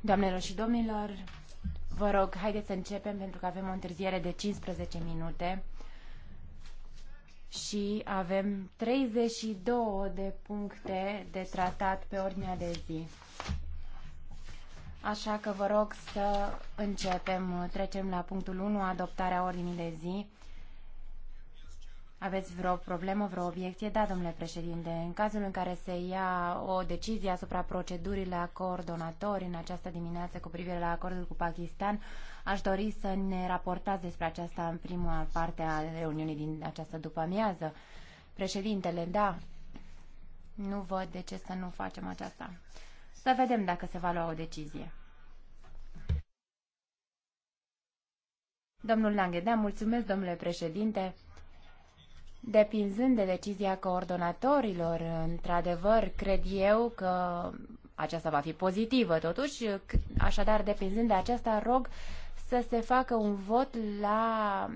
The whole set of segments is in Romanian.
Doamnelor și domnilor, vă rog, haideți să începem pentru că avem o întârziere de 15 minute și avem 32 de puncte de tratat pe ordinea de zi. Așa că vă rog să începem. Trecem la punctul 1, adoptarea ordinii de zi. Aveți vreo problemă, vreo obiecție? Da, domnule președinte, în cazul în care se ia o decizie asupra procedurii la coordonatori în această dimineață cu privire la acordul cu Pakistan, aș dori să ne raportați despre aceasta în prima parte a reuniunii din această după-amiază. Președintele, da, nu văd de ce să nu facem aceasta. Să vedem dacă se va lua o decizie. Domnul Lange, da, mulțumesc, domnule președinte. Depinzând de decizia coordonatorilor, într-adevăr, cred eu că aceasta va fi pozitivă, totuși, așadar, depinzând de aceasta, rog să se facă un vot la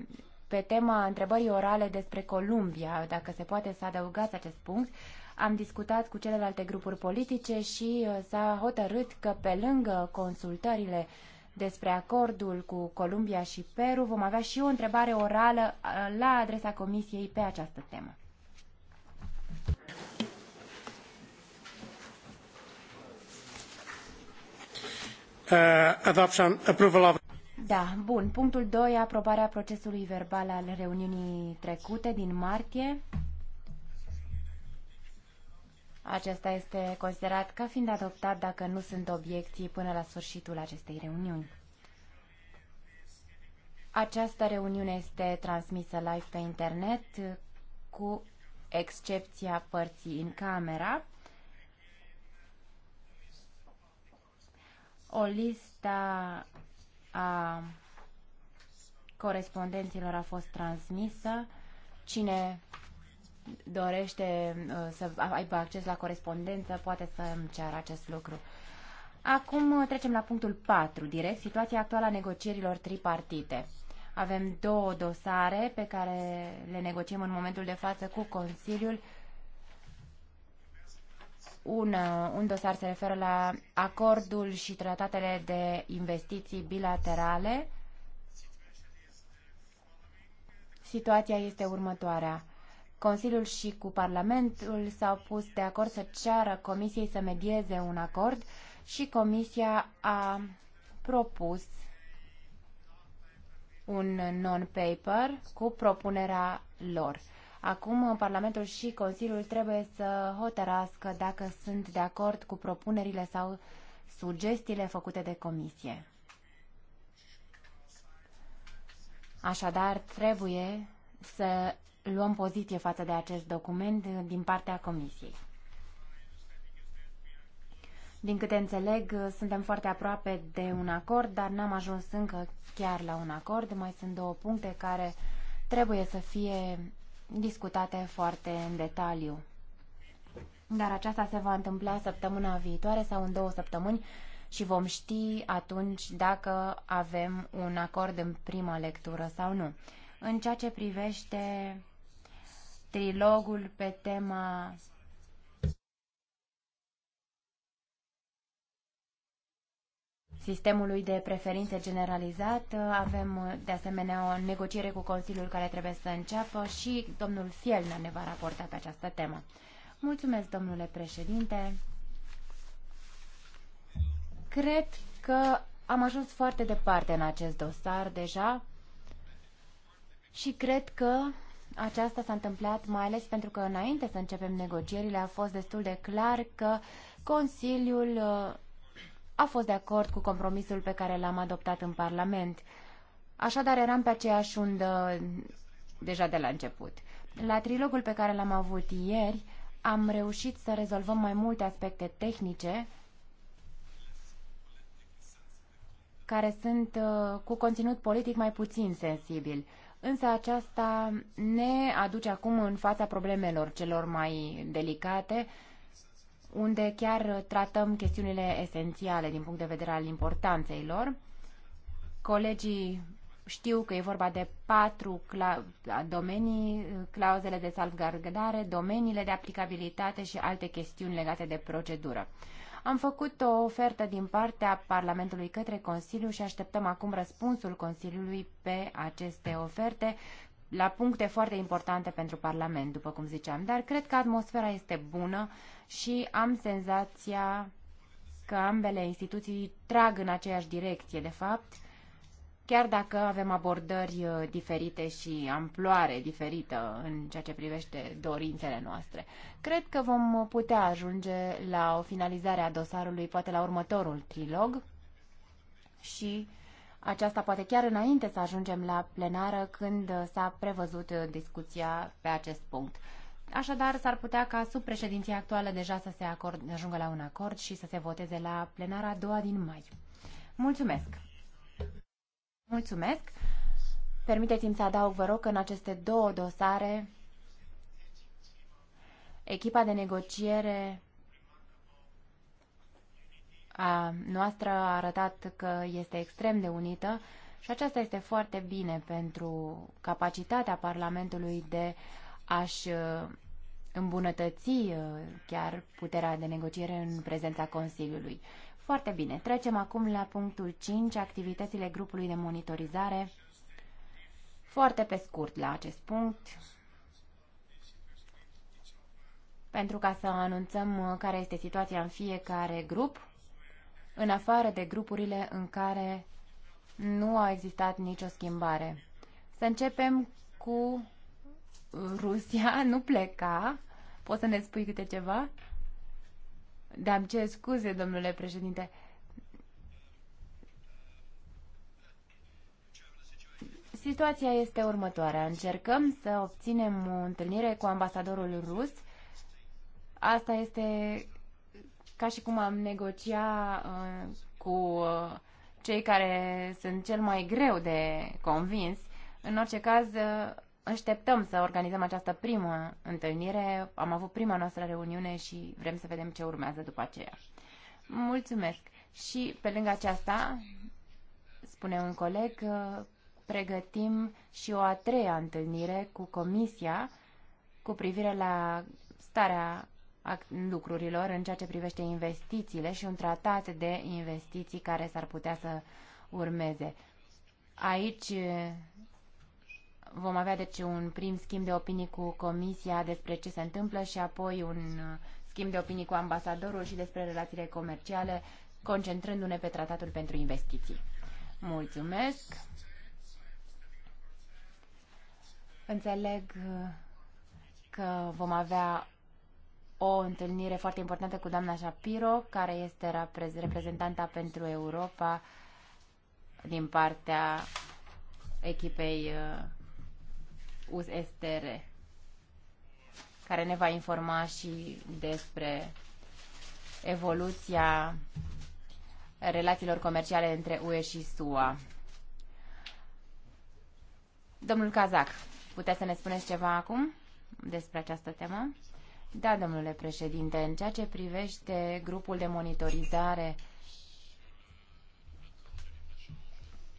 pe tema întrebării orale despre Columbia, dacă se poate să adăugați acest punct. Am discutat cu celelalte grupuri politice și uh, s-a hotărât că pe lângă consultările uh, despre acordul cu Columbia și Peru, vom avea și o întrebare orală uh, la adresa Comisiei pe această temă. Uh, adoption, approval of... Da, bun. Punctul 2, aprobarea procesului verbal al reuniunii trecute din martie. Acesta este considerat ca fiind adoptat dacă nu sunt obiecții până la sfârșitul acestei reuniuni. Această reuniune este transmisă live pe internet cu excepția părții în camera. O lista a corespondenților a fost transmisă. Cine dorește uh, să aibă acces la corespondență poate să îmi ceară acest lucru. Acum uh, trecem la punctul 4, direct, situația actuală a negocierilor tripartite. Avem două dosare pe care le negociem în momentul de față cu Consiliul. Un, uh, un dosar se referă la acordul și tratatele de investiții bilaterale. Situația este următoarea. Consiliul și cu Parlamentul s-au pus de acord să ceară Comisiei să medieze un acord și Comisia a propus un non-paper cu propunerea lor. Acum Parlamentul și Consiliul trebuie să hotărască dacă sunt de acord cu propunerile sau sugestiile făcute de Comisie. Așadar, trebuie să luăm poziție față de acest document din partea Comisiei. Din câte înțeleg, suntem foarte aproape de un acord, dar n-am ajuns încă chiar la un acord. Mai sunt două puncte care trebuie să fie discutate foarte în detaliu. Dar aceasta se va întâmpla săptămâna viitoare sau în două săptămâni și vom ști atunci dacă avem un acord în prima lectură sau nu. În ceea ce privește trilogul pe tema sistemului de preferințe generalizat. Avem, de asemenea, o negociere cu Consiliul care trebuie să înceapă și domnul Fielner ne va raporta pe această temă. Mulțumesc, domnule președinte. Cred că am ajuns foarte departe în acest dosar deja și cred că aceasta s-a întâmplat mai ales pentru că înainte să începem negocierile a fost destul de clar că Consiliul uh, a fost de acord cu compromisul pe care l-am adoptat în Parlament. Așadar, eram pe aceeași undă uh, deja de la început. La trilogul pe care l-am avut ieri, am reușit să rezolvăm mai multe aspecte tehnice care sunt uh, cu conținut politic mai puțin sensibil. Însă aceasta ne aduce acum în fața problemelor celor mai delicate, unde chiar tratăm chestiunile esențiale din punct de vedere al importanței lor. Colegii știu că e vorba de patru cla domenii, clauzele de salvgardare, domeniile de aplicabilitate și alte chestiuni legate de procedură. Am făcut o ofertă din partea Parlamentului către Consiliu și așteptăm acum răspunsul Consiliului pe aceste oferte la puncte foarte importante pentru Parlament, după cum ziceam. Dar cred că atmosfera este bună și am senzația că ambele instituții trag în aceeași direcție, de fapt, Chiar dacă avem abordări uh, diferite și amploare diferită în ceea ce privește dorințele noastre, cred că vom putea ajunge la o finalizare a dosarului, poate la următorul trilog și aceasta poate chiar înainte să ajungem la plenară când s-a prevăzut uh, discuția pe acest punct. Așadar, s-ar putea ca sub președinția actuală deja să se acord, ajungă la un acord și să se voteze la plenara a doua din mai. Mulțumesc! Mulțumesc. Permiteți-mi să adaug, vă rog, că în aceste două dosare echipa de negociere a noastră a arătat că este extrem de unită și aceasta este foarte bine pentru capacitatea Parlamentului de a-și uh, îmbunătăți uh, chiar puterea de negociere în prezența Consiliului. Foarte bine, trecem acum la punctul 5, activitățile grupului de monitorizare. Foarte pe scurt la acest punct, pentru ca să anunțăm uh, care este situația în fiecare grup, în afară de grupurile în care nu a existat nicio schimbare. Să începem cu Rusia, nu pleca. Poți să ne spui câte ceva? Dar îmi cer scuze, domnule președinte. Situația este următoarea. Încercăm să obținem o întâlnire cu ambasadorul rus. Asta este ca și cum am negocia uh, cu uh, cei care sunt cel mai greu de convins. În orice caz, uh, Așteptăm să organizăm această primă întâlnire. Am avut prima noastră reuniune și vrem să vedem ce urmează după aceea. Mulțumesc! Și pe lângă aceasta, spune un coleg, pregătim și o a treia întâlnire cu Comisia cu privire la starea lucrurilor în ceea ce privește investițiile și un tratat de investiții care s-ar putea să urmeze. Aici Vom avea deci un prim schimb de opinii cu Comisia despre ce se întâmplă și apoi un uh, schimb de opinii cu ambasadorul și despre relațiile comerciale, concentrându-ne pe tratatul pentru investiții. Mulțumesc! Înțeleg uh, că vom avea o întâlnire foarte importantă cu doamna Shapiro, care este reprezentanta pentru Europa din partea echipei uh, US-Estere, care ne va informa și despre evoluția relațiilor comerciale între UE și SUA. Domnul Cazac, puteți să ne spuneți ceva acum despre această temă? Da, domnule președinte, în ceea ce privește grupul de monitorizare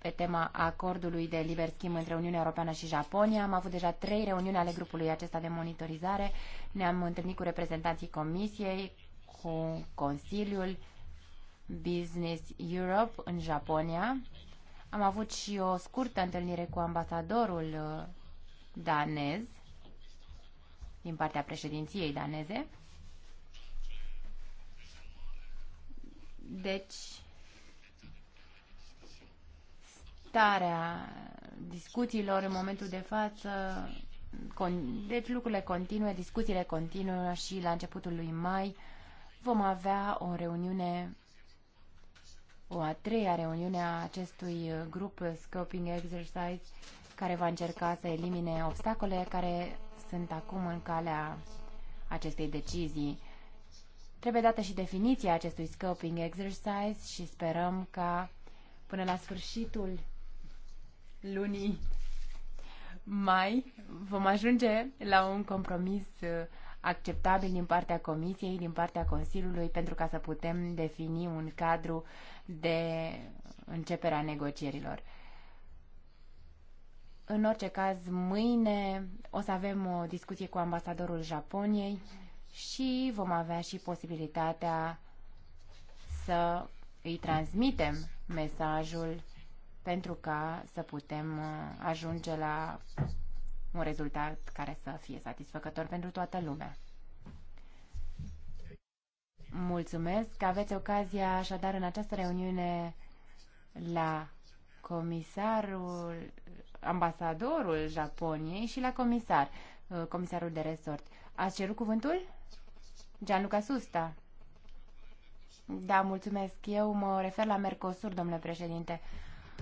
pe tema acordului de liber schimb între Uniunea Europeană și Japonia. Am avut deja trei reuniuni ale grupului acesta de monitorizare. Ne-am întâlnit cu reprezentanții Comisiei, cu Consiliul Business Europe în Japonia. Am avut și o scurtă întâlnire cu ambasadorul uh, danez din partea președinției daneze. Deci, starea discuțiilor în momentul de față. Deci lucrurile continuă, discuțiile continuă și la începutul lui mai vom avea o reuniune, o a treia reuniune a acestui grup Scoping Exercise care va încerca să elimine obstacole care sunt acum în calea acestei decizii. Trebuie dată și definiția acestui scoping exercise și sperăm ca până la sfârșitul lunii mai vom ajunge la un compromis uh, acceptabil din partea Comisiei, din partea Consiliului, pentru ca să putem defini un cadru de începere a negocierilor. În orice caz, mâine o să avem o discuție cu ambasadorul Japoniei și vom avea și posibilitatea să îi transmitem mesajul pentru ca să putem uh, ajunge la un rezultat care să fie satisfăcător pentru toată lumea. Mulțumesc că aveți ocazia așadar în această reuniune la comisarul, ambasadorul Japoniei și la comisar, uh, comisarul de resort. Ați cerut cuvântul? Gianluca Susta. Da, mulțumesc. Eu mă refer la Mercosur, domnule președinte.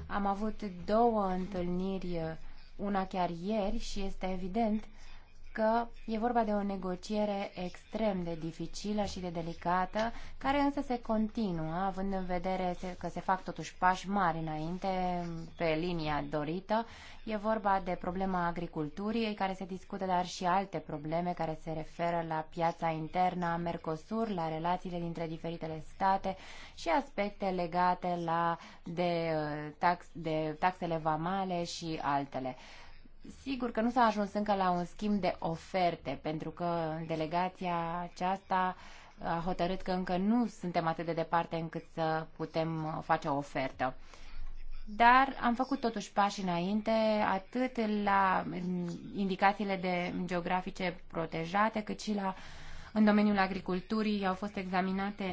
Am avut două întâlniri, una chiar ieri și este evident că e vorba de o negociere extrem de dificilă și de delicată, care însă se continuă, având în vedere că se fac totuși pași mari înainte pe linia dorită. E vorba de problema agriculturii, care se discută, dar și alte probleme care se referă la piața internă a Mercosur, la relațiile dintre diferitele state și aspecte legate la de, tax, de taxele vamale și altele. Sigur că nu s-a ajuns încă la un schimb de oferte, pentru că delegația aceasta a hotărât că încă nu suntem atât de departe încât să putem uh, face o ofertă. Dar am făcut totuși pași înainte, atât la mm, indicațiile de geografice protejate, cât și la, în domeniul agriculturii au fost examinate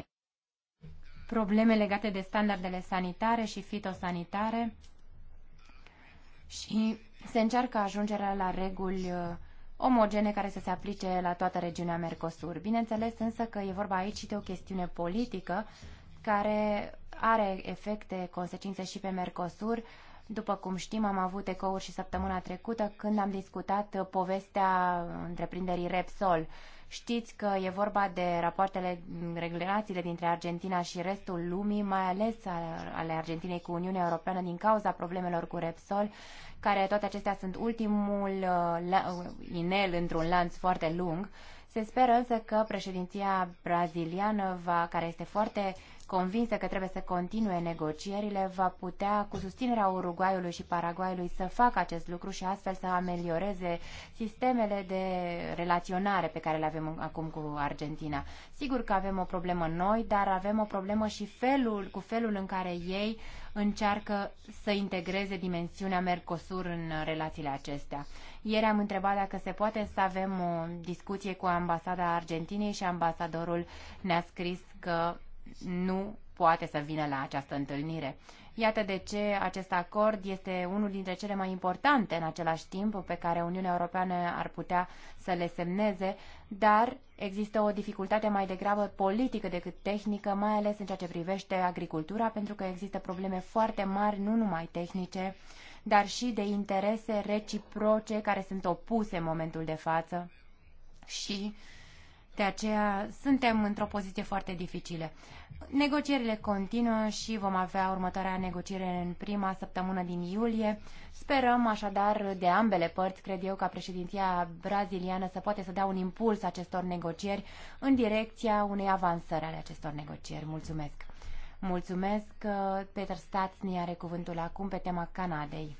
probleme legate de standardele sanitare și fitosanitare și se încearcă ajungerea la reguli uh, omogene care să se aplice la toată regiunea Mercosur. Bineînțeles însă că e vorba aici și de o chestiune politică care are efecte, consecințe și pe Mercosur, după cum știm, am avut ecouri și săptămâna trecută când am discutat uh, povestea întreprinderii Repsol. Știți că e vorba de rapoartele, mm, relațiile dintre Argentina și restul lumii, mai ales ale Argentinei cu Uniunea Europeană din cauza problemelor cu Repsol, care toate acestea sunt ultimul uh, uh, inel într-un lanț foarte lung. Se speră însă că președinția braziliană, va, care este foarte uh, convinsă că trebuie să continue negocierile, va putea, cu susținerea Uruguayului și Paraguayului, să facă acest lucru și astfel să amelioreze sistemele de relaționare pe care le avem acum cu Argentina. Sigur că avem o problemă noi, dar avem o problemă și felul, cu felul în care ei încearcă să integreze dimensiunea Mercosur în relațiile acestea. Ieri am întrebat dacă se poate să avem o discuție cu ambasada Argentinei și ambasadorul ne-a scris că nu poate să vină la această întâlnire. Iată de ce acest acord este unul dintre cele mai importante în același timp pe care Uniunea Europeană ar putea să le semneze, dar există o dificultate mai degrabă politică decât tehnică, mai ales în ceea ce privește agricultura, pentru că există probleme foarte mari, nu numai tehnice, dar și de interese reciproce care sunt opuse în momentul de față și uh, de aceea suntem într-o poziție foarte dificilă. Negocierile continuă și vom avea următoarea negociere în prima săptămână din iulie. Sperăm așadar de ambele părți, cred eu, ca președinția braziliană să poate să dea un impuls acestor negocieri în direcția unei avansări ale acestor negocieri. Mulțumesc! Mulțumesc! Peter ne are cuvântul acum pe tema Canadei.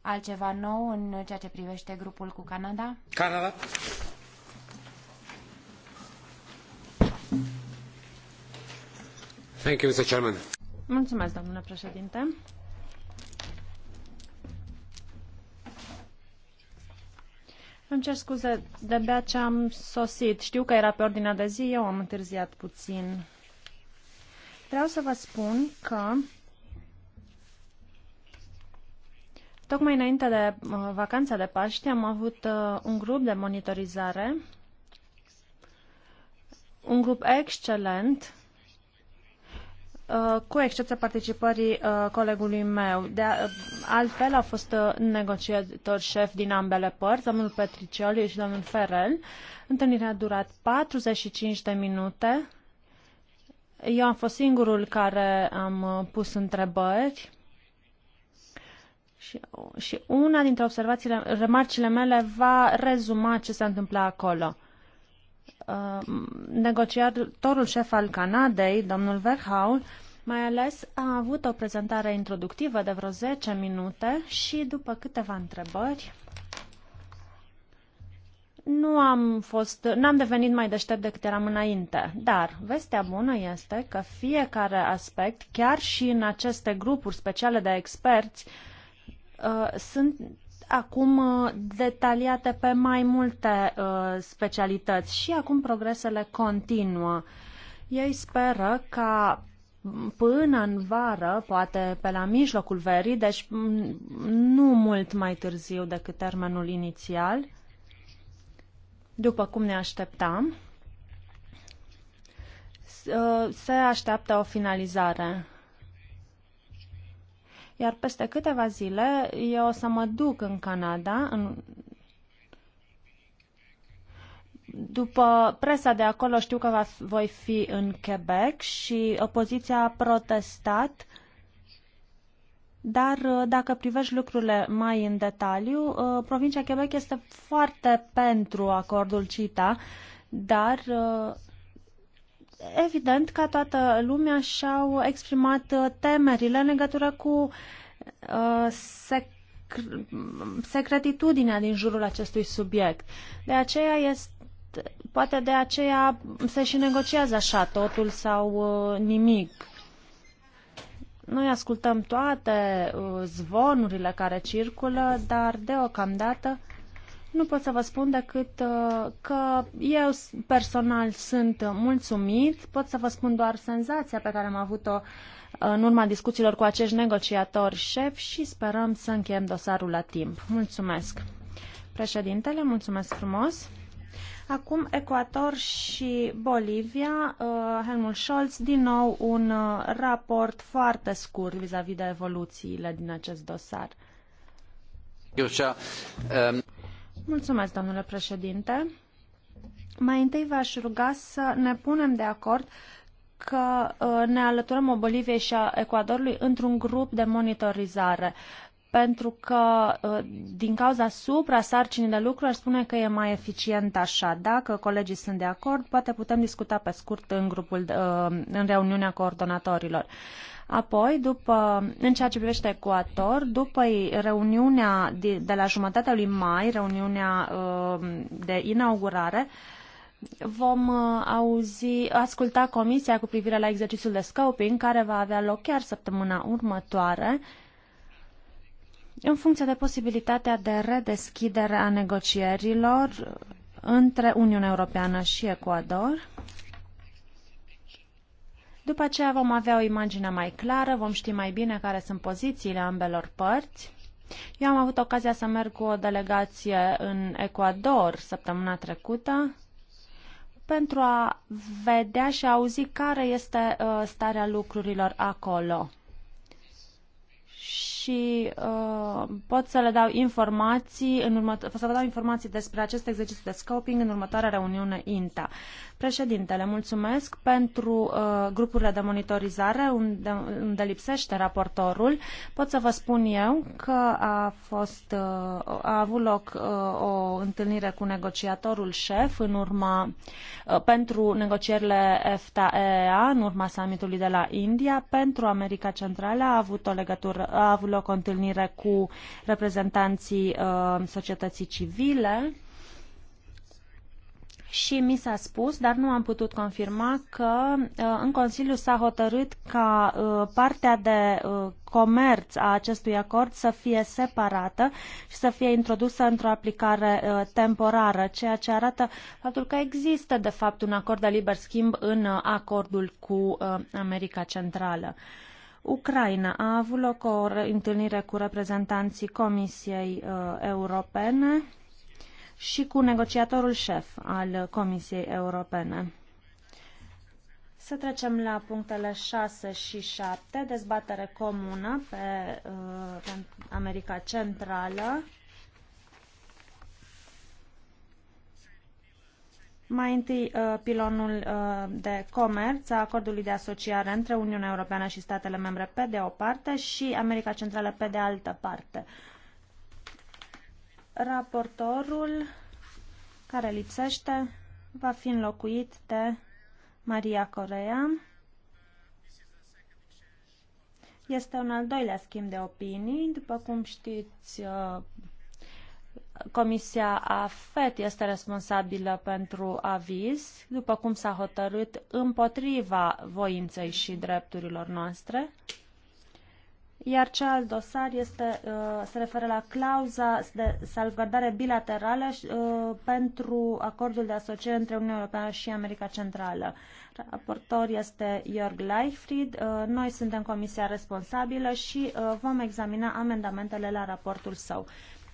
Altceva nou în ceea ce privește grupul cu Canada? Canada? Mulțumesc, domnule președinte. Îmi cer scuze, de-abia ce am sosit. Știu că era pe ordinea de zi, eu am întârziat puțin. Vreau să vă spun că tocmai înainte de uh, vacanța de Paști am avut uh, un grup de monitorizare, un grup excelent Uh, cu excepția participării uh, colegului meu. De uh, altfel, au fost negociatori șef din ambele părți, domnul Petricioli și domnul Ferel. Întâlnirea a durat 45 de minute. Eu am fost singurul care am pus întrebări. Și, și una dintre observațiile, remarcile mele va rezuma ce s-a întâmplat acolo. Uh, negociatorul șef al Canadei, domnul Verhaul, mai ales a avut o prezentare introductivă de vreo 10 minute și după câteva întrebări nu am fost, n-am devenit mai deștept decât eram înainte, dar vestea bună este că fiecare aspect, chiar și în aceste grupuri speciale de experți, uh, sunt acum uh, detaliate pe mai multe uh, specialități și acum progresele continuă. Ei speră ca până în vară, poate pe la mijlocul verii, deci nu mult mai târziu decât termenul inițial, după cum ne așteptam, uh, se așteaptă o finalizare iar peste câteva zile eu o să mă duc în Canada, în după presa de acolo știu că va, voi fi în Quebec și opoziția a protestat, dar uh, dacă privești lucrurile mai în detaliu, uh, provincia Quebec este foarte pentru acordul CITA, dar uh, evident că toată lumea și-au exprimat uh, temerile în legătură cu uh, sec secretitudinea din jurul acestui subiect. De aceea este poate de aceea se și negociază așa totul sau uh, nimic. Noi ascultăm toate uh, zvonurile care circulă, dar deocamdată nu pot să vă spun decât uh, că eu personal sunt mulțumit, pot să vă spun doar senzația pe care am avut-o uh, în urma discuțiilor cu acești negociatori șef și sperăm să încheiem dosarul la timp. Mulțumesc. Președintele, mulțumesc frumos. Acum Ecuador și Bolivia, uh, Helmut Scholz, din nou un raport foarte scurt vis-a-vis -vis de evoluțiile din acest dosar. Eu um... Mulțumesc, Mai întâi v-aș ruga să ne punem de acord că uh, ne alăturăm Boliviei și a Ecuadorului într-un grup de monitorizare pentru că uh, din cauza supra sarcinii de lucru aș spune că e mai eficient așa. Dacă colegii sunt de acord, poate putem discuta pe scurt în grupul uh, în reuniunea coordonatorilor. Apoi, după, în ceea ce privește Ecuator, după reuniunea de la jumătatea lui mai, reuniunea uh, de inaugurare, vom uh, auzi, asculta comisia cu privire la exercițiul de scoping, care va avea loc chiar săptămâna următoare, în funcție de posibilitatea de redeschidere a negocierilor între Uniunea Europeană și Ecuador după aceea vom avea o imagine mai clară, vom ști mai bine care sunt pozițiile ambelor părți. Eu am avut ocazia să merg cu o delegație în Ecuador săptămâna trecută pentru a vedea și a auzi care este uh, starea lucrurilor acolo. Și uh, pot să le dau informații în următo- să vă dau informații despre acest exercițiu de scoping în următoarea reuniune INTA. Președintele, mulțumesc pentru uh, grupurile de monitorizare unde, unde lipsește raportorul. Pot să vă spun eu că a, fost, uh, a avut loc uh, o întâlnire cu negociatorul șef în urma, uh, pentru negocierile EFTA-EEA în urma summitului de la India. Pentru America Centrală a avut, o legătură, a avut loc o întâlnire cu reprezentanții uh, societății civile și mi s-a spus, dar nu am putut confirma, că uh, în Consiliu s-a hotărât ca uh, partea de uh, comerț a acestui acord să fie separată și să fie introdusă într-o aplicare temporară, ceea ce arată faptul că există, de fapt, un acord de liber schimb în acordul cu America Centrală. Ucraina a avut loc o întâlnire cu reprezentanții Comisiei Europene și cu negociatorul șef al Comisiei Europene. Să trecem la punctele 6 și 7, dezbatere comună pe, uh, pe America Centrală. Mai întâi, uh, pilonul uh, de comerț a acordului de asociare între Uniunea Europeană și statele membre pe de o parte și America Centrală pe de altă parte. Raportorul care lipsește va fi înlocuit de Maria Corea. Este un al doilea schimb de opinii. După cum știți, uh, Comisia AFET este responsabilă pentru aviz, după cum s-a hotărât împotriva voinței și drepturilor noastre iar cealalt dosar este, uh, se referă la clauza de salvgardare bilaterală uh, pentru acordul de asociere între Uniunea Europeană și America Centrală. Raportor este Jörg Leichfried, uh, noi suntem comisia responsabilă și vom examina amendamentele la raportul său.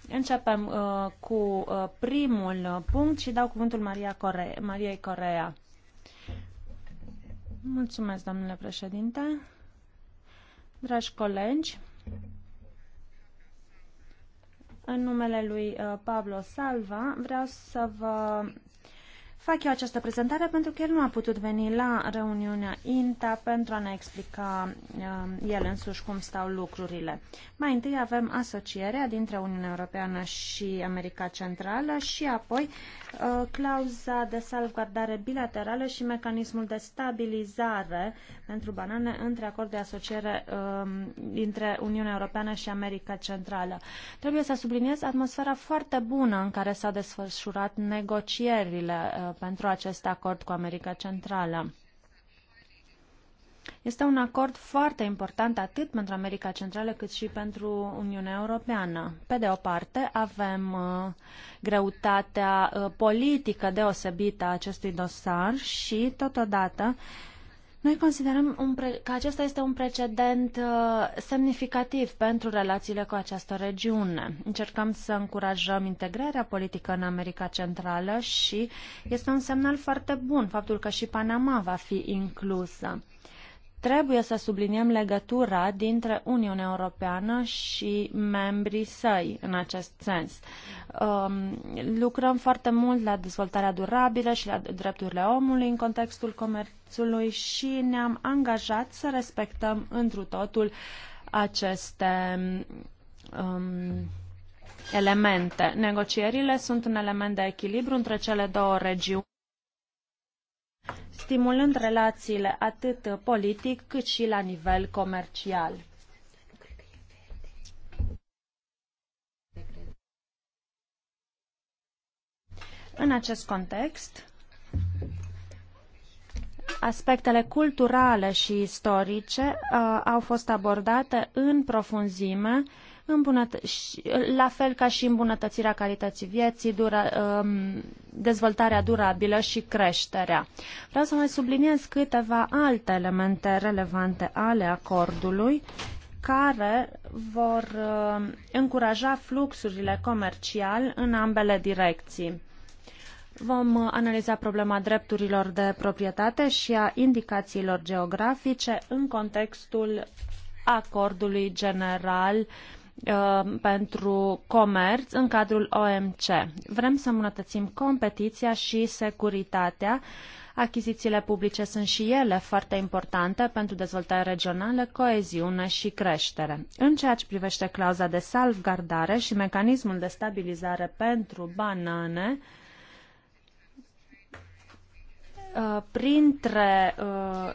Începem cu primul punct și dau cuvântul Maria Core- Mariei Corea. Mulțumesc, domnule președinte dragi colegi, în numele lui uh, Pablo Salva vreau să vă Fac eu această prezentare pentru că el nu a putut veni la reuniunea INTA pentru a ne explica uh, el însuși cum stau lucrurile. Mai întâi avem asocierea dintre Uniunea Europeană și America Centrală și apoi uh, clauza de salvgardare bilaterală și mecanismul de stabilizare pentru banane între acord de asociere uh, dintre Uniunea Europeană și America Centrală. Trebuie să subliniez atmosfera foarte bună în care s-au desfășurat negocierile uh, pentru acest acord cu America Centrală. Este un acord foarte important atât pentru America Centrală cât și pentru Uniunea Europeană. Pe de o parte, avem uh, greutatea uh, politică deosebită a acestui dosar și, totodată, noi considerăm un pre- că acesta este un precedent uh, semnificativ pentru relațiile cu această regiune. Încercăm să încurajăm integrarea politică în America Centrală și este un semnal foarte bun faptul că și Panama va fi inclusă. Trebuie să subliniem legătura dintre Uniunea Europeană și membrii săi în acest sens. Um, lucrăm foarte mult la dezvoltarea durabilă și la drepturile omului în contextul comerțului și ne-am angajat să respectăm întru totul aceste um, elemente. Negocierile sunt un element de echilibru între cele două regiuni stimulând relațiile atât politic cât și la nivel comercial. În acest context, aspectele culturale și istorice uh, au fost abordate în profunzime uh, la fel ca și îmbunătățirea calității vieții, dura, um, dezvoltarea durabilă și creșterea. Vreau să mai subliniez câteva alte elemente relevante ale acordului care vor um, încuraja fluxurile comerciale în ambele direcții. Vom uh, analiza problema drepturilor de proprietate și a indicațiilor geografice în contextul acordului general uh, Uh, pentru comerț în cadrul OMC. Vrem să îmbunătățim competiția și securitatea. Achizițiile publice sunt și ele foarte importante pentru dezvoltare regională, coeziune și creștere. În ceea ce privește clauza de salvgardare și mecanismul de stabilizare pentru banane, uh, printre uh,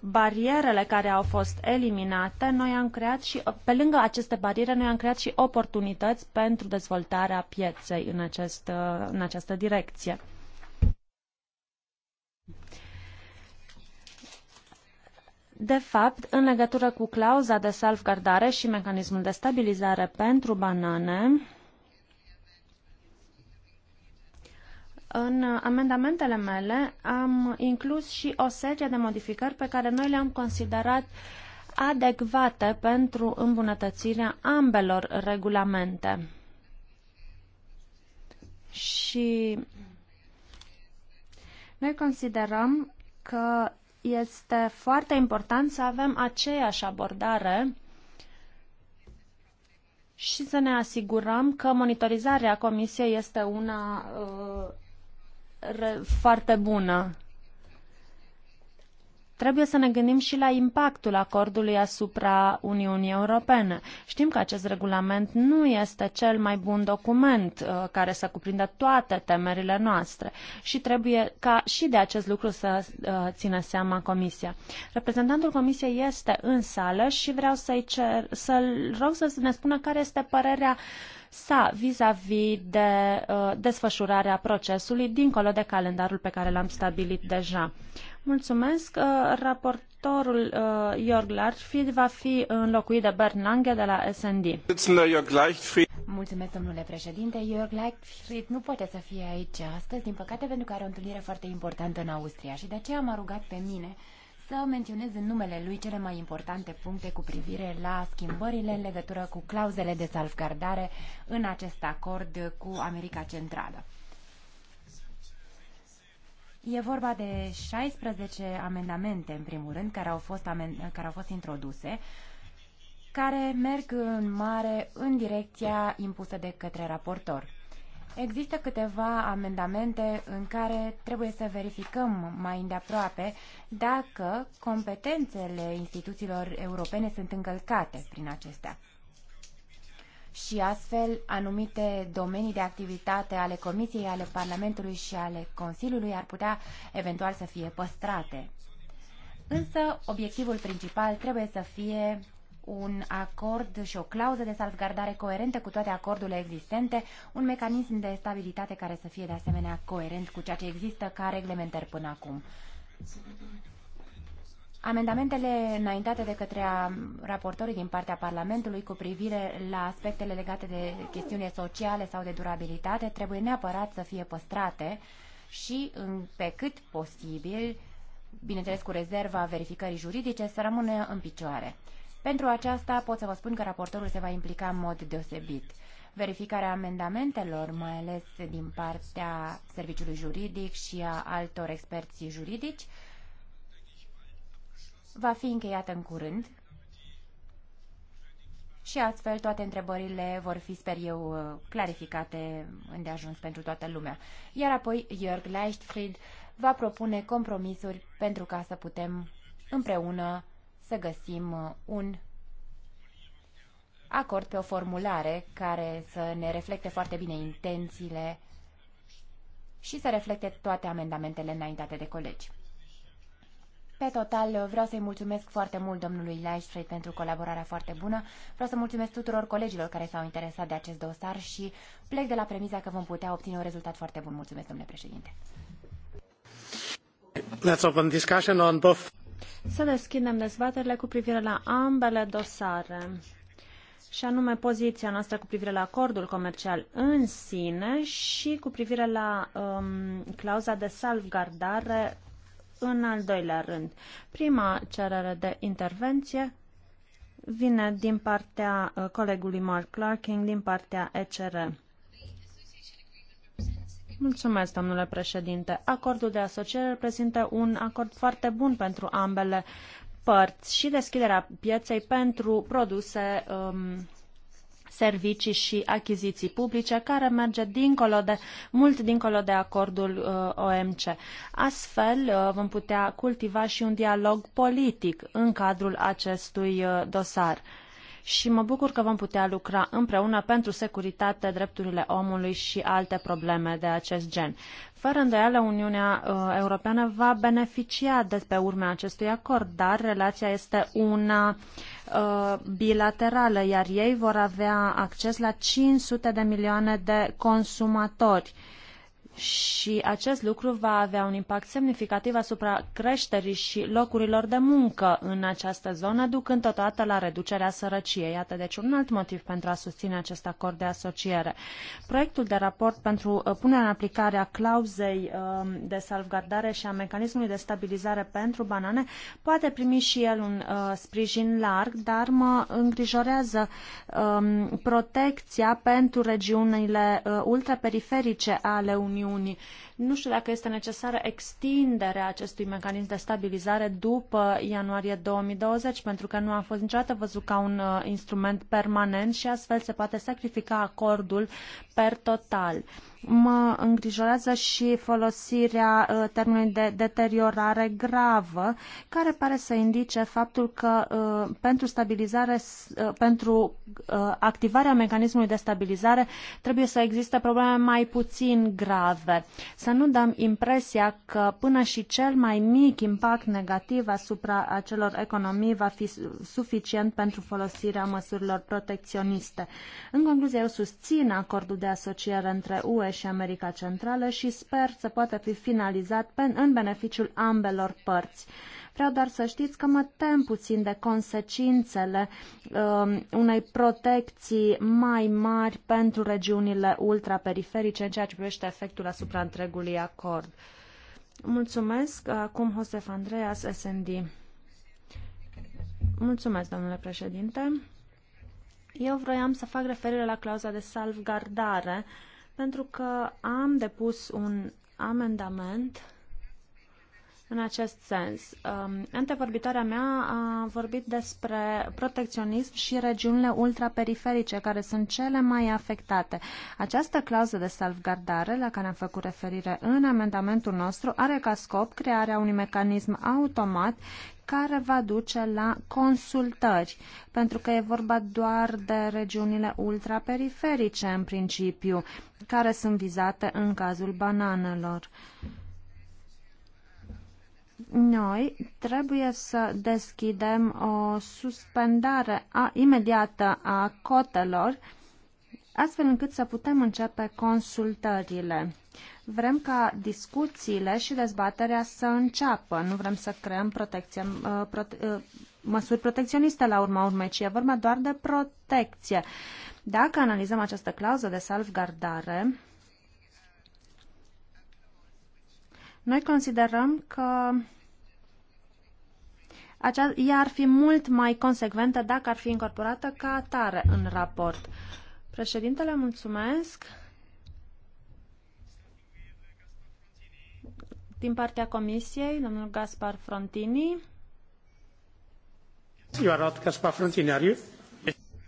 barierele care au fost eliminate, noi am creat și, pe lângă aceste bariere, noi am creat și oportunități pentru dezvoltarea pieței în, acest, în această direcție. De fapt, în legătură cu clauza de salvgardare și mecanismul de stabilizare pentru banane, În amendamentele mele am inclus și o serie de modificări pe care noi le-am considerat adecvate pentru îmbunătățirea ambelor regulamente. Și noi considerăm că este foarte important să avem aceeași abordare și să ne asigurăm că monitorizarea Comisiei este una uh, foarte bună. Trebuie să ne gândim și la impactul acordului asupra Uniunii Europene. Știm că acest regulament nu este cel mai bun document uh, care să cuprindă toate temerile noastre și trebuie ca și de acest lucru să uh, țină seama Comisia. Reprezentantul Comisiei este în sală și vreau să-i cer, să-l rog să ne spună care este părerea uh, sa vis-a-vis -vis de uh, desfășurarea procesului dincolo de calendarul pe care l-am stabilit deja. Mulțumesc. Uh, raportorul uh, Jörg Larchfried va fi înlocuit de Bert Lange de la SND. Mulțumesc, domnule președinte. Jörg Leichfried nu poate să fie aici astăzi, din păcate, pentru că are o întâlnire foarte importantă în Austria și de aceea m-a rugat pe mine să menționez în numele lui cele mai importante puncte cu privire la schimbările în legătură cu clauzele de salvgardare în acest acord cu America Centrală. E vorba de 16 amendamente, în primul rând, care au fost, care au fost introduse, care merg în mare în direcția impusă de către raportor. Există câteva amendamente în care trebuie să verificăm mai îndeaproape dacă competențele instituțiilor europene sunt încălcate prin acestea. Și astfel, anumite domenii de activitate ale Comisiei, ale Parlamentului și ale Consiliului ar putea eventual să fie păstrate. Însă, obiectivul principal trebuie să fie un acord și o clauză de salvgardare coerentă cu toate acordurile existente, un mecanism de stabilitate care să fie de asemenea coerent cu ceea ce există ca reglementări până acum. Amendamentele înaintate de către raportorii din partea Parlamentului cu privire la aspectele legate de chestiune sociale sau de durabilitate trebuie neapărat să fie păstrate și, pe cât posibil, bineînțeles cu rezerva verificării juridice, să rămână în picioare. Pentru aceasta pot să vă spun că raportorul se va implica în mod deosebit. Verificarea amendamentelor, mai ales din partea serviciului juridic și a altor experți juridici, va fi încheiată în curând și astfel toate întrebările vor fi, sper eu, clarificate îndeajuns pentru toată lumea. Iar apoi Jörg Leichtfried va propune compromisuri pentru ca să putem împreună să găsim uh, un acord pe o formulare care să ne reflecte foarte bine intențiile și să reflecte toate amendamentele înaintate de colegi. Pe total, uh, vreau să-i mulțumesc foarte mult domnului Leichfried pentru colaborarea foarte bună. Vreau să mulțumesc tuturor colegilor care s-au interesat de acest dosar și plec de la premiza că vom putea obține un rezultat foarte bun. Mulțumesc, domnule președinte. Let's open discussion on both să deschidem dezbaterile cu privire la ambele dosare, și anume poziția noastră cu privire la acordul comercial în sine și cu privire la um, clauza de salvgardare în al doilea rând. Prima cerere de intervenție vine din partea uh, colegului Mark Clarking, din partea ECR. Mulțumesc, domnule președinte. Acordul de asociere reprezintă un acord foarte bun pentru ambele părți și deschiderea pieței pentru produse um, servicii și achiziții publice, care merge dincolo de, mult dincolo de acordul uh, OMC. Astfel, uh, vom putea cultiva și un dialog politic în cadrul acestui uh, dosar și mă bucur că vom putea lucra împreună pentru securitate, drepturile omului și alte probleme de acest gen. Fără îndoială, Uniunea uh, Europeană va beneficia de pe urmea acestui acord, dar relația este una uh, bilaterală, iar ei vor avea acces la 500 de milioane de consumatori. Uh, și acest lucru va avea un impact semnificativ asupra creșterii și locurilor de muncă în această zonă, ducând totodată la reducerea sărăciei. Iată, deci un alt motiv pentru a susține acest acord de asociere. Proiectul de raport pentru uh, punerea în aplicare a clauzei um, de salvgardare și a mecanismului de stabilizare pentru banane poate primi și el un uh, sprijin larg, dar mă îngrijorează um, protecția pentru regiunile uh, ultraperiferice ale Uniunii luni. Nu știu dacă este necesară extinderea acestui mecanism de stabilizare după ianuarie 2020, pentru că nu a fost niciodată văzut ca un uh, instrument permanent și astfel se poate sacrifica acordul per total. Mă îngrijorează și folosirea uh, termenului de deteriorare gravă, care pare să indice faptul că uh, pentru stabilizare, uh, pentru activarea mecanismului de stabilizare trebuie să existe probleme mai puțin grave. Să nu dăm impresia că până și cel mai mic impact negativ asupra acelor economii va fi suficient pentru folosirea măsurilor protecționiste. În concluzie, eu susțin acordul de asociere între UE și America Centrală și sper să poată fi finalizat în beneficiul ambelor părți. Vreau doar să știți că mă tem puțin de consecințele um, unei protecții mai mari pentru regiunile ultraperiferice în ceea ce privește efectul asupra întregului acord. Mulțumesc. Acum Josef Andreas, SND. Mulțumesc, domnule președinte. Eu vroiam să fac referire la clauza de salvgardare uh, pentru că am depus un amendament în acest sens. Um, antevorbitoarea mea a vorbit despre protecționism și regiunile ultraperiferice, care sunt cele mai afectate. Această clauză de salvgardare, la care am făcut referire în amendamentul nostru, are ca scop crearea unui mecanism automat care va duce la consultări, pentru că e vorba doar de regiunile ultraperiferice, în principiu, care sunt vizate în cazul bananelor. Noi trebuie să deschidem o suspendare a, imediată a cotelor, astfel încât să putem începe consultările. Vrem ca discuțiile și dezbaterea să înceapă. Nu vrem să creăm protecție, uh, prote, uh, măsuri protecționiste la urma urmei, ci e vorba doar de protecție. Dacă analizăm această clauză de salvgardare, noi considerăm că acea, ea ar fi mult mai consecventă dacă ar fi incorporată ca atare în raport. Președintele, mulțumesc. Din partea Comisiei, domnul Gaspar Frontini. Eu arăt Gaspar Frontini, are you?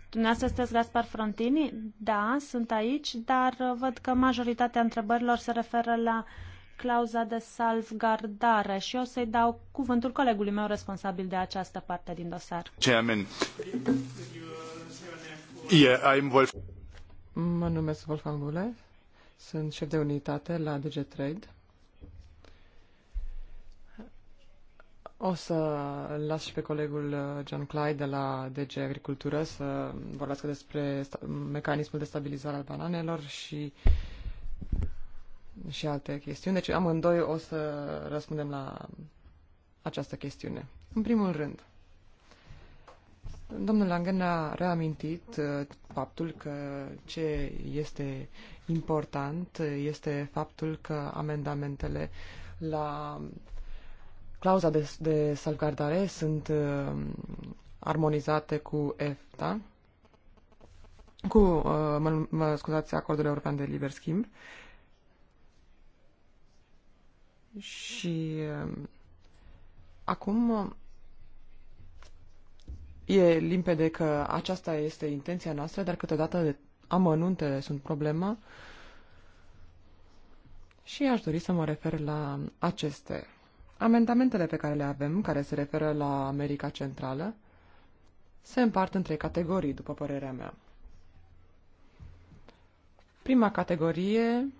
Dumneavoastră sunteți Gaspar Frontini? Da, sunt aici, dar văd că majoritatea întrebărilor se referă la clauza de salvgardare și o să-i dau cuvântul colegului meu responsabil de această parte din dosar. Chairman. Yeah, I'm Wolf. Mă numesc Wolfgang Bule, sunt șef de unitate la DG Trade O să las și pe colegul uh, John Clyde de la DG Agricultură să vorbească despre mecanismul de stabilizare al bananelor și, și alte chestiuni. Deci amândoi o să răspundem la această chestiune. În primul rând, domnul Langen a reamintit uh, faptul că ce este important este faptul că amendamentele la clauza de, de salvgardare sunt uh, armonizate cu EFTA, cu, uh, mă, mă scuzați, acordul european de liber schimb. Și uh, acum e limpede că aceasta este intenția noastră, dar câteodată amănuntele sunt problema. Și aș dori să mă refer la aceste Amendamentele pe care le avem, care se referă la America Centrală, se împart în trei categorii, după părerea mea. Prima categorie,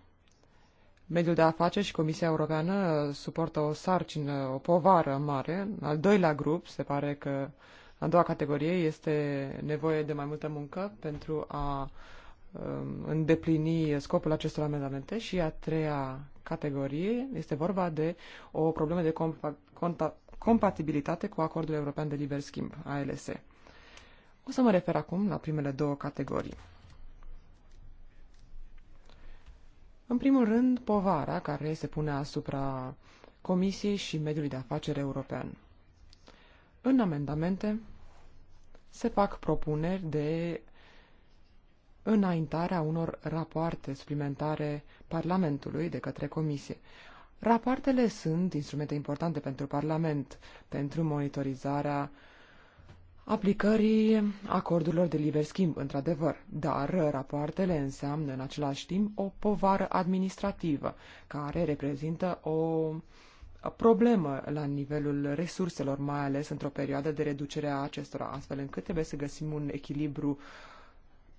mediul de afaceri și Comisia Europeană suportă o sarcină, o povară mare. Al doilea grup, se pare că a doua categorie este nevoie de mai multă muncă pentru a um, îndeplini scopul acestor amendamente și a treia categorie. Este vorba de o problemă de compa conta, compatibilitate cu Acordul European de Liber Schimb, ALS. O să mă refer acum la primele două categorii. În primul rând, povara care se pune asupra Comisiei și mediului de afaceri european. În amendamente se fac propuneri de înaintarea unor rapoarte suplimentare Parlamentului de către Comisie. Rapoartele sunt instrumente importante pentru Parlament, pentru monitorizarea aplicării acordurilor de liber schimb, într-adevăr, dar rapoartele înseamnă în același timp o povară administrativă, care reprezintă o problemă la nivelul resurselor, mai ales într-o perioadă de reducere a acestora, astfel încât trebuie să găsim un echilibru uh,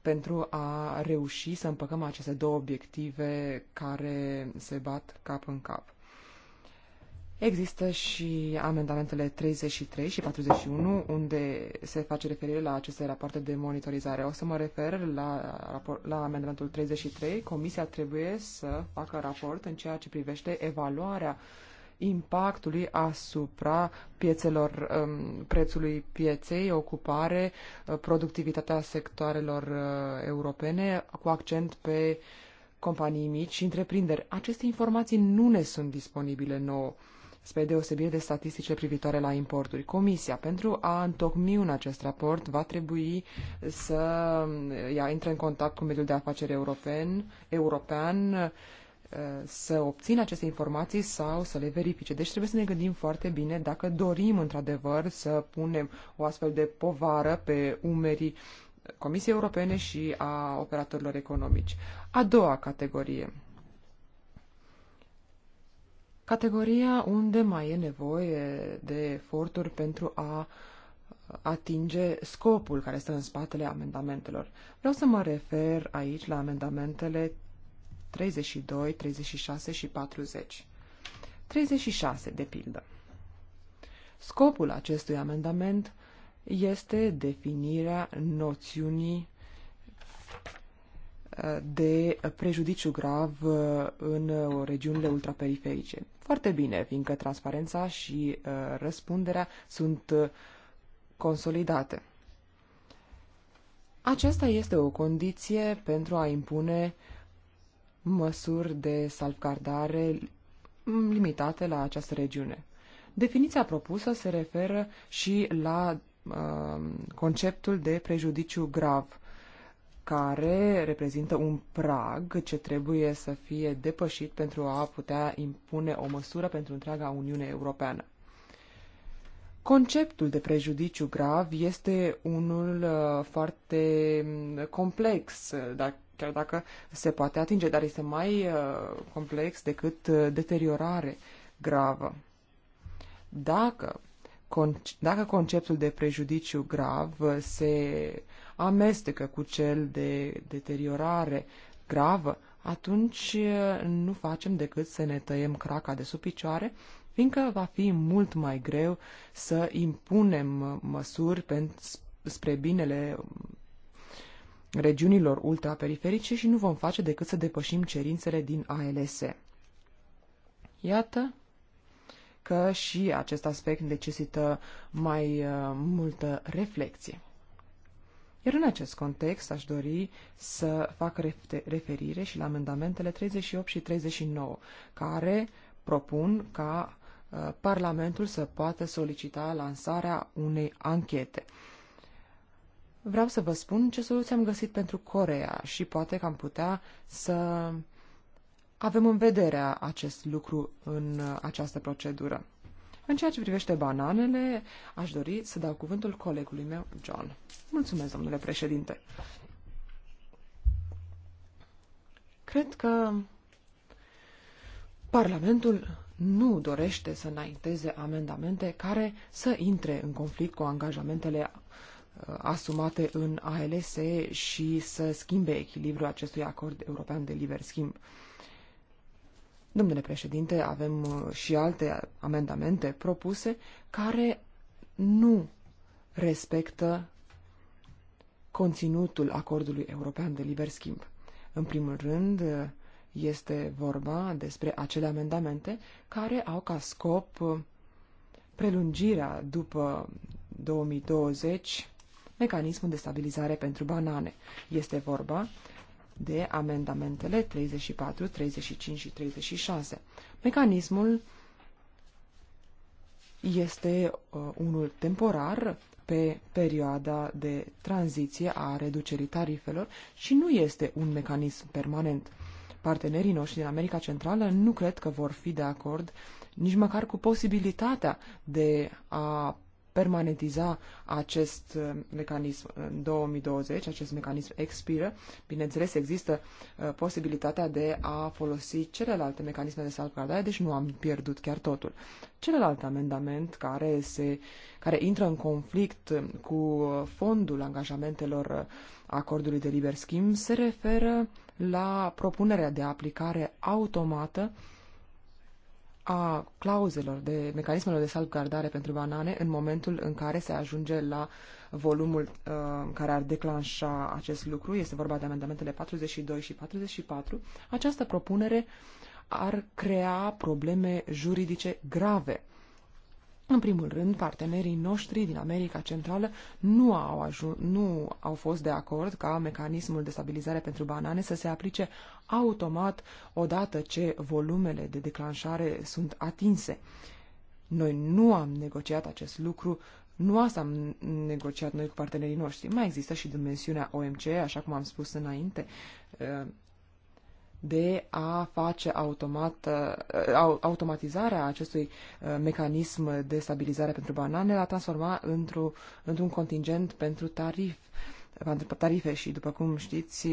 pentru a reuși să împăcăm aceste două obiective care se bat cap în cap. Există și amendamentele 33 și 41, unde se face referire la aceste rapoarte de monitorizare. O să mă refer la, la amendamentul 33. Comisia trebuie să facă raport în ceea ce privește evaluarea uh, impactului asupra piețelor, um, prețului pieței, ocupare, uh, productivitatea sectoarelor uh, europene, cu accent pe companii mici și întreprinderi. Aceste informații nu ne sunt disponibile nouă spre deosebire de statisticile privitoare la importuri. Comisia, pentru a întocmi un acest raport, va trebui să ia, um, intre în contact cu mediul de afaceri european, european să obțină aceste informații sau să le verifice. Deci trebuie să ne gândim foarte bine dacă dorim într-adevăr să punem o astfel de povară pe umerii Comisiei Europene și a operatorilor economici. A doua categorie. Categoria unde mai e nevoie de eforturi pentru a atinge scopul care stă în spatele amendamentelor. Vreau să mă refer aici la amendamentele 32, 36 și 40. 36, de pildă. Scopul acestui amendament este definirea noțiunii uh, de prejudiciu grav uh, în uh, regiunile ultraperiferice. Foarte bine, fiindcă transparența și răspunderea sunt consolidate. Aceasta este o condiție pentru a impune uh, măsuri de salvgardare limitate la această regiune. Definiția propusă se referă și la uh, conceptul de prejudiciu grav, care reprezintă un prag ce trebuie să fie depășit pentru a putea impune o măsură pentru întreaga Uniune Europeană. Conceptul de prejudiciu grav este unul uh, foarte um, complex, uh, dar chiar dacă se poate atinge, dar este mai uh, complex decât uh, deteriorare gravă. Dacă, con, dacă conceptul de prejudiciu grav uh, se amestecă cu cel de deteriorare gravă, atunci nu facem decât să ne tăiem craca de sub picioare, fiindcă va fi mult mai greu să impunem măsuri spre binele um, regiunilor ultraperiferice și nu vom face decât să depășim cerințele din ALS. Iată că și acest aspect necesită mai uh, multă reflexie. Iar în acest context aș dori să fac referire și la amendamentele 38 și 39, care propun ca uh, Parlamentul să poată solicita lansarea unei anchete. Vreau să vă spun ce soluție am găsit pentru Corea și poate că am putea să avem în vedere acest lucru în această procedură. În ceea ce privește bananele, aș dori să dau cuvântul colegului meu, John. Mulțumesc, domnule președinte. Cred că Parlamentul nu dorește să înainteze amendamente care să intre în conflict cu angajamentele Uh, asumate în ALS și să schimbe echilibrul acestui acord european de liber schimb. Domnule președinte, avem uh, și alte amendamente propuse care nu respectă conținutul acordului european de liber schimb. În primul rând, uh, este vorba despre acele amendamente care au ca scop prelungirea după 2020 mecanismul de stabilizare pentru banane. Este vorba de amendamentele 34, 35 și 36. Mecanismul este uh, unul temporar pe perioada de tranziție a reducerii tarifelor și nu este un mecanism permanent. Partenerii noștri din America Centrală nu cred că vor fi de acord nici măcar cu posibilitatea de a permanentiza acest uh, mecanism în 2020, acest mecanism expiră. Bineînțeles, există uh, posibilitatea de a folosi celelalte mecanisme de salvgardare, deci nu am pierdut chiar totul. Celălalt amendament care, se, care intră în conflict uh, cu fondul angajamentelor acordului de liber schimb se referă la propunerea de aplicare automată uh, a clauzelor, de mecanismelor de salvgardare pentru banane în momentul în care se ajunge la volumul uh, care ar declanșa acest lucru. Este vorba de amendamentele 42 și 44. Această propunere ar crea probleme juridice grave în primul rând, partenerii noștri din America Centrală nu au, ajun, nu au fost de acord ca mecanismul de stabilizare pentru banane să se aplice automat odată ce volumele de declanșare sunt atinse. Noi nu am negociat acest lucru, nu asta am negociat noi cu partenerii noștri. Mai există și dimensiunea OMC, așa cum am spus înainte de a face automat, uh, automatizarea acestui uh, mecanism de stabilizare pentru banane la transforma într-un într contingent pentru tarif, pentru tarife și, după cum știți,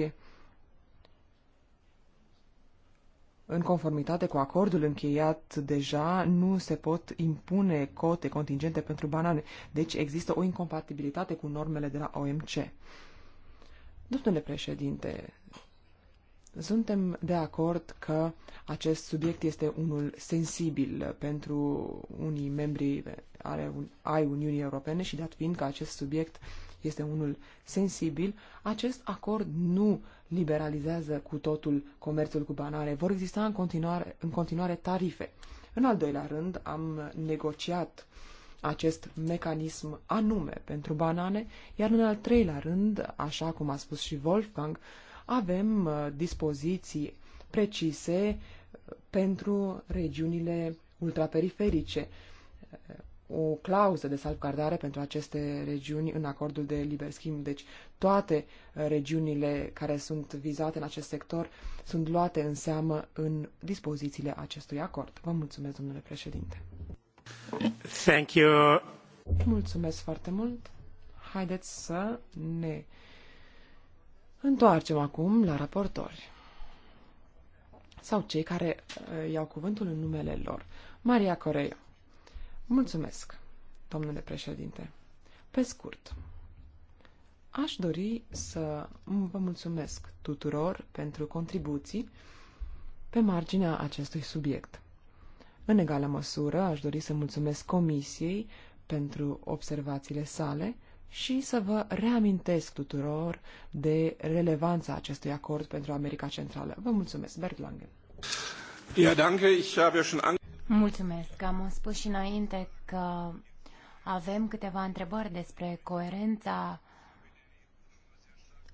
în conformitate cu acordul încheiat deja, nu se pot impune cote contingente pentru banane. Deci există o incompatibilitate cu normele de la OMC. Domnule președinte, suntem de acord că acest subiect este unul sensibil pentru unii membri ale, ai Uniunii Europene și dat fiind că acest subiect este unul sensibil, acest acord nu liberalizează cu totul comerțul cu banane. Vor exista în continuare, în continuare tarife. În al doilea rând, am negociat acest mecanism anume pentru banane, iar în al treilea rând, așa cum a spus și Wolfgang, avem uh, dispoziții precise uh, pentru regiunile ultraperiferice, uh, o clauză de salvgardare pentru aceste regiuni în acordul de liber schimb. Deci toate regiunile care sunt vizate în acest sector sunt luate în seamă în dispozițiile acestui acord. Vă mulțumesc, domnule președinte. Thank you. Mulțumesc foarte mult. Haideți să ne Întoarcem acum la raportori sau cei care uh, iau cuvântul în numele lor. Maria Coreia. Mulțumesc, domnule președinte. Pe scurt, aș dori să vă mulțumesc tuturor pentru contribuții pe marginea acestui subiect. În egală măsură, aș dori să mulțumesc Comisiei pentru observațiile sale și să vă reamintesc tuturor de relevanța acestui acord pentru America Centrală. Vă mulțumesc, Bert Langen. Ja, danke. Ich habe ja schon Mulțumesc. Am spus și înainte că avem câteva întrebări despre coerența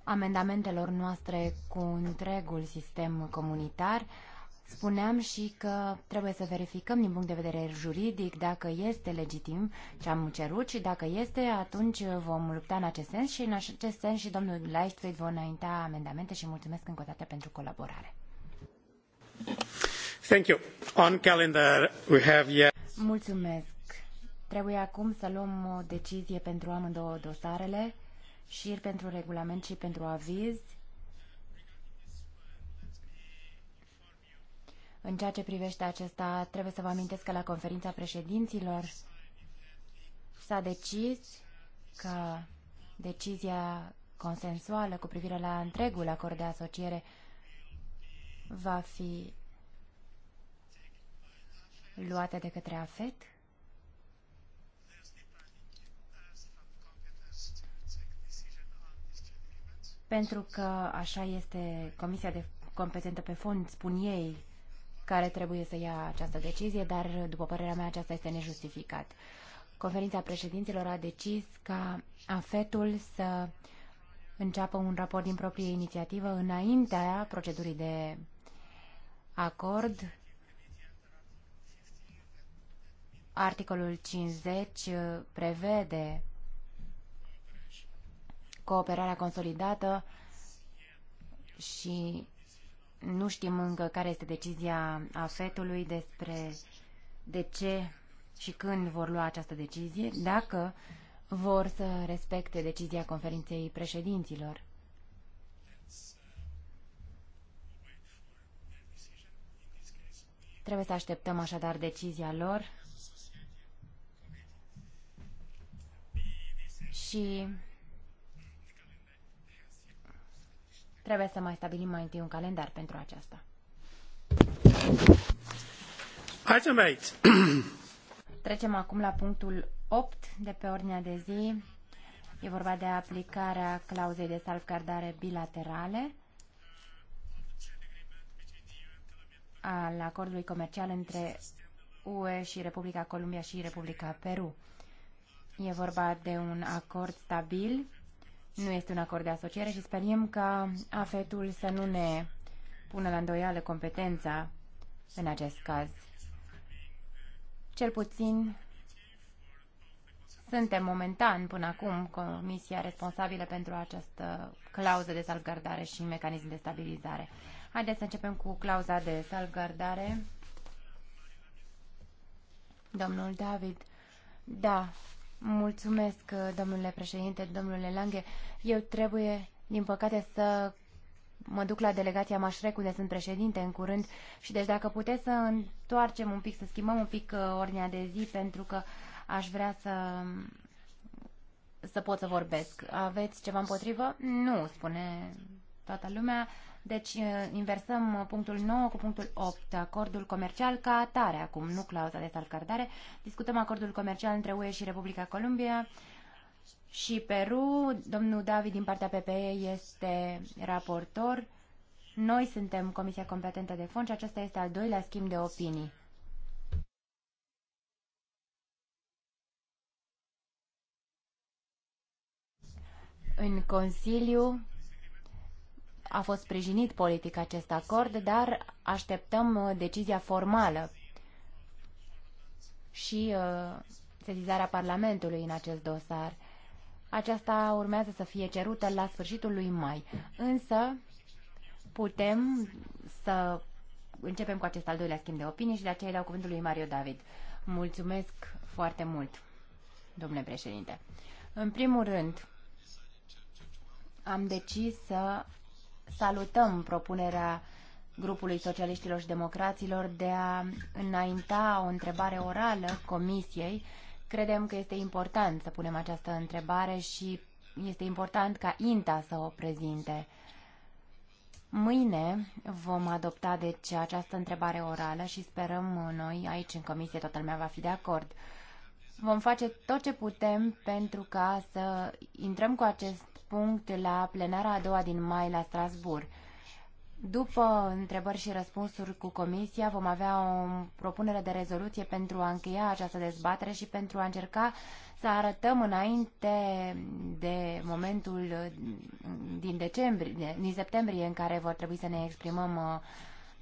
amendamentelor noastre cu întregul sistem comunitar. Spuneam și că trebuie să verificăm din punct de vedere juridic dacă este legitim ce am cerut și dacă este, atunci vom lupta în acest sens și în acest sens și domnul Leichtfried va înainta amendamente și mulțumesc încă o dată pentru colaborare. Thank you. On calendar we have yet... Mulțumesc. Trebuie acum să luăm o decizie pentru amândouă dosarele, și pentru regulament și pentru aviz. În ceea ce privește acesta, trebuie să vă amintesc că la conferința președinților s-a decis că decizia consensuală cu privire la întregul acord de asociere va fi luată de către AFET. Pentru că așa este Comisia de competentă pe fond, spun ei care trebuie să ia această decizie, dar, după părerea mea, aceasta este nejustificat. Conferința președinților a decis ca afetul să înceapă un raport din proprie inițiativă înaintea procedurii de acord. Articolul 50 prevede cooperarea consolidată și nu știm încă care este decizia fetului despre de ce și când vor lua această decizie, dacă vor să respecte decizia conferinței președinților. Trebuie să așteptăm așadar decizia lor și Trebuie să mai stabilim mai întâi un calendar pentru aceasta. Item 8. Trecem acum la punctul 8 de pe ordinea de zi. E vorba de aplicarea clauzei de salvgardare bilaterale al acordului comercial între UE și Republica Columbia și Republica Peru. E vorba de un acord stabil nu este un acord de asociere și speriem ca afetul să nu ne pună la îndoială competența în acest caz. Cel puțin suntem momentan până acum comisia responsabilă pentru această clauză de salvgardare și mecanism de stabilizare. Haideți să începem cu clauza de salvgardare. Domnul David, da, Mulțumesc, domnule președinte, domnule Lange. Eu trebuie, din păcate, să mă duc la delegația Mașrec, unde sunt președinte în curând și deci dacă puteți să întoarcem un pic, să schimbăm un pic uh, ordinea de zi, pentru că aș vrea să să pot să vorbesc. Aveți ceva împotrivă? Nu, spune toată lumea. Deci eh, inversăm eh, punctul 9 cu punctul 8, acordul comercial ca atare acum, nu clauza de salcardare. Discutăm acordul comercial între UE și Republica Columbia și Peru. Domnul David din partea PPE este raportor. Noi suntem Comisia Competentă de Fond și acesta este al doilea schimb de opinii. În Consiliu a fost sprijinit politic acest acord, dar așteptăm uh, decizia formală și uh, sesizarea Parlamentului în acest dosar. Aceasta urmează să fie cerută la sfârșitul lui mai. Însă putem să începem cu acest al doilea schimb de opinii și de aceea dau cuvântul lui Mario David. Mulțumesc foarte mult, domnule președinte. În primul rând, am decis să salutăm propunerea grupului socialiștilor și democraților de a înainta o întrebare orală comisiei. Credem că este important să punem această întrebare și este important ca INTA să o prezinte. Mâine vom adopta deci această întrebare orală și sperăm noi aici în comisie toată lumea va fi de acord. Vom face tot ce putem pentru ca să intrăm cu acest punct la plenara a doua din mai la Strasbourg. După întrebări și răspunsuri cu Comisia, vom avea o propunere de rezoluție pentru a încheia această dezbatere și pentru a încerca să arătăm înainte de momentul din decembrie, din septembrie, în care vor trebui să ne exprimăm uh,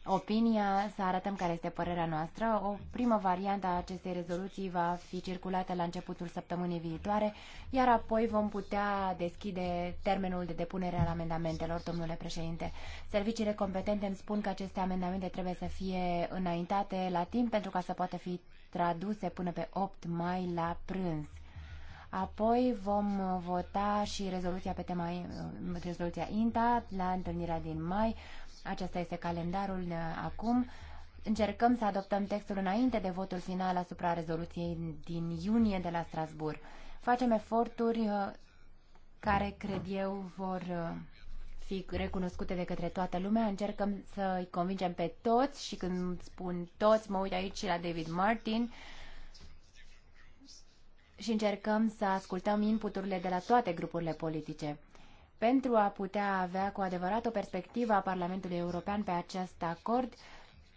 opinia, să arătăm care este părerea noastră. O primă variantă a acestei rezoluții va fi circulată la începutul săptămânii viitoare, iar apoi vom putea deschide termenul de depunere al amendamentelor, domnule președinte. Serviciile competente îmi spun că aceste amendamente trebuie să fie înaintate la timp pentru ca să poată fi traduse până pe 8 mai la prânz. Apoi vom vota și rezoluția pe tema rezoluția INTA la întâlnirea din mai. Acesta este calendarul uh, acum. Încercăm să adoptăm textul înainte de votul final asupra rezoluției din iunie de la Strasbourg. Facem eforturi uh, care, cred eu, vor uh, fi recunoscute de către toată lumea. Încercăm să i convingem pe toți și când spun toți, mă uit aici și la David Martin și încercăm să ascultăm inputurile de la toate grupurile politice. Pentru a putea avea cu adevărat o perspectivă a Parlamentului European pe acest acord,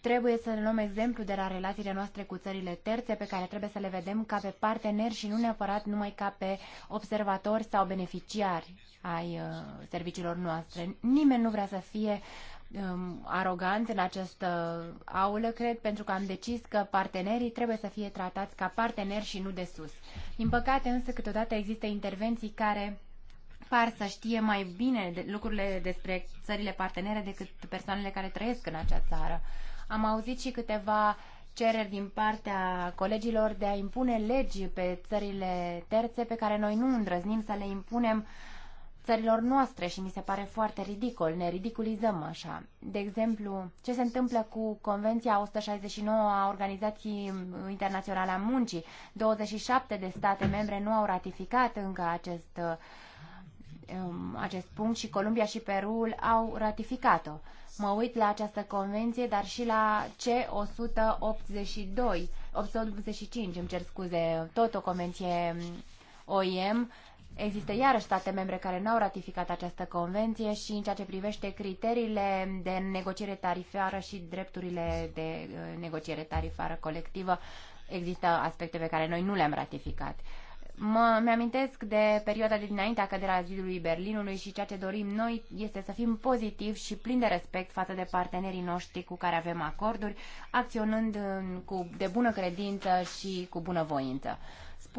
trebuie să ne luăm exemplu de la relațiile noastre cu țările terțe pe care trebuie să le vedem ca pe parteneri și nu neapărat numai ca pe observatori sau beneficiari ai uh, serviciilor noastre. Nimeni nu vrea să fie um, arogant în această aulă, cred, pentru că am decis că partenerii trebuie să fie tratați ca parteneri și nu de sus. Din păcate, însă, câteodată există intervenții care par să știe mai bine de lucrurile despre țările partenere decât persoanele care trăiesc în acea țară. Am auzit și câteva cereri din partea colegilor de a impune legi pe țările terțe pe care noi nu îndrăznim să le impunem țărilor noastre și mi se pare foarte ridicol, ne ridiculizăm așa. De exemplu, ce se întâmplă cu Convenția 169 a Organizației Internaționale a Muncii? 27 de state membre nu au ratificat încă acest uh, Um, acest punct și Columbia și Peru au ratificat-o. Mă uit la această convenție, dar și la C-182, 885, îmi cer scuze, tot o convenție OIM. Um, există iarăși state membre care nu au ratificat această convenție și în ceea ce privește criteriile de negociere tarifară și drepturile de uh, negociere tarifară colectivă, există aspecte pe care noi nu le-am ratificat. Mă mi-amintesc de perioada de dinaintea căderea zidului Berlinului și ceea ce dorim noi este să fim pozitivi și plini de respect față de partenerii noștri cu care avem acorduri, acționând uh, cu, de bună credință și cu bună voință.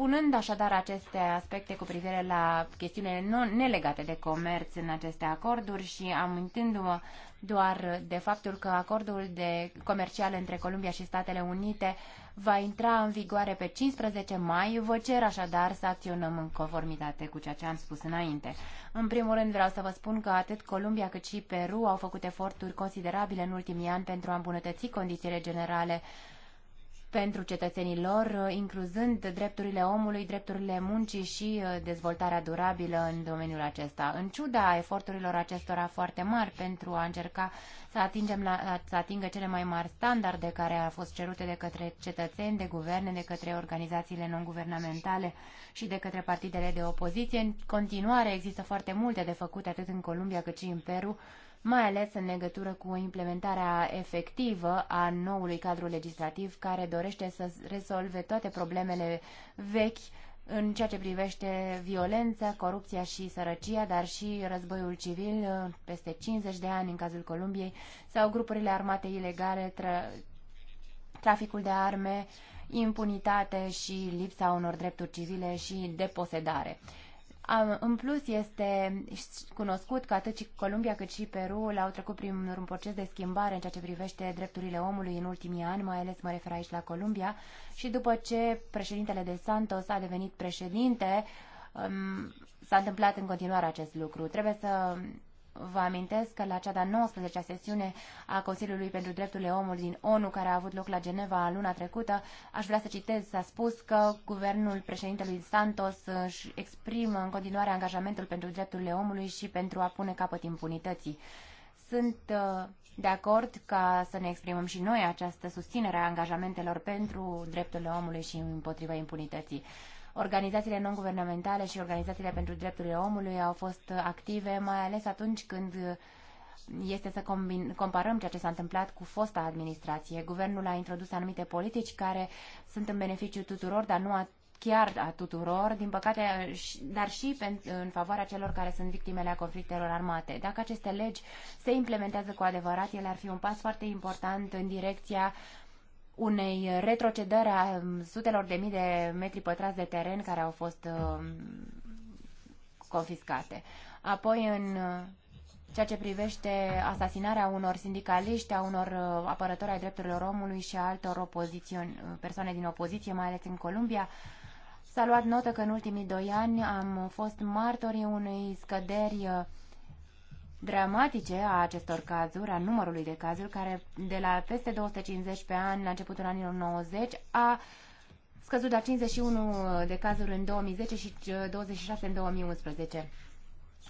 Punând așadar aceste aspecte cu privire la chestiunile nelegate de comerț în aceste acorduri și amintindu-mă doar de faptul că acordul de comercial între Columbia și Statele Unite va intra în vigoare pe 15 mai, vă cer așadar să acționăm în conformitate cu ceea ce am spus înainte. În primul rând vreau să vă spun că atât Columbia cât și Peru au făcut eforturi considerabile în ultimii ani pentru a îmbunătăți condițiile generale pentru cetățenii lor, uh, incluzând drepturile omului, drepturile muncii și uh, dezvoltarea durabilă în domeniul acesta. În ciuda eforturilor acestora foarte mari pentru a încerca să, atingem la, să atingă cele mai mari standarde care au fost cerute de către cetățeni, de guverne, de către organizațiile non-guvernamentale și de către partidele de opoziție, în continuare există foarte multe de făcut atât în Columbia cât și în Peru, mai ales în legătură cu implementarea efectivă a noului cadru legislativ care dorește să rezolve toate problemele vechi în ceea ce privește violența, corupția și sărăcia, dar și războiul civil peste 50 de ani în cazul Columbiei sau grupurile armate ilegale, tra traficul de arme, impunitate și lipsa unor drepturi civile și deposedare. În plus, este cunoscut că atât și Columbia cât și Peru au trecut prin un proces de schimbare în ceea ce privește drepturile omului în ultimii ani, mai ales mă refer aici la Columbia, și după ce președintele de Santos a devenit președinte, um, s-a întâmplat în continuare acest lucru. Trebuie să Vă amintesc că la cea de-a 19-a sesiune a Consiliului pentru Drepturile Omului din ONU, care a avut loc la Geneva luna trecută, aș vrea să citez, s-a spus că guvernul președintelui Santos își exprimă în continuare angajamentul pentru drepturile omului și pentru a pune capăt impunității. Sunt uh, de acord ca să ne exprimăm și noi această susținere a angajamentelor pentru drepturile omului și împotriva impunității. Organizațiile non-guvernamentale și organizațiile pentru drepturile omului au fost active, mai ales atunci când este să combin, comparăm ceea ce s-a întâmplat cu fosta administrație. Guvernul a introdus anumite politici care sunt în beneficiu tuturor, dar nu a chiar a tuturor, din păcate, dar și în favoarea celor care sunt victimele a conflictelor armate. Dacă aceste legi se implementează cu adevărat, ele ar fi un pas foarte important în direcția unei retrocedări a um, sutelor de mii de metri pătrați de teren care au fost um, confiscate. Apoi, în uh, ceea ce privește asasinarea unor sindicaliști, a unor uh, apărători ai drepturilor omului și a altor opozițion, uh, persoane din opoziție, mai ales în Columbia, s-a luat notă că în ultimii doi ani am fost martorii unei scăderi dramatice a acestor cazuri, a numărului de cazuri, care de la peste 250 pe an la începutul anilor 90 a scăzut la 51 de cazuri în 2010 și 27 uh, în 2011.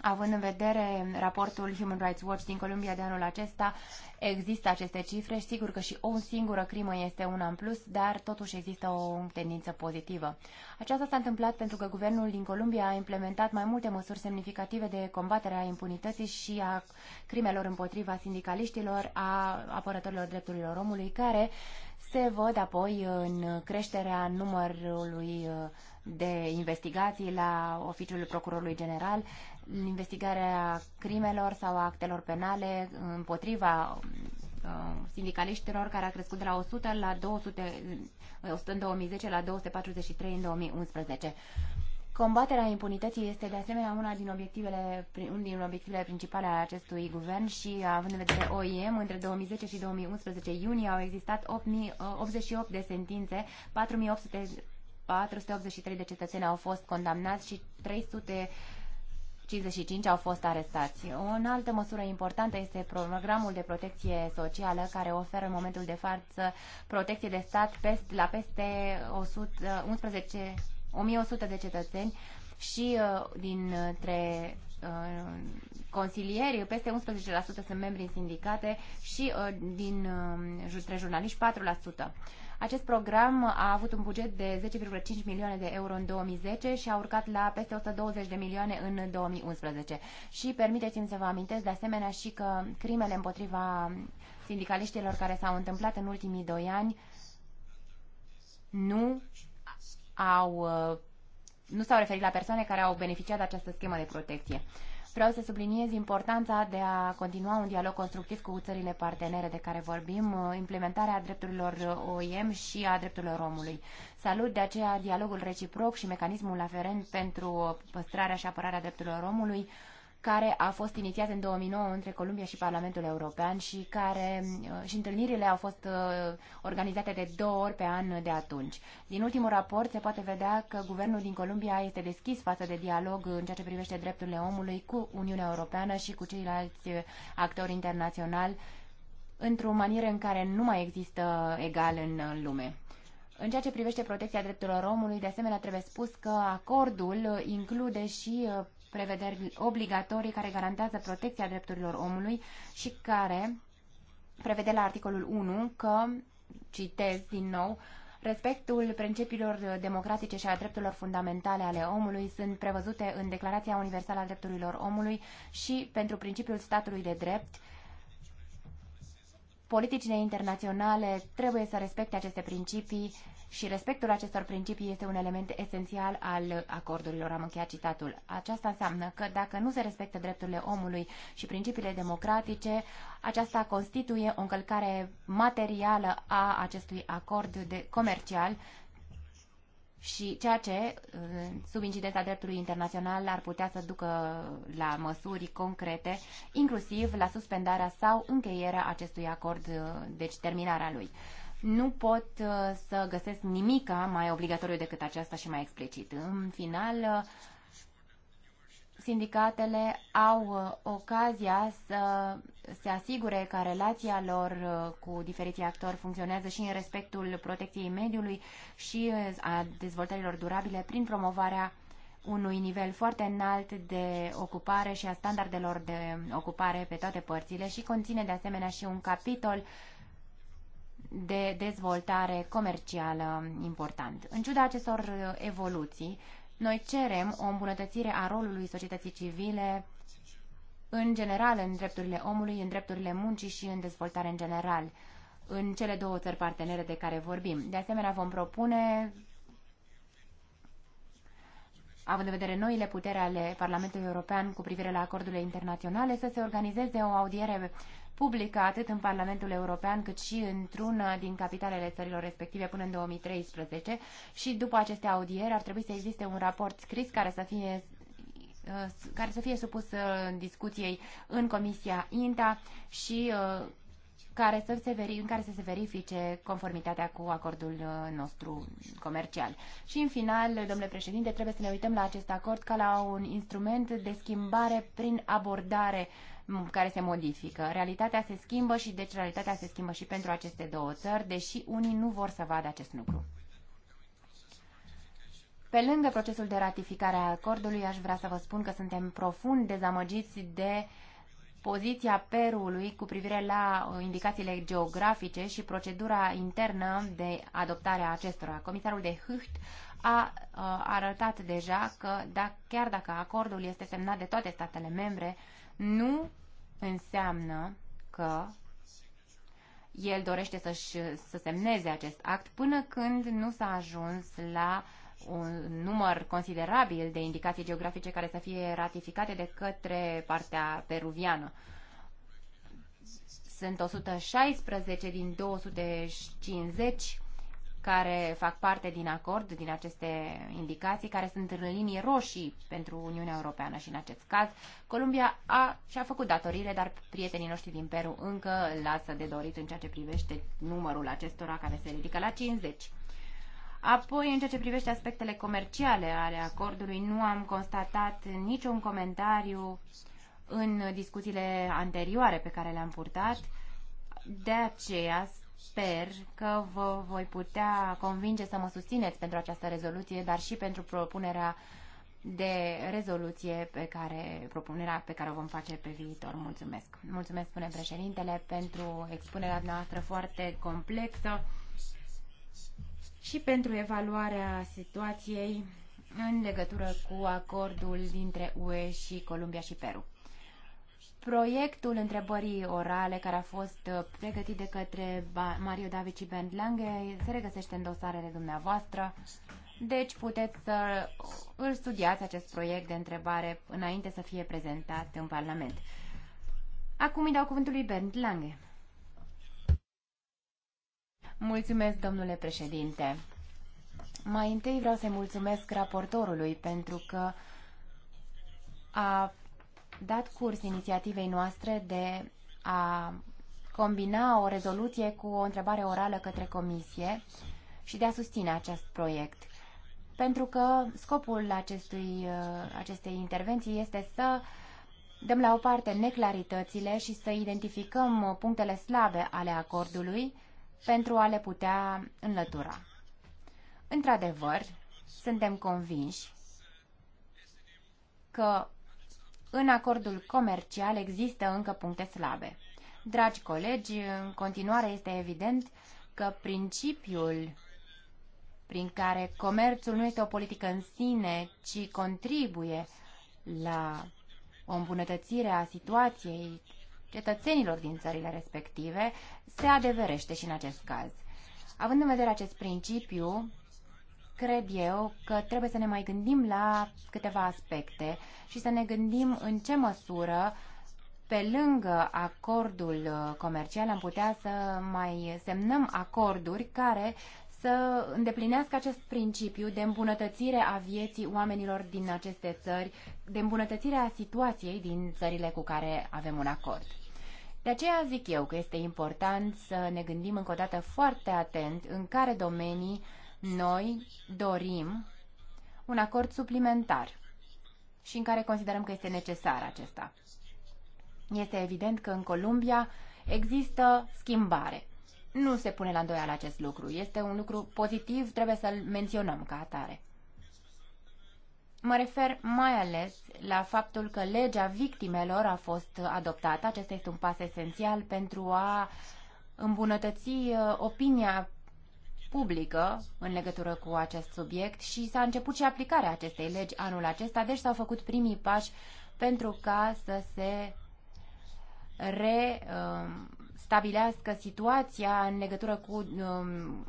Având în vedere raportul Human Rights Watch din Columbia de anul acesta, există aceste cifre sigur că și o singură crimă este una în plus, dar totuși există o tendință pozitivă. Aceasta s-a întâmplat pentru că guvernul din Columbia a implementat mai multe măsuri semnificative de combatere a impunității și a crimelor împotriva sindicaliștilor, a apărătorilor drepturilor omului, care se văd apoi în creșterea numărului uh, de investigații la oficiul procurorului general, investigarea crimelor sau a actelor penale împotriva uh, sindicaliștilor care a crescut de la 100 la 200, 100 uh, în 2010 la 243 în 2011. Combaterea impunității este de asemenea una din obiectivele, unul din obiectivele principale ale acestui guvern și având în vedere OIM, între 2010 și 2011 iunie au existat 88 uh, de sentințe, 483 de cetățeni au fost condamnați și 300 55 au fost arestați. O altă măsură importantă este programul de protecție socială care oferă în momentul de față protecție de stat peste, la peste 100, 11, 1100 de cetățeni și uh, dintre uh, consilieri, peste 11% sunt membri în sindicate și uh, dintre jurnaliști 4%. Acest program a avut un buget de 10,5 milioane de euro în 2010 și a urcat la peste 120 de milioane în 2011. Și permiteți-mi să vă amintesc de asemenea și că crimele împotriva sindicaliștilor care s-au întâmplat în ultimii doi ani nu au uh, nu s-au referit la persoane care au beneficiat de această schemă de protecție. Vreau să subliniez importanța de a continua un dialog constructiv cu țările partenere de care vorbim, implementarea drepturilor OIM și a drepturilor omului. Salut de aceea dialogul reciproc și mecanismul aferent pentru păstrarea și apărarea drepturilor omului, care a fost inițiat în 2009 între Columbia și Parlamentul European și care uh, și întâlnirile au fost uh, organizate de două ori pe an de atunci. Din ultimul raport se poate vedea că guvernul din Columbia este deschis față de dialog în ceea ce privește drepturile omului cu Uniunea Europeană și cu ceilalți actori internaționali într-o manieră în care nu mai există egal în lume. În ceea ce privește protecția drepturilor omului, de asemenea, trebuie spus că acordul include și uh, prevederi obligatorii care garantează protecția drepturilor omului și care prevede la articolul 1 că, citez din nou, Respectul principiilor democratice și a drepturilor fundamentale ale omului sunt prevăzute în Declarația Universală a Drepturilor Omului și pentru principiul statului de drept. Politicile internaționale trebuie să respecte aceste principii și respectul acestor principii este un element esențial al acordurilor. Am încheiat citatul. Aceasta înseamnă că dacă nu se respectă drepturile omului și principiile democratice, aceasta constituie o încălcare materială a acestui acord de comercial și ceea ce, sub incidența dreptului internațional, ar putea să ducă la măsuri concrete, inclusiv la suspendarea sau încheierea acestui acord, deci terminarea lui nu pot uh, să găsesc nimic mai obligatoriu decât aceasta și mai explicit. În final, uh, sindicatele au uh, ocazia să se asigure că relația lor cu diferiții actori funcționează și în respectul protecției mediului și a dezvoltărilor durabile prin promovarea unui nivel foarte înalt de ocupare și a standardelor de ocupare pe toate părțile și conține de asemenea și un capitol uh, de dezvoltare comercială important. În ciuda acestor evoluții, noi cerem o îmbunătățire a rolului societății civile în general în drepturile omului, în drepturile muncii și în dezvoltare în general în cele două țări partenere de care vorbim. De asemenea, vom propune, având în vedere noile putere ale Parlamentului European cu privire la acordurile internaționale, să se organizeze o audiere publică atât în Parlamentul European cât și într-una uh, din capitalele țărilor respective până în 2013 și după aceste audieri ar trebui să existe un raport scris care să fie uh, care să fie supus în uh, discuției în Comisia INTA și care să se veri, în care să se verifice conformitatea cu acordul nostru comercial. Și în final, domnule președinte, trebuie să ne uităm la acest acord ca la un instrument de schimbare prin abordare uh, care se modifică. Realitatea se schimbă și deci realitatea se schimbă și pentru aceste două țări, deși unii nu vor să vadă acest lucru. Pe lângă procesul de ratificare a acordului, aș vrea să vă spun că suntem profund dezamăgiți de poziția Perului cu privire la uh, indicațiile geografice și procedura internă de adoptare a acestora. Comisarul de Hücht a, a uh, arătat deja că, da, chiar dacă acordul este semnat de toate statele membre, nu înseamnă că el dorește să să semneze acest act până când nu s-a ajuns la un număr considerabil de indicații geografice care să fie ratificate de către partea peruviană. Sunt 116 din 250 care fac parte din acord, din aceste indicații, care sunt în linie roșii pentru Uniunea Europeană și în acest caz Columbia a, și-a făcut datorile, dar prietenii noștri din Peru încă lasă de dorit în ceea ce privește numărul acestora care se ridică la 50. Apoi, în ceea ce privește aspectele comerciale ale acordului, nu am constatat niciun comentariu în discuțiile anterioare pe care le-am purtat. De aceea sper că vă voi putea convinge să mă susțineți pentru această rezoluție, dar și pentru propunerea de rezoluție pe care, propunerea pe care o vom face pe viitor. Mulțumesc. Mulțumesc, spune președintele, pentru expunerea noastră foarte complexă și pentru evaluarea situației în legătură cu acordul dintre UE și Columbia și Peru. Proiectul întrebării orale care a fost uh, pregătit de către Mario David și Ben Lange se regăsește în dosarele dumneavoastră, deci puteți să uh, îl studiați acest proiect de întrebare înainte să fie prezentat în Parlament. Acum îi dau cuvântul lui Bernd Lange. Mulțumesc, domnule președinte. Mai întâi vreau să-i mulțumesc raportorului pentru că a dat curs inițiativei noastre de a combina o rezoluție cu o întrebare orală către comisie și de a susține acest proiect. Pentru că scopul acestui, uh, acestei intervenții este să dăm la o parte neclaritățile și să identificăm punctele slabe ale acordului pentru a le putea înlătura. Într-adevăr, suntem convinși că în acordul comercial există încă puncte slabe. Dragi colegi, în continuare este evident că principiul prin care comerțul nu este o politică în sine, ci contribuie la o îmbunătățire a situației cetățenilor din țările respective, se adeverește și în acest caz. Având în vedere acest principiu, cred eu că trebuie să ne mai gândim la câteva aspecte și să ne gândim în ce măsură pe lângă acordul uh, comercial am putea să mai semnăm acorduri care să îndeplinească acest principiu de îmbunătățire a vieții oamenilor din aceste țări, de îmbunătățire a situației din țările cu care avem un acord. De aceea zic eu că este important să ne gândim încă o dată foarte atent în care domenii uh, noi dorim un acord suplimentar și în care considerăm că este necesar acesta. Este evident că în Columbia există schimbare. Nu se pune la îndoială acest lucru. Este un lucru pozitiv, trebuie să-l menționăm ca atare. Mă refer mai ales la faptul că legea victimelor a fost adoptată. Acesta este un pas esențial pentru a îmbunătăți uh, opinia publică în legătură cu acest subiect și s-a început și aplicarea acestei legi anul acesta, deci s-au făcut primii pași pentru ca să se restabilească um, situația în legătură cu um,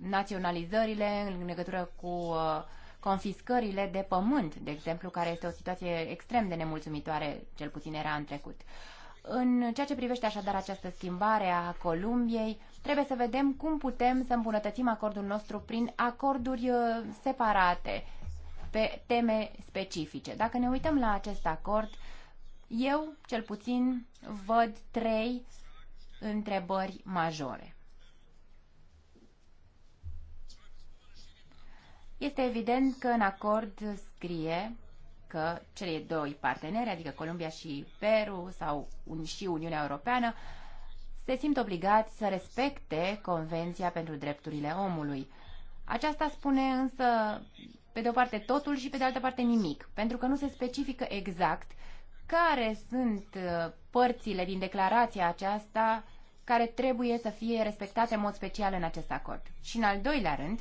naționalizările, în legătură cu uh, confiscările de pământ, de exemplu, care este o situație extrem de nemulțumitoare, cel puțin era în trecut. În ceea ce privește așadar această schimbare a Columbiei, Trebuie să vedem cum putem să îmbunătățim acordul nostru prin acorduri uh, separate, pe teme specifice. Dacă ne uităm la acest acord, eu, cel puțin, văd trei întrebări majore. Este evident că în acord scrie că cele doi parteneri, adică Columbia și Peru sau un, și Uniunea Europeană, se simt obligați să respecte Convenția pentru Drepturile Omului. Aceasta spune însă, pe de o parte, totul și pe de altă parte nimic, pentru că nu se specifică exact care sunt uh, părțile din declarația aceasta care trebuie să fie respectate în mod special în acest acord. Și în al doilea rând,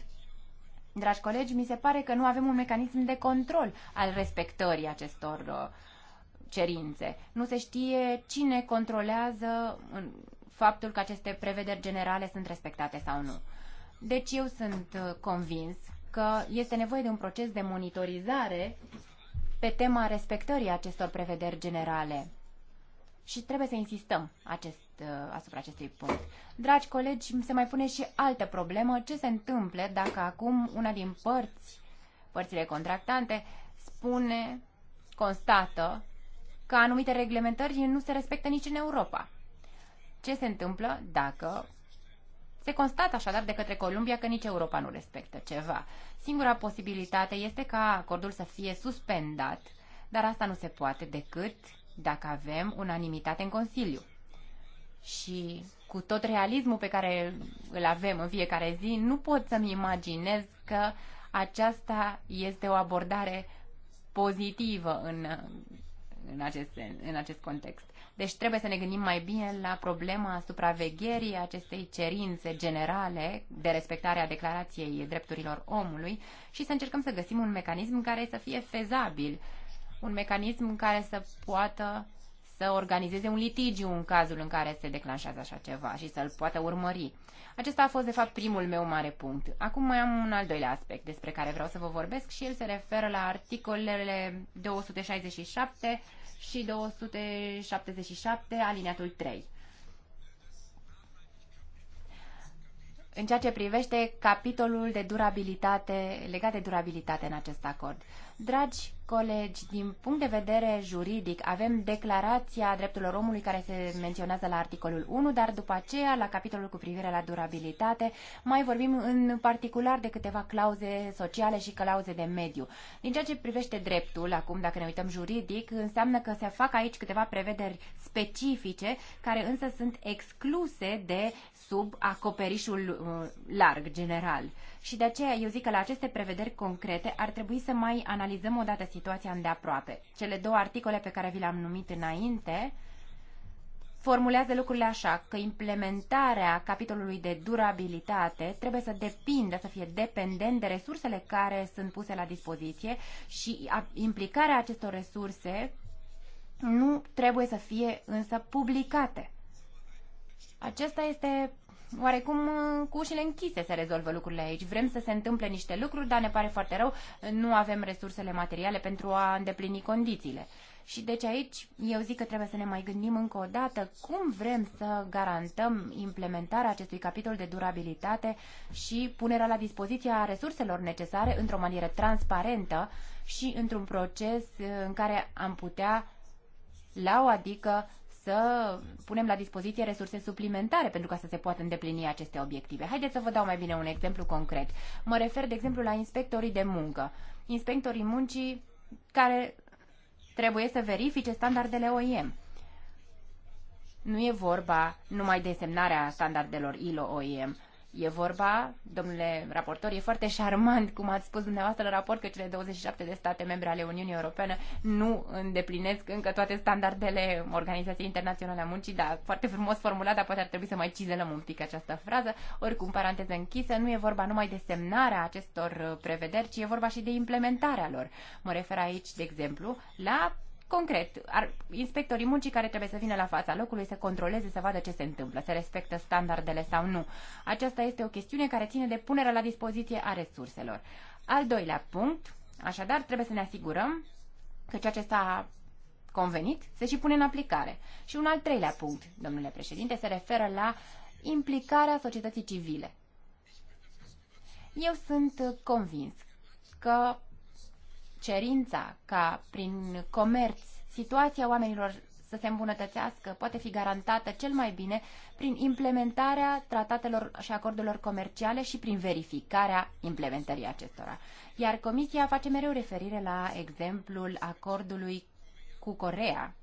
dragi colegi, mi se pare că nu avem un mecanism de control al respectării acestor uh, cerințe. Nu se știe cine controlează faptul că aceste prevederi generale sunt respectate sau nu. Deci eu sunt uh, convins că este nevoie de un proces de monitorizare pe tema respectării acestor prevederi generale. Și trebuie să insistăm acest, uh, asupra acestui punct. Dragi colegi, se mai pune și altă problemă. Ce se întâmplă dacă acum una din părți, părțile contractante, spune, constată că anumite reglementări nu se respectă nici în Europa? ce se întâmplă dacă se constată așadar de către Columbia că nici Europa nu respectă ceva. Singura posibilitate este ca acordul să fie suspendat, dar asta nu se poate decât dacă avem unanimitate în Consiliu. Și cu tot realismul pe care îl avem în fiecare zi, nu pot să-mi imaginez că aceasta este o abordare pozitivă în, în, acest, în acest context. Deci trebuie să ne gândim mai bine la problema supravegherii acestei cerințe generale de respectare a declarației drepturilor omului și să încercăm să găsim un mecanism care să fie fezabil, un mecanism care să poată să organizeze un litigiu în cazul în care se declanșează așa ceva și să-l poată urmări. Acesta a fost, de fapt, primul meu mare punct. Acum mai am un al doilea aspect despre care vreau să vă vorbesc și el se referă la articolele 267 și 277, alineatul 3. În ceea ce privește capitolul de durabilitate, legat de durabilitate în acest acord. Dragi colegi, din punct de vedere juridic, avem declarația drepturilor omului care se menționează la articolul 1, dar după aceea, la capitolul cu privire la durabilitate, mai vorbim în particular de câteva clauze sociale și clauze de mediu. Din ceea ce privește dreptul, acum, dacă ne uităm juridic, înseamnă că se fac aici câteva prevederi specifice, care însă sunt excluse de sub acoperișul uh, larg, general și de aceea eu zic că la aceste prevederi concrete ar trebui să mai analizăm o dată situația îndeaproape. Cele două articole pe care vi le-am numit înainte formulează lucrurile așa, că implementarea capitolului de durabilitate trebuie să depindă, să fie dependent de resursele care sunt puse la dispoziție și implicarea acestor resurse nu trebuie să fie însă publicate. Acesta este oarecum uh, cu ușile închise se rezolvă lucrurile aici. Vrem să se întâmple niște lucruri, dar ne pare foarte rău, nu avem resursele materiale pentru a îndeplini condițiile. Și deci aici eu zic că trebuie să ne mai gândim încă o dată cum vrem să garantăm implementarea acestui capitol de durabilitate și punerea la dispoziție a resurselor necesare într-o manieră transparentă și într-un proces uh, în care am putea la o adică să punem la dispoziție resurse suplimentare pentru ca să se poată îndeplini aceste obiective. Haideți să vă dau mai bine un exemplu concret. Mă refer, de exemplu, la inspectorii de muncă. Inspectorii muncii care trebuie să verifice standardele OIM. Nu e vorba numai de semnarea standardelor ILO-OIM, E vorba, domnule raportor, e foarte șarmant, cum ați spus dumneavoastră la raport, că cele 27 de state membre ale Uniunii Europene nu îndeplinesc încă toate standardele Organizației Internaționale a Muncii, dar foarte frumos formulat, dar poate ar trebui să mai cizelăm un pic această frază. Oricum, paranteză închisă, nu e vorba numai de semnarea acestor prevederi, ci e vorba și de implementarea lor. Mă refer aici, de exemplu, la Concret, ar, inspectorii muncii care trebuie să vină la fața locului să controleze, să vadă ce se întâmplă, se respectă standardele sau nu. Aceasta este o chestiune care ține de punerea la dispoziție a resurselor. Al doilea punct, așadar, trebuie să ne asigurăm că ceea ce s-a convenit se și pune în aplicare. Și un al treilea punct, domnule președinte, se referă la implicarea societății civile. Eu sunt convins că cerința ca prin comerț situația oamenilor să se îmbunătățească poate fi garantată cel mai bine prin implementarea tratatelor și acordurilor comerciale și prin verificarea implementării acestora. Iar Comisia face mereu referire la exemplul acordului cu Corea,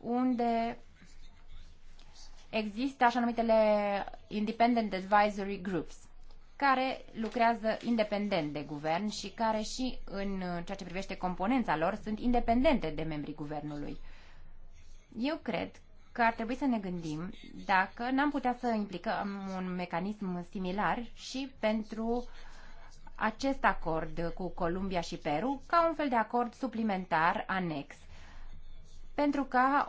unde există așa numitele Independent Advisory Groups care lucrează independent de guvern și care și în uh, ceea ce privește componența lor sunt independente de membrii guvernului. Eu cred că ar trebui să ne gândim dacă n-am putea să implicăm un mecanism similar și pentru acest acord cu Columbia și Peru ca un fel de acord suplimentar anex pentru ca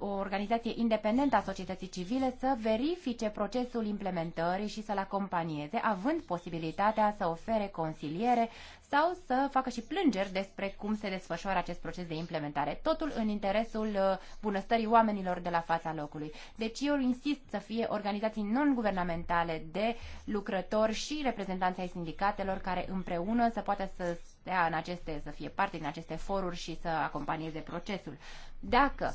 o, o organizație independentă a societății civile să verifice procesul implementării și să-l acompanieze, având posibilitatea să ofere consiliere sau să facă și plângeri despre cum se desfășoară acest proces de implementare. Totul în interesul uh, bunăstării oamenilor de la fața locului. Deci eu insist să fie organizații non-guvernamentale de lucrători și reprezentanții ai sindicatelor care împreună să poată să stea în aceste, să fie parte din aceste foruri și să acompanieze procesul. Dacă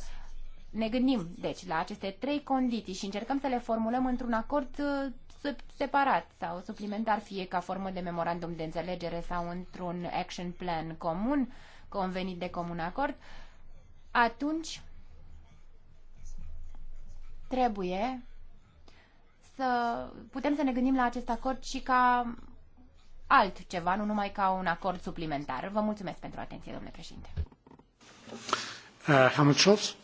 ne gândim, deci, la aceste trei condiții și încercăm să le formulăm într-un acord uh, separat sau suplimentar, fie ca formă de memorandum de înțelegere sau într-un action plan comun, convenit de comun acord, atunci trebuie să putem să ne gândim la acest acord și ca altceva, nu numai ca un acord suplimentar. Vă mulțumesc pentru atenție, domnule președinte. Uh, Helmut Scholz.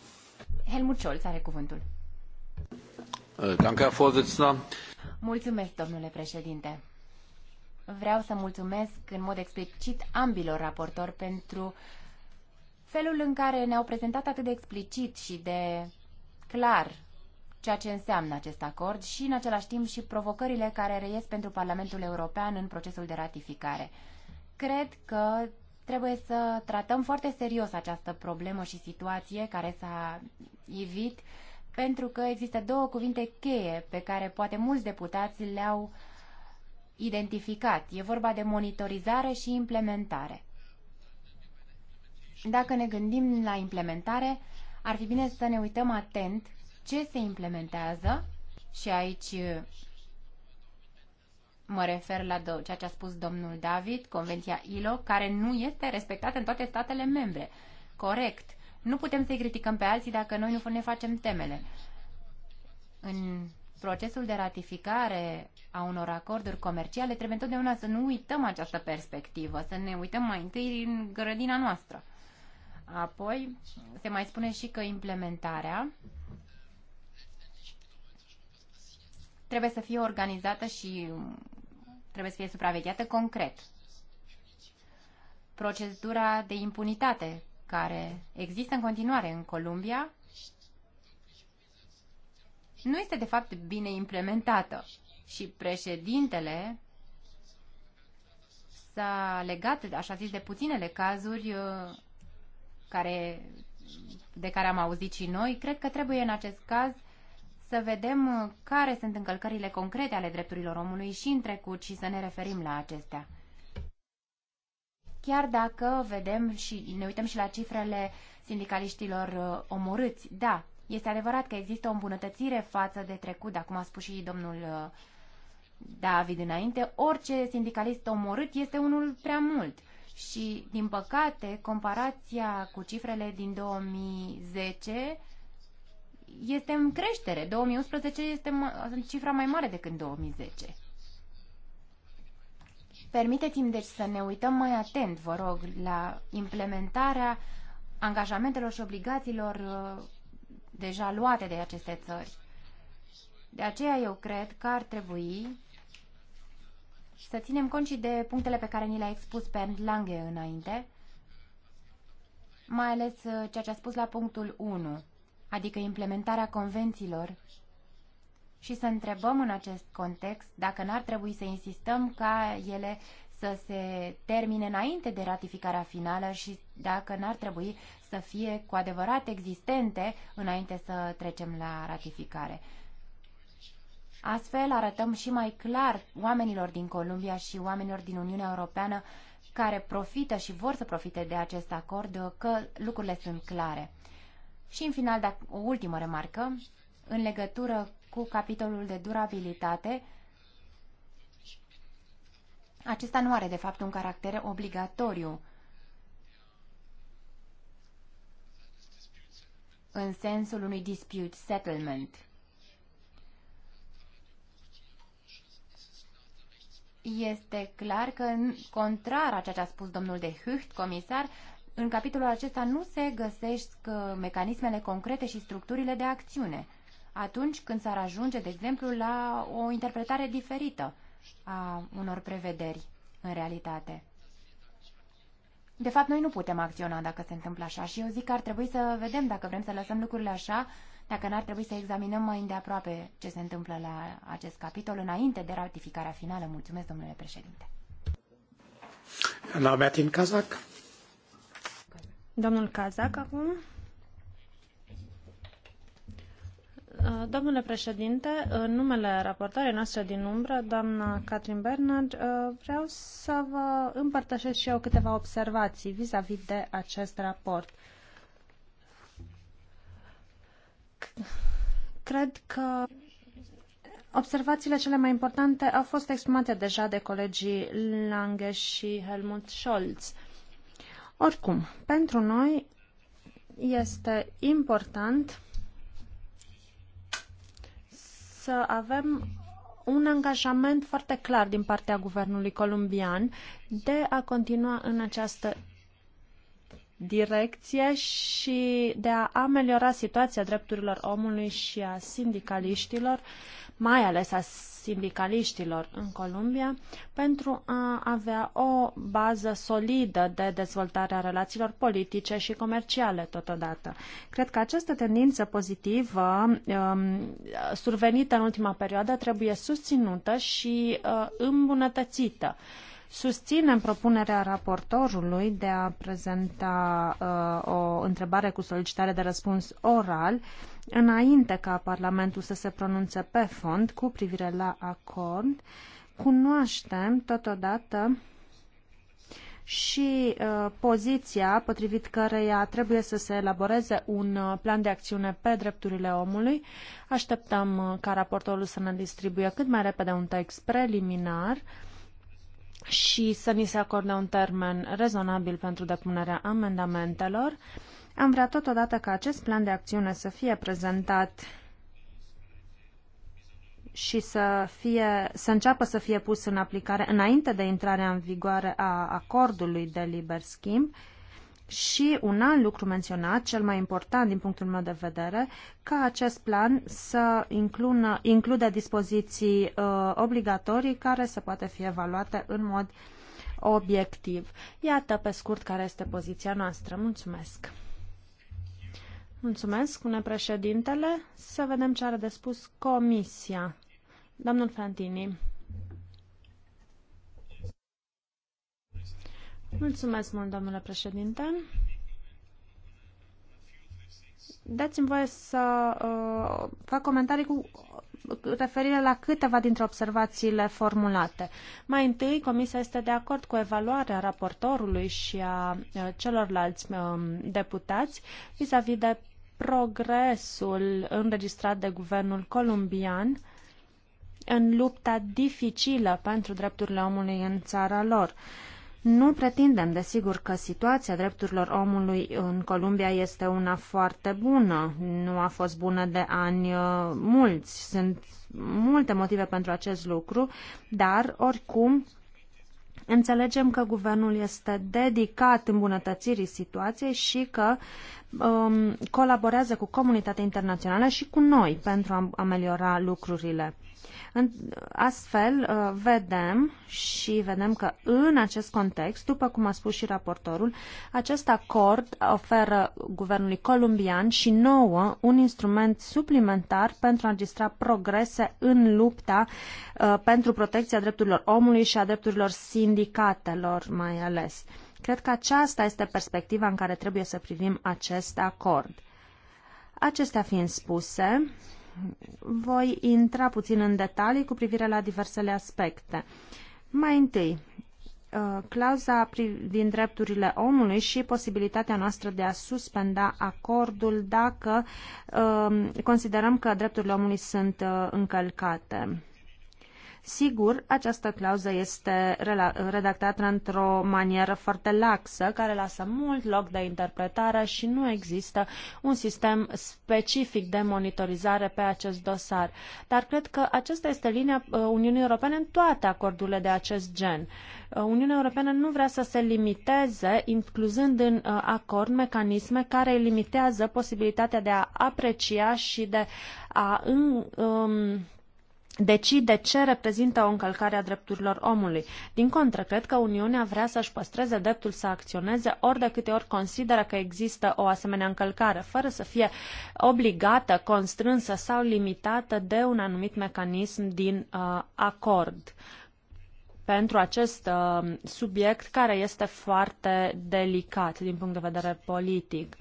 Helmut Scholz are cuvântul. Uh, Mulțumesc, domnule președinte. Vreau să mulțumesc în mod explicit ambilor raportori pentru felul în care ne-au prezentat atât de explicit și de clar ceea ce înseamnă acest acord și, în același timp, și provocările care reies pentru Parlamentul European în procesul de ratificare. Cred că trebuie să tratăm foarte serios această problemă și situație care s-a evit, pentru că există două cuvinte cheie pe care poate mulți deputați le-au identificat. E vorba de monitorizare și implementare. Dacă ne gândim la implementare, ar fi bine să ne uităm atent ce se implementează și aici uh, mă refer la ceea ce a spus domnul David, Convenția ILO, care nu este respectată în toate statele membre. Corect. Nu putem să-i criticăm pe alții dacă noi nu ne facem temele. În procesul de ratificare a unor acorduri comerciale trebuie întotdeauna să nu uităm această perspectivă, să ne uităm mai întâi în grădina noastră. Apoi se mai spune și că implementarea trebuie să fie organizată și trebuie să fie supravegheată concret. Procedura de impunitate care există în continuare în Columbia nu este de fapt bine implementată și președintele s-a legat, așa zis, de puținele cazuri uh, care, de care am auzit și noi. Cred că trebuie în acest caz să vedem uh, care sunt încălcările concrete ale drepturilor omului și în trecut și să ne referim la acestea. Chiar dacă vedem și ne uităm și la cifrele sindicaliștilor uh, omorâți, da, este adevărat că există o îmbunătățire față de trecut, dar cum a spus și domnul uh, David înainte, orice sindicalist omorât este unul prea mult. Și, din păcate, comparația cu cifrele din 2010 este în creștere. 2011 este cifra mai mare decât 2010. Permiteți-mi deci să ne uităm mai atent, vă rog, la implementarea angajamentelor și obligațiilor uh, deja luate de aceste țări. De aceea eu cred că ar trebui să ținem cont și de punctele pe care ni le-a expus Bernd Lange înainte, mai ales uh, ceea ce a spus la punctul 1 adică implementarea convențiilor, și să întrebăm în acest context dacă n-ar trebui să insistăm ca ele să se termine înainte de ratificarea finală și dacă n-ar trebui să fie cu adevărat existente înainte să trecem la ratificare. Astfel arătăm și mai clar oamenilor din Columbia și oamenilor din Uniunea Europeană care profită și vor să profite de acest acord că lucrurile sunt clare. Și în final, o ultimă remarcă, în legătură cu capitolul de durabilitate, acesta nu are de fapt un caracter obligatoriu în sensul unui dispute settlement. Este clar că, contrar a ceea ce a spus domnul de Hucht, comisar, în capitolul acesta nu se găsesc uh, mecanismele concrete și structurile de acțiune atunci când s-ar ajunge, de exemplu, la o interpretare diferită a unor prevederi în realitate. De fapt, noi nu putem acționa dacă se întâmplă așa și eu zic că ar trebui să vedem dacă vrem să lăsăm lucrurile așa, dacă n-ar trebui să examinăm mai îndeaproape ce se întâmplă la acest capitol înainte de ratificarea finală. Mulțumesc, domnule președinte. La Martin Kazak. Domnul Kazak acum. Uh, domnule președinte, în numele raportoarei noastre din umbră, doamna Catherine Bernard, uh, vreau să vă împărtășesc și eu câteva observații vis-a-vis -vis de acest raport. Cred că observațiile cele mai importante au fost exprimate deja de colegii Lange și Helmut Scholz. Uh, oricum, pentru noi este important să avem un angajament foarte clar din partea guvernului colombian de a continua în această direcție și de a ameliora situația drepturilor omului și a sindicaliștilor, mai ales a sindicaliștilor în Columbia pentru a avea o bază solidă de dezvoltare a relațiilor politice și comerciale totodată. Cred că această tendință pozitivă um, survenită în ultima perioadă trebuie susținută și uh, îmbunătățită. Susținem propunerea raportorului de a prezenta uh, o întrebare cu solicitare de răspuns oral înainte ca Parlamentul să se pronunțe pe fond cu privire la acord. Cunoaștem totodată și uh, poziția potrivit căreia trebuie să se elaboreze un uh, plan de acțiune pe drepturile omului. Așteptăm uh, ca raportorul să ne distribuie cât mai repede un text preliminar uh, și să ni se acorde un termen rezonabil pentru depunerea amendamentelor. Am vrea totodată ca acest plan de acțiune să fie prezentat și să, fie, să înceapă să fie pus în aplicare înainte de intrarea în vigoare a acordului de liber schimb și un alt lucru menționat, cel mai important din punctul meu de vedere, ca acest plan să includă, includă dispoziții uh, obligatorii care să poate fi evaluate în mod obiectiv. Iată pe scurt care este poziția noastră. Mulțumesc! Mulțumesc, spune președintele. Să vedem ce are de spus comisia. Domnul Fantini. Mulțumesc mult, domnule președinte. Dați-mi voie să uh, fac comentarii cu referire la câteva dintre observațiile formulate. Mai întâi, Comisia este de acord cu evaluarea raportorului și a uh, celorlalți um, deputați vis-a-vis -vis de progresul înregistrat de guvernul colombian în lupta dificilă pentru drepturile omului în țara lor. Uh, nu pretindem, desigur, că situația drepturilor omului în Columbia este una foarte bună. Nu a fost bună de ani uh, mulți. Sunt multe motive pentru acest lucru, dar, oricum, Înțelegem că guvernul este dedicat îmbunătățirii situației și că um, colaborează cu comunitatea internațională și cu noi pentru a ameliora lucrurile. Astfel, uh, vedem și vedem că în acest context, după cum a spus și raportorul, acest acord oferă guvernului columbian și nouă un instrument suplimentar pentru a înregistra progrese în lupta uh, pentru protecția drepturilor omului și a drepturilor sindicatelor mai ales. Cred că aceasta este perspectiva în care trebuie să privim acest acord. Acestea fiind spuse, voi intra puțin în detalii cu privire la diversele aspecte. Mai întâi, uh, clauza din drepturile omului și posibilitatea noastră de a suspenda acordul dacă uh, considerăm că drepturile omului sunt uh, încălcate. Sigur, această clauză este redactată într-o manieră foarte laxă, care lasă mult loc de interpretare și nu există un sistem specific de monitorizare pe acest dosar. Dar cred că aceasta este linia uh, Uniunii Europene în toate acordurile de acest gen. Uh, Uniunea Europeană nu vrea să se limiteze, incluzând în uh, acord mecanisme care limitează posibilitatea de a aprecia și de a în, um, decide ce reprezintă o încălcare a drepturilor omului. Din contră, cred că Uniunea vrea să-și păstreze dreptul să acționeze ori de câte ori consideră că există o asemenea încălcare, fără să fie obligată, constrânsă sau limitată de un anumit mecanism din uh, acord pentru acest uh, subiect care este foarte delicat din punct de vedere politic.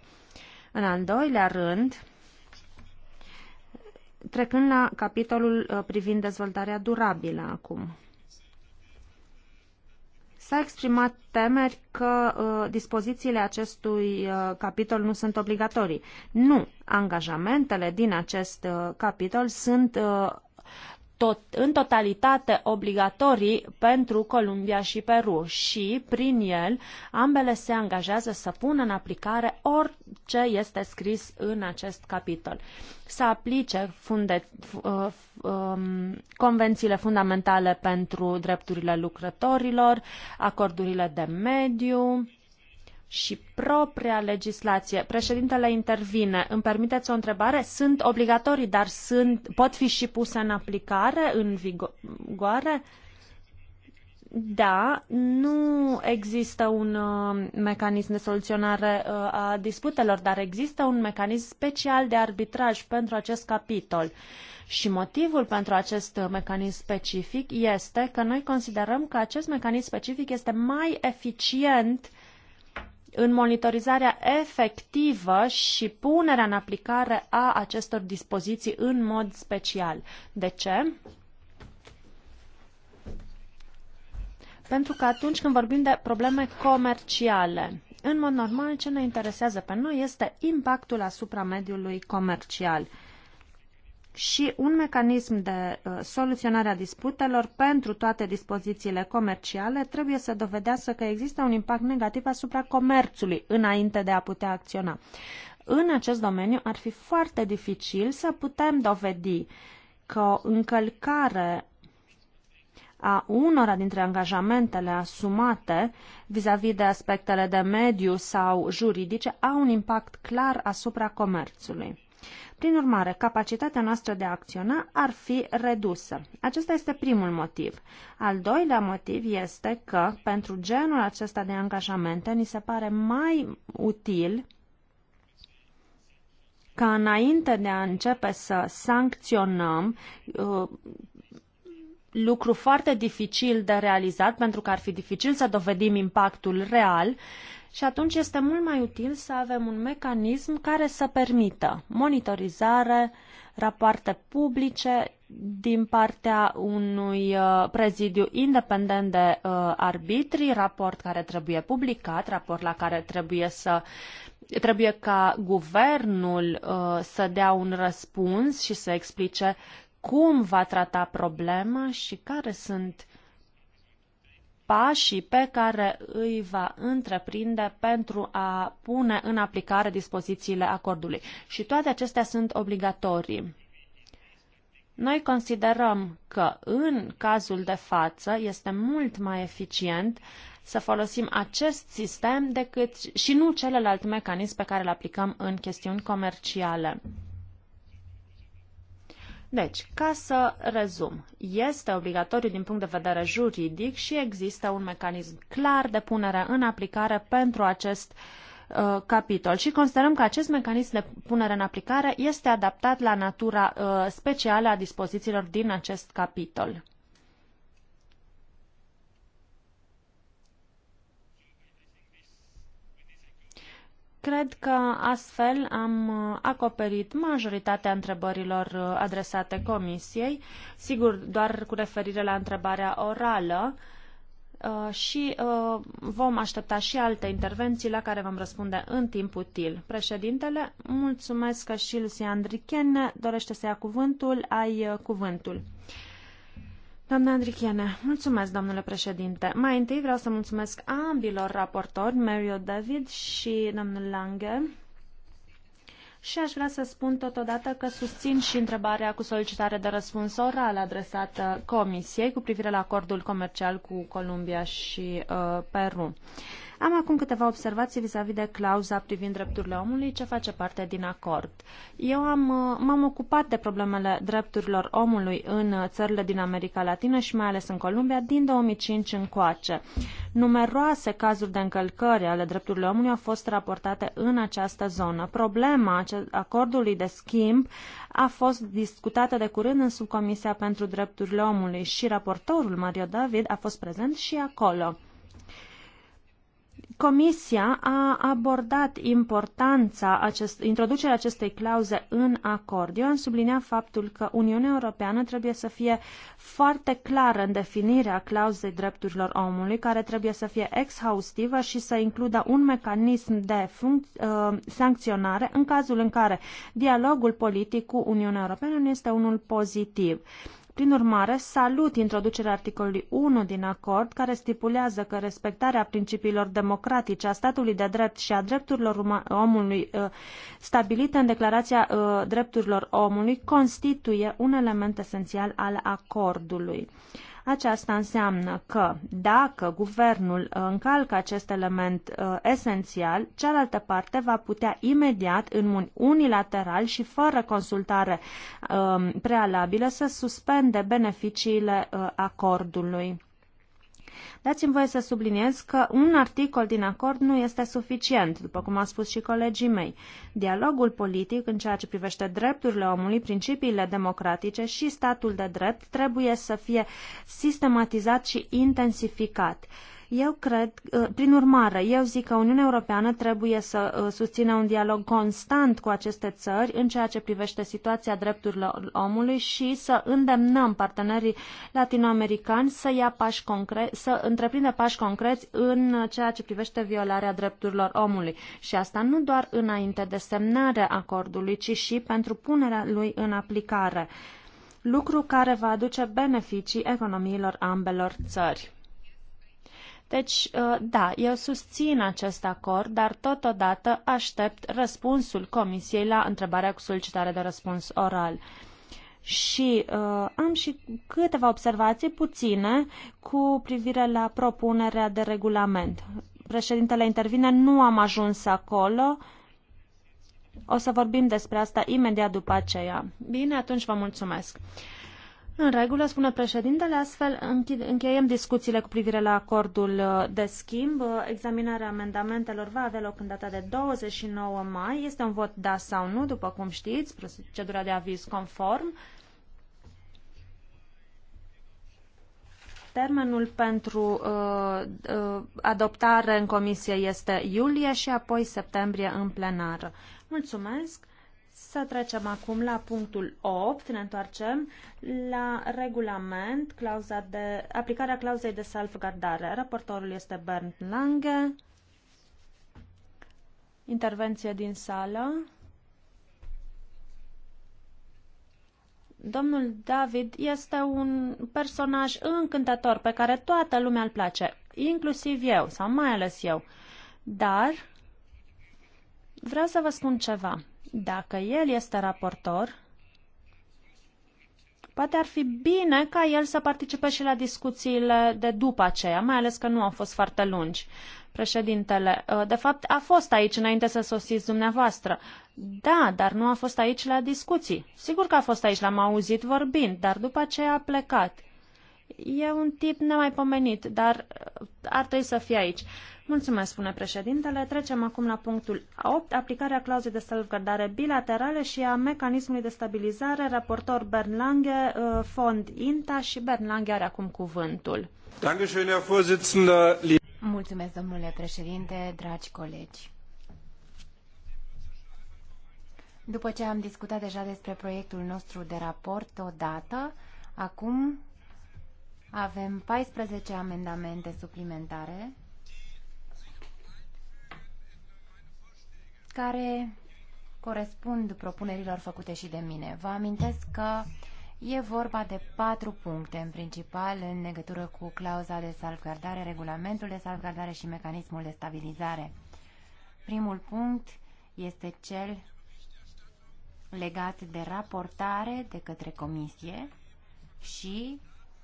În al doilea rând, Trecând la capitolul uh, privind dezvoltarea durabilă acum. S-a exprimat temeri că uh, dispozițiile acestui uh, capitol nu sunt obligatorii. Nu, angajamentele din acest uh, capitol sunt uh, tot, în totalitate obligatorii pentru Columbia și Peru și, prin el, ambele se angajează să pună în aplicare orice este scris în acest capitol. Să aplice funde, f, uh, f, um, convențiile fundamentale pentru drepturile lucrătorilor, acordurile de mediu, și propria legislație. Președintele intervine. Îmi permiteți o întrebare? Sunt obligatorii, dar sunt, pot fi și puse în aplicare, în vigoare? Da, nu există un uh, mecanism de soluționare uh, a disputelor, dar există un mecanism special de arbitraj pentru acest capitol. Și motivul pentru acest uh, mecanism specific este că noi considerăm că acest mecanism specific este mai eficient uh, în monitorizarea efectivă și punerea în aplicare a acestor dispoziții în mod special. De ce? Pentru că atunci când vorbim de probleme comerciale, în mod normal ce ne interesează pe noi este impactul asupra mediului comercial și un mecanism de uh, soluționare a disputelor pentru toate dispozițiile comerciale trebuie să dovedească că există un impact negativ asupra comerțului înainte de a putea acționa. În acest domeniu ar fi foarte dificil să putem dovedi că o încălcare a unora dintre angajamentele asumate vis-a-vis -vis de aspectele de mediu sau juridice au un impact clar asupra comerțului. Prin urmare, capacitatea noastră de a acționa ar fi redusă. Acesta este primul motiv. Al doilea motiv este că, pentru genul acesta de angajamente, ni se pare mai util ca înainte de a începe să sancționăm uh, lucru foarte dificil de realizat pentru că ar fi dificil să dovedim impactul real și atunci este mult mai util să avem un mecanism care să permită monitorizare, rapoarte publice din partea unui uh, prezidiu independent de uh, arbitri, raport care trebuie publicat, raport la care trebuie să trebuie ca guvernul uh, să dea un răspuns și să explice cum va trata problema și care sunt pașii pe care îi va întreprinde pentru a pune în aplicare dispozițiile acordului. Și toate acestea sunt obligatorii. Noi considerăm că în cazul de față este mult mai eficient să folosim acest sistem decât și nu celălalt mecanism pe care îl aplicăm în chestiuni comerciale. Deci, ca să rezum, este obligatoriu din punct de vedere juridic și există un mecanism clar de punere în aplicare pentru acest uh, capitol și considerăm că acest mecanism de punere în aplicare este adaptat la natura uh, specială a dispozițiilor din acest capitol. Cred că astfel am uh, acoperit majoritatea întrebărilor uh, adresate Comisiei, sigur doar cu referire la întrebarea orală uh, și vom aștepta și alte intervenții la care vom răspunde în timp util. Președintele, mulțumesc că și Lucian Drichene dorește să ia cuvântul, ai cuvântul. Doamna Andrichiene, mulțumesc, domnule președinte. Mai întâi vreau să mulțumesc ambilor raportori, Mario David și domnul Lange, și aș vrea să spun totodată că susțin și întrebarea cu solicitare de răspuns oral adresată Comisiei cu privire la acordul comercial cu Columbia și uh, Peru. Am acum câteva observații vis-a-vis -vis de clauza privind drepturile omului, ce face parte din acord. Eu am, m-am ocupat de problemele drepturilor omului în țările din America Latină și mai ales în Columbia din 2005 încoace. Numeroase cazuri de încălcări ale drepturilor omului au fost raportate în această zonă. Problema acordului de schimb a fost discutată de curând în subcomisia pentru drepturile omului și raportorul Mario David a fost prezent și acolo. Comisia a abordat importanța acest, introducerea acestei clauze în acord. Eu am subliniat faptul că Uniunea Europeană trebuie să fie foarte clară în definirea clauzei drepturilor omului, care trebuie să fie exhaustivă și să includă un mecanism de uh, sancționare în cazul în care dialogul politic cu Uniunea Europeană nu este unul pozitiv. Prin urmare, salut introducerea articolului 1 din acord, care stipulează că respectarea principiilor democratice a statului de drept și a drepturilor omului uh, stabilite în Declarația uh, Drepturilor Omului constituie un element esențial al acordului. Aceasta înseamnă că dacă guvernul uh, încalcă acest element uh, esențial, cealaltă parte va putea imediat, în mod unilateral și fără consultare um, prealabilă, să suspende beneficiile uh, acordului. Dați-mi voie să subliniez că un articol din acord nu este suficient, după cum a spus și colegii mei. Dialogul politic în ceea ce privește drepturile omului, principiile democratice și statul de drept trebuie să fie sistematizat și intensificat. Eu cred, uh, prin urmare, eu zic că Uniunea Europeană trebuie să uh, susțină un dialog constant cu aceste țări în ceea ce privește situația drepturilor omului și să îndemnăm partenerii latinoamericani să ia pași concre, să întreprindă pași concreți în ceea ce privește violarea drepturilor omului. Și asta nu doar înainte de semnarea acordului, ci și pentru punerea lui în aplicare lucru care va aduce beneficii economiilor ambelor țări. Deci, uh, da, eu susțin acest acord, dar totodată aștept răspunsul Comisiei la întrebarea cu solicitare de răspuns oral. Și uh, am și câteva observații puține cu privire la propunerea de regulament. Președintele intervine, nu am ajuns acolo. O să vorbim despre asta imediat după aceea. Bine, atunci vă mulțumesc. În regulă, spune președintele, astfel încheiem discuțiile cu privire la acordul uh, de schimb. Examinarea amendamentelor va avea loc în data de 29 mai. Este un vot da sau nu, după cum știți, procedura de aviz conform. Termenul pentru uh, uh, adoptare în comisie este iulie și apoi septembrie în plenară. Mulțumesc! Să trecem acum la punctul 8, ne întoarcem la regulament, clauza de, aplicarea clauzei de salvgardare. Raportorul este Bernd Lange. Intervenție din sală. Domnul David este un personaj încântător pe care toată lumea îl place, inclusiv eu, sau mai ales eu. Dar vreau să vă spun ceva. Dacă el este raportor, poate ar fi bine ca el să participe și la discuțiile de după aceea, mai ales că nu au fost foarte lungi. Președintele, uh, de fapt, a fost aici înainte să sosiți dumneavoastră. Da, dar nu a fost aici la discuții. Sigur că a fost aici, l-am auzit vorbind, dar după aceea a plecat. E un tip nemaipomenit, dar uh, ar trebui să fie aici. Mulțumesc, spune președintele. Trecem acum la punctul 8, aplicarea clauzei de salvgardare bilaterale și a mecanismului de stabilizare, raportor Bern Lange, uh, fond INTA și Bern Lange are acum cuvântul. Mulțumesc, domnule președinte, dragi colegi. După ce am discutat deja despre proiectul nostru de raport odată, acum avem 14 amendamente suplimentare care corespund propunerilor făcute și de mine. Vă amintesc că e vorba de patru puncte în principal în legătură cu clauza de salvgardare, regulamentul de salvgardare și mecanismul de stabilizare. Primul punct este cel legat de raportare de către comisie și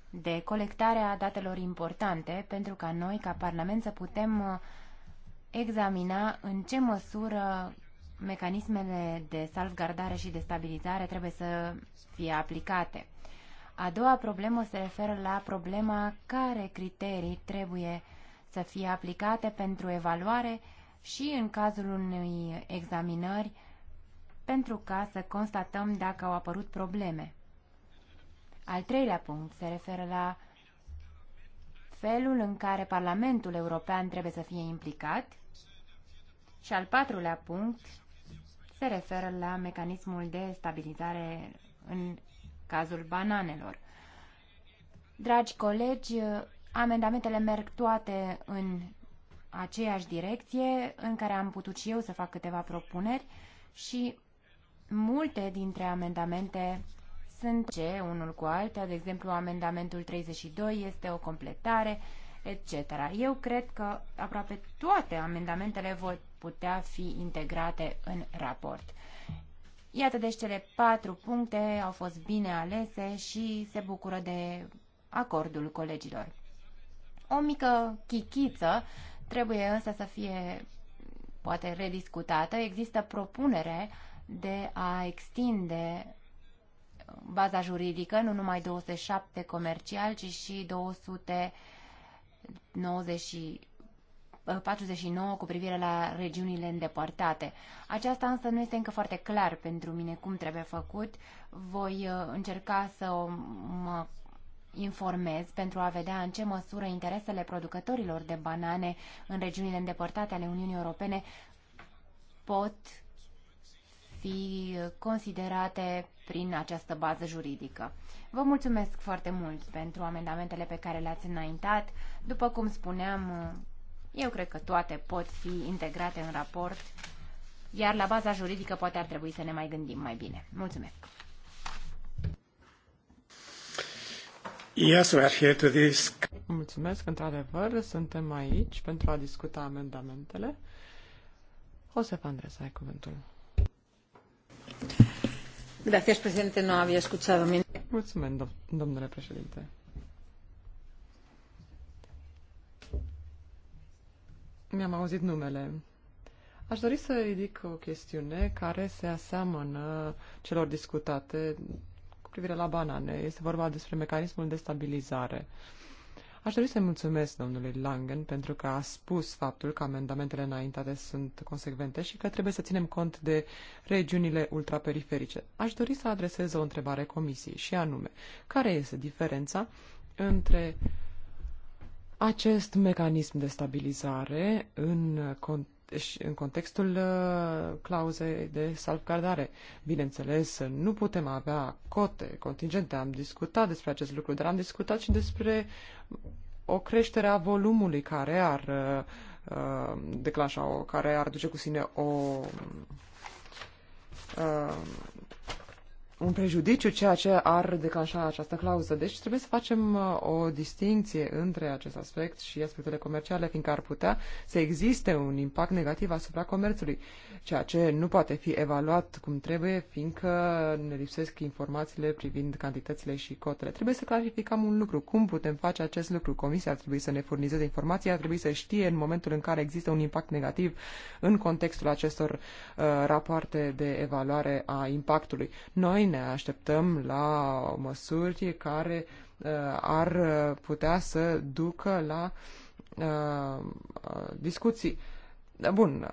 de colectarea datelor importante pentru ca noi, ca Parlament, să putem uh, examina în ce măsură mecanismele de salvgardare și de stabilizare trebuie să fie aplicate. A doua problemă se referă la problema care criterii trebuie să fie aplicate pentru evaluare și în cazul unei examinări pentru ca să constatăm dacă au apărut probleme. Al treilea punct se referă la felul în care Parlamentul European trebuie să fie implicat și al patrulea punct se referă la mecanismul de stabilizare în cazul bananelor. Dragi colegi, amendamentele merg toate în aceeași direcție în care am putut și eu să fac câteva propuneri și multe dintre amendamente sunt ce unul cu altul. de exemplu amendamentul 32 este o completare, etc. Eu cred că aproape toate amendamentele vor putea fi integrate în raport. Iată deci cele patru puncte au fost bine alese și se bucură de acordul colegilor. O mică chichiță trebuie însă să fie poate rediscutată. Există propunere de a extinde baza juridică, nu numai 207 comercial, ci și 200 90 49 uh, cu privire la regiunile îndepărtate. Aceasta însă nu este încă foarte clar pentru mine cum trebuie făcut. Voi uh, încerca să mă informez pentru a vedea în ce măsură interesele producătorilor de banane în regiunile îndepărtate ale Uniunii Europene pot fi considerate prin această bază juridică. Vă mulțumesc foarte mult pentru amendamentele pe care le-ați înaintat. După cum spuneam, eu cred că toate pot fi integrate în raport, iar la baza juridică poate ar trebui să ne mai gândim mai bine. Mulțumesc! Mulțumesc, într-adevăr, suntem aici pentru a discuta amendamentele. Josef Andres, ai cuvântul. Gracias, presidente. No había escuchado Mulțumesc, domnule președinte. Mi-am auzit numele. Aș dori să ridic o chestiune care se aseamănă celor discutate cu privire la banane. Este vorba despre mecanismul de stabilizare. Uh, Aș dori să-i mulțumesc domnului Langen pentru că a spus faptul că amendamentele înaintate sunt consecvente și că trebuie să ținem cont de regiunile ultraperiferice. Aș dori să adresez o întrebare comisiei și anume, care este diferența între acest mecanism de stabilizare în context și în contextul uh, clauzei de salvgardare. Bineînțeles, nu putem avea cote, contingente, am discutat despre acest lucru, dar am discutat și despre o creștere a volumului care ar uh, uh declanșa, care ar duce cu sine o uh, un prejudiciu ceea ce ar declanșa această clauză. Deci trebuie să facem uh, o distinție între acest aspect și aspectele comerciale, fiindcă ar putea să existe un impact negativ asupra comerțului, ceea ce nu poate fi evaluat cum trebuie, fiindcă ne lipsesc informațiile privind cantitățile și cotele. Trebuie să clarificăm un lucru. Cum putem face acest lucru? Comisia ar trebui să ne furnizeze informații, ar trebui să știe în momentul în care există un impact negativ în contextul acestor uh, rapoarte de evaluare a impactului. Noi ne așteptăm la măsuri care uh, ar putea să ducă la uh, uh, discuții. Bun,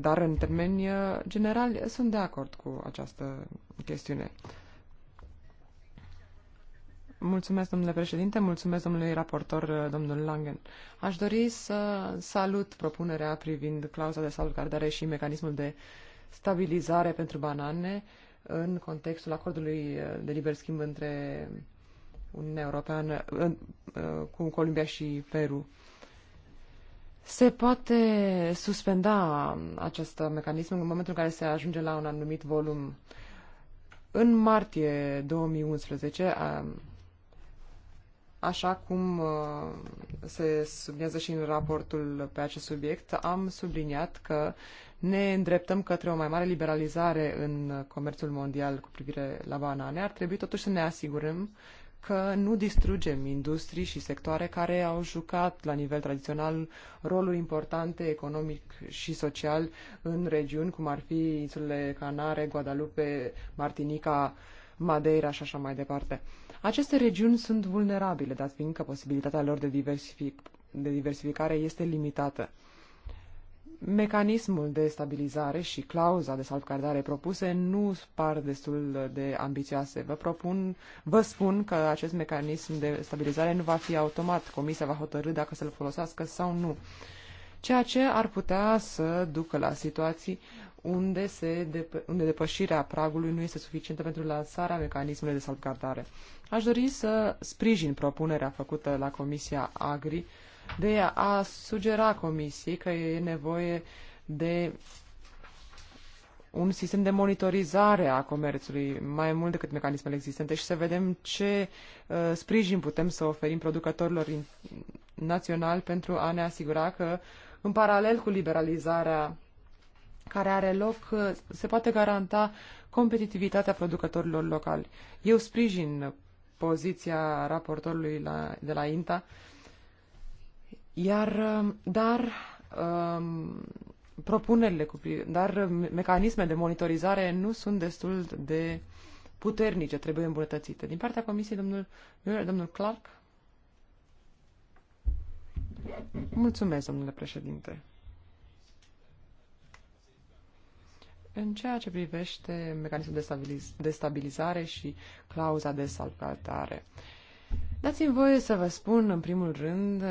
dar în termeni generali sunt de acord cu această chestiune. Mulțumesc, domnule președinte, mulțumesc domnului raportor, domnul Langen. Aș dori să salut propunerea privind clauza de salvgardare și mecanismul de stabilizare pentru banane în contextul acordului uh, de liber schimb între Uniunea Europeană în, uh, cu Columbia și Peru. Se poate suspenda acest mecanism în momentul în care se ajunge la un anumit volum. În martie 2011, Așa cum uh, se subliniază și în raportul pe acest subiect, am subliniat că ne îndreptăm către o mai mare liberalizare în comerțul mondial cu privire la banane. Ar trebui totuși să ne asigurăm că nu distrugem industrii și sectoare care au jucat la nivel tradițional roluri importante economic și social în regiuni cum ar fi insulele Canare, Guadalupe, Martinica, Madeira și așa mai departe. Aceste regiuni sunt vulnerabile, dat fiindcă posibilitatea lor de, diversific, de diversificare este limitată. Mecanismul de stabilizare și clauza de salvgardare propuse nu par destul de ambițioase. Vă propun, vă spun că acest mecanism de stabilizare nu va fi automat. Comisia va hotărâ dacă să-l folosească sau nu ceea ce ar putea să ducă la situații unde, se dep- unde depășirea pragului nu este suficientă pentru lansarea mecanismului de salvgardare. Aș dori să sprijin propunerea făcută la Comisia Agri de a sugera Comisiei că e nevoie de un sistem de monitorizare a comerțului mai mult decât mecanismele existente și să vedem ce uh, sprijin putem să oferim producătorilor naționali pentru a ne asigura că, în paralel cu liberalizarea care are loc, uh, se poate garanta competitivitatea producătorilor locali. Eu sprijin poziția raportorului la, de la INTA, iar, um, dar um, propunerile, cu, dar um, mecanisme de monitorizare nu sunt destul de puternice, trebuie îmbunătățite. Din partea Comisiei, domnul, domnul Clark? Mulțumesc, domnule președinte. În ceea ce privește mecanismul de, stabiliz- de stabilizare și clauza de salvgardare, dați-mi voie să vă spun, în primul rând,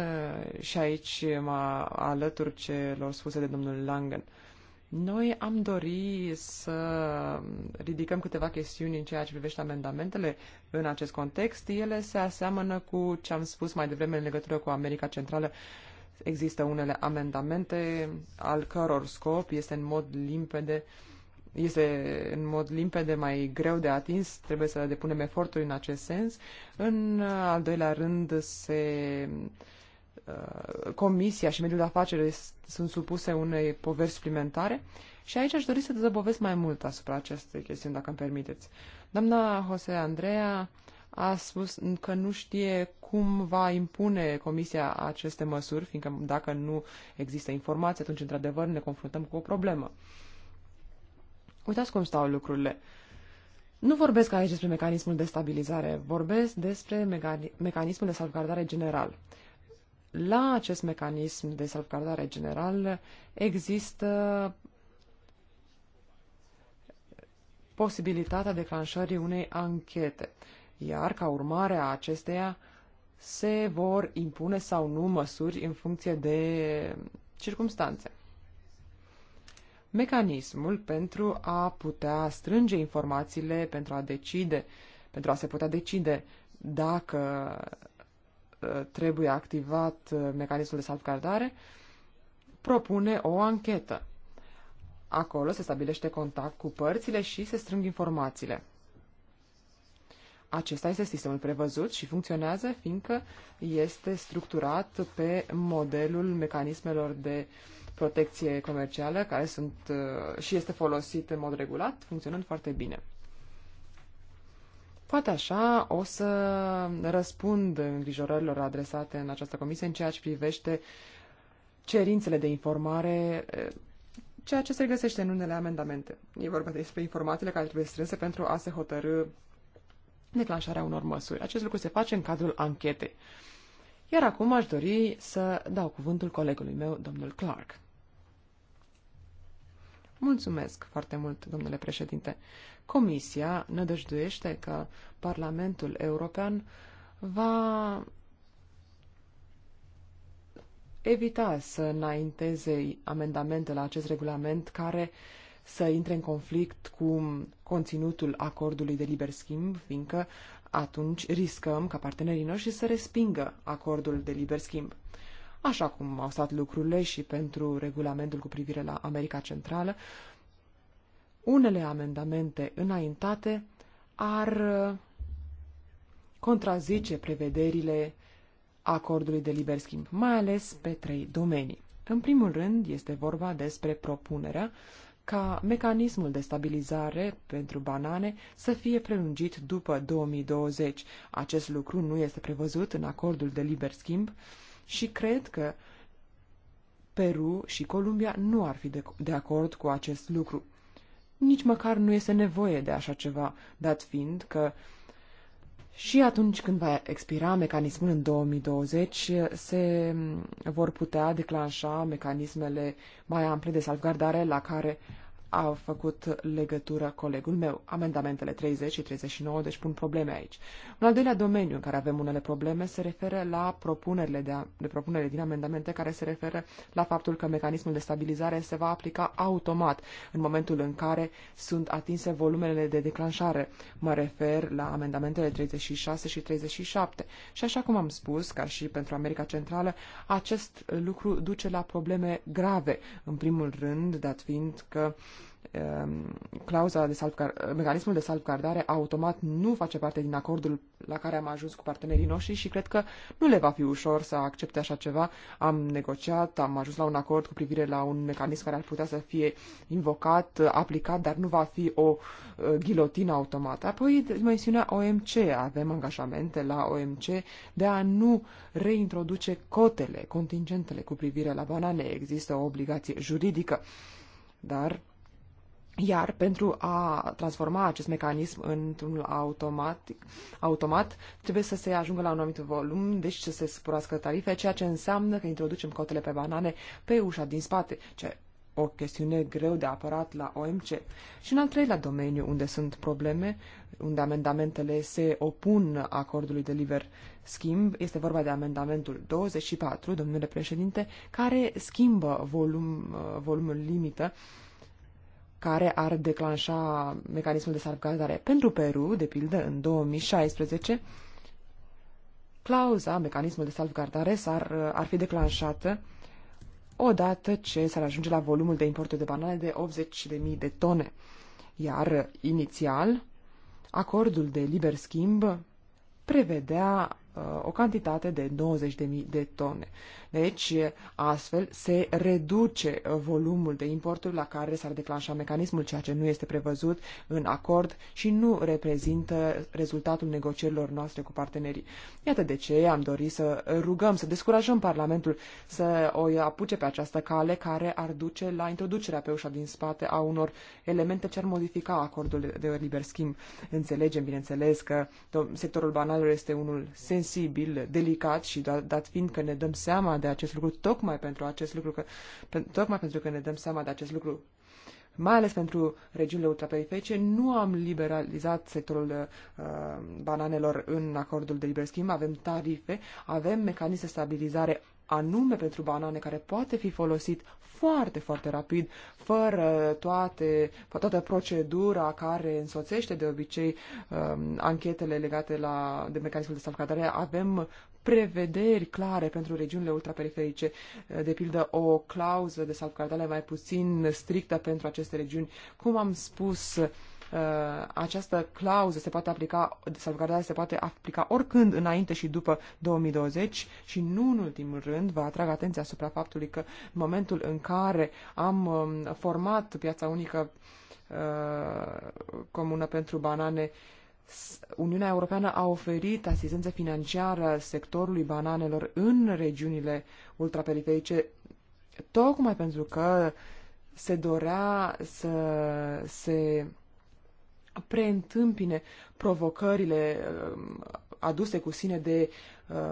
și aici mă alătur celor spuse de domnul Langen, noi am dori să ridicăm câteva chestiuni în ceea ce privește amendamentele în acest context. Ele se aseamănă cu ce am spus mai devreme în legătură cu America Centrală Există unele amendamente al căror scop este în mod limpede este în mod limpede mai greu de atins, trebuie să depunem eforturi în acest sens. În al doilea rând, se, uh, comisia și mediul de afaceri sunt supuse unei poveri suplimentare și aici aș dori să dezăbovesc mai mult asupra acestei chestiuni, dacă îmi permiteți. Doamna Jose Andreea a spus că nu știe cum va impune Comisia aceste măsuri, fiindcă dacă nu există informații, atunci, într-adevăr, ne confruntăm cu o problemă. Uitați cum stau lucrurile. Nu vorbesc aici despre mecanismul de stabilizare, vorbesc despre mecanismul de salvgardare general. La acest mecanism de salvgardare general există posibilitatea declanșării unei anchete iar ca urmare a acesteia se vor impune sau nu măsuri în funcție de circumstanțe. Mecanismul pentru a putea strânge informațiile, pentru a decide, pentru a se putea decide dacă ă, trebuie activat ă, mecanismul de salvgardare, propune o anchetă. Acolo se stabilește contact cu părțile și se strâng informațiile. Acesta este sistemul prevăzut și funcționează fiindcă este structurat pe modelul mecanismelor de protecție comercială care sunt uh, și este folosit în mod regulat, funcționând foarte bine. Poate așa o să răspund îngrijorărilor adresate în această comisie în ceea ce privește cerințele de informare, uh, ceea ce se găsește în unele amendamente. E vorba despre informațiile care trebuie strânse pentru a se hotărâ declanșarea unor măsuri. Acest lucru se face în cadrul anchetei. Iar acum aș dori să dau cuvântul colegului meu, domnul Clark. Mulțumesc foarte mult, domnule președinte. Comisia nădăjduiește că Parlamentul European va evita să înainteze amendamente la acest regulament care să intre în conflict cu conținutul acordului de liber schimb, fiindcă atunci riscăm ca partenerii noștri să respingă acordul de liber schimb. Așa cum au stat lucrurile și pentru regulamentul cu privire la America Centrală, unele amendamente înaintate ar uh, contrazice prevederile acordului de liber schimb, mai ales pe trei domenii. În primul rând, este vorba despre propunerea ca mecanismul de stabilizare pentru banane să fie prelungit după 2020. Acest lucru nu este prevăzut în acordul de liber schimb și cred că Peru și Columbia nu ar fi de, de acord cu acest lucru. Nici măcar nu este nevoie de așa ceva, dat fiind că uh, și atunci când va expira mecanismul în 2020, se vor putea declanșa mecanismele mai ample de salvgardare la care a făcut legătura colegul meu. Amendamentele 30 și 39, deci pun probleme aici. Un al doilea domeniu în care avem unele probleme se referă la propunerile, de, a, de propunere din amendamente care se referă la faptul că mecanismul de stabilizare se va aplica automat în momentul în care sunt atinse volumele de declanșare. Mă refer la amendamentele 36 și 37. Și așa cum am spus, ca și pentru America Centrală, acest lucru duce la probleme grave. În primul rând, dat fiind că Ehm, clauza de salvgard, mecanismul de salvgardare automat nu face parte din acordul la care am ajuns cu partenerii noștri și cred că nu le va fi ușor să accepte așa ceva. Am negociat, am ajuns la un acord cu privire la un mecanism care ar putea să fie invocat, aplicat, dar nu va fi o uh, ghilotină automată. Apoi, dimensiunea OMC. Avem angajamente la OMC de a nu reintroduce cotele, contingentele cu privire la banane. Există o obligație juridică, dar iar pentru a transforma acest mecanism într-unul automat, automat, trebuie să se ajungă la un anumit volum, deci să se spurească tarife, ceea ce înseamnă că introducem cotele pe banane pe ușa din spate, ce o chestiune greu de apărat la OMC. Și în al treilea domeniu unde sunt probleme, unde amendamentele se opun acordului de liber schimb, este vorba de amendamentul 24, domnule președinte, care schimbă volum, uh, volumul limită uh, care ar declanșa mecanismul de salvgardare. Pentru Peru, de pildă, în 2016, clauza, mecanismul de salvgardare, s-ar, ar fi declanșată odată ce s-ar ajunge la volumul de importuri de banane de 80.000 de tone. Iar, inițial, acordul de liber schimb prevedea uh, o cantitate de 90.000 de tone. Deci, astfel se reduce uh, volumul de importuri la care s-ar declanșa mecanismul, ceea ce nu este prevăzut în acord și nu reprezintă rezultatul negocierilor noastre cu partenerii. Iată de ce am dorit să rugăm, să descurajăm Parlamentul să o apuce pe această cale care ar duce la introducerea pe ușa din spate a unor elemente ce ar modifica acordul de liber schimb. Înțelegem, bineînțeles, că sectorul banalelor este unul sensibil, delicat și dat fiind că ne dăm seama de de acest lucru, tocmai pentru acest lucru, că, tocmai pentru că ne dăm seama de acest lucru, mai ales pentru regiunile ultraperiferice, nu am liberalizat sectorul uh, bananelor în acordul de liber schimb, avem tarife, avem mecanisme de stabilizare anume pentru banane care poate fi folosit foarte, foarte rapid, fără toate, toată procedura care însoțește de obicei um, anchetele legate la, de mecanismul de salvgardare. Avem prevederi clare pentru regiunile ultraperiferice, de pildă o clauză de salvgardare mai puțin strictă pentru aceste regiuni. Cum am spus, uh, Uh, această clauză se poate aplica, salvgardarea se poate aplica oricând înainte și după 2020 și nu în ultimul rând vă atrag atenția asupra faptului că în momentul în care am um, format piața unică uh, comună pentru banane, Uniunea Europeană a oferit asistență financiară sectorului bananelor în regiunile ultraperiferice, tocmai pentru că se dorea să se preîntâmpine provocările um, aduse cu sine de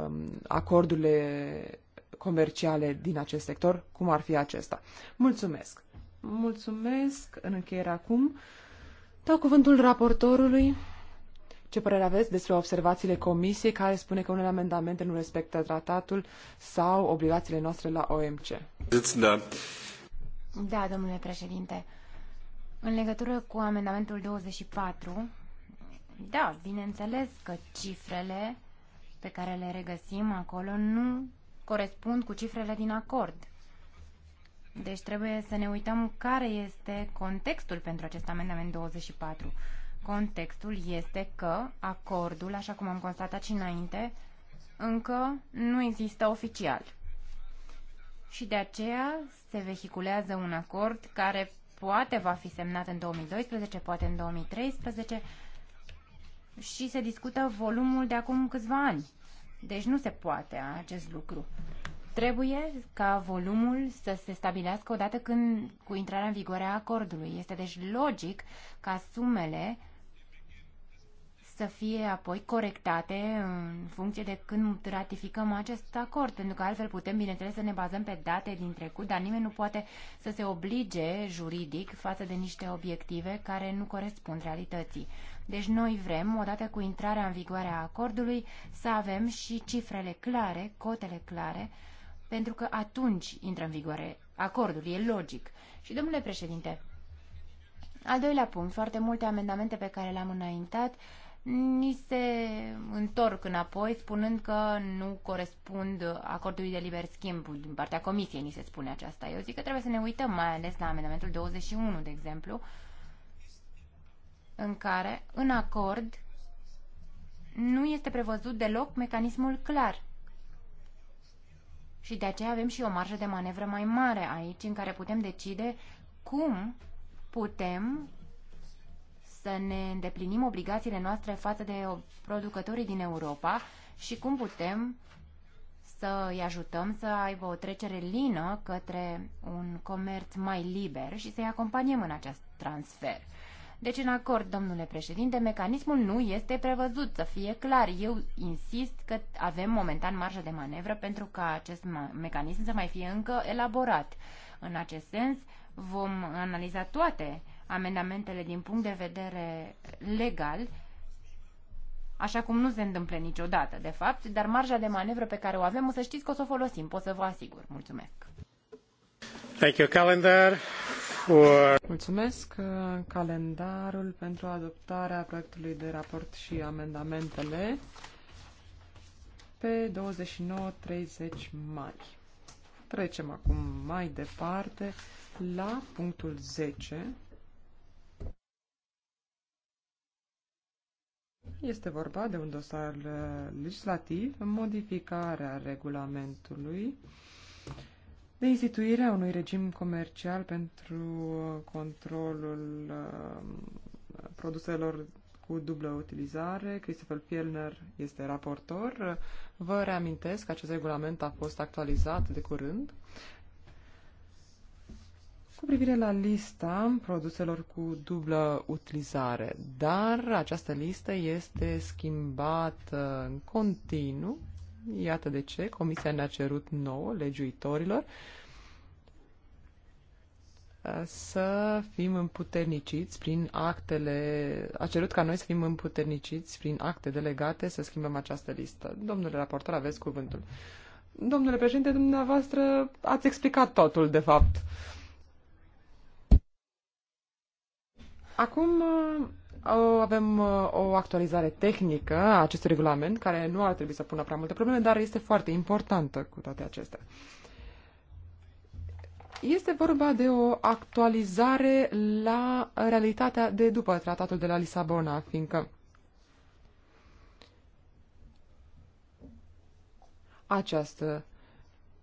um, acordurile comerciale din acest sector, cum ar fi acesta. Mulțumesc! Mulțumesc în încheiere acum. Dau cuvântul raportorului. Ce părere aveți despre observațiile comisiei care spune că unele amendamente nu respectă tratatul sau obligațiile noastre la OMC? Da. da, domnule președinte. În legătură cu amendamentul 24, da, bineînțeles că cifrele pe care le regăsim acolo nu corespund cu cifrele din acord. Deci trebuie să ne uităm care este contextul pentru acest amendament 24. Contextul este că acordul, așa cum am constatat și înainte, încă nu există oficial. Și de aceea se vehiculează un acord care poate va fi semnat în 2012, poate în 2013 și se discută volumul de acum câțiva ani. Deci nu se poate acest lucru. Trebuie ca volumul să se stabilească odată când, cu intrarea în vigoare a acordului. Este deci logic ca sumele uh, să fie apoi corectate în funcție de când ratificăm acest acord, pentru că altfel putem, bineînțeles, să ne bazăm pe date din trecut, dar nimeni nu poate să se oblige juridic față de niște obiective care nu corespund realității. Deci noi vrem, odată cu intrarea în vigoare a acordului, să avem și cifrele clare, cotele clare, pentru că atunci intră în vigoare acordul, e logic. Și, domnule președinte, al doilea punct, foarte multe amendamente pe care le-am înaintat uh, ni se întorc înapoi spunând că nu corespund acordului de liber schimb din partea Comisiei, ni se spune aceasta. Eu zic că trebuie să ne uităm mai ales la amendamentul 21, de exemplu, în care, în acord, nu este prevăzut deloc mecanismul clar. Și de aceea avem și o marjă de manevră mai mare aici, în care putem decide cum putem să ne îndeplinim obligațiile noastre față de producătorii din Europa și cum putem să îi ajutăm să aibă o trecere lină către un comerț mai liber și să-i acompaniem în acest transfer. Deci, în acord, domnule președinte, mecanismul nu este prevăzut, să fie clar. Eu insist că avem momentan marjă de manevră pentru ca acest mecanism să mai fie încă elaborat. În acest sens, vom analiza toate uh, amendamentele din punct de vedere legal, așa cum nu se întâmplă niciodată, de fapt, dar marja de manevră pe care o avem, o să știți că o să o folosim, pot să vă asigur. Mulțumesc! Thank you, calendar. For... Mulțumesc uh, calendarul pentru adoptarea proiectului de raport și amendamentele pe 29-30 mai. Trecem acum mai departe la punctul 10, Este vorba de un dosar uh, legislativ, modificarea regulamentului de instituirea unui regim comercial pentru uh, controlul uh, produselor cu dublă utilizare. Christopher Fielner este raportor. Vă reamintesc că acest regulament a fost actualizat de curând cu privire la lista produselor cu dublă utilizare, dar această listă este schimbată în continuu. Iată de ce Comisia ne-a cerut nouă legiuitorilor să fim împuterniciți prin actele, a cerut ca noi să fim împuterniciți prin acte delegate să schimbăm această listă. Domnule raportor, aveți cuvântul. Domnule președinte, dumneavoastră ați explicat totul, de fapt. Acum uh, avem uh, o actualizare tehnică a acestui regulament, care nu ar trebui să pună prea multe probleme, dar este foarte importantă cu toate acestea. Este vorba de o actualizare la realitatea de după tratatul de la Lisabona, fiindcă această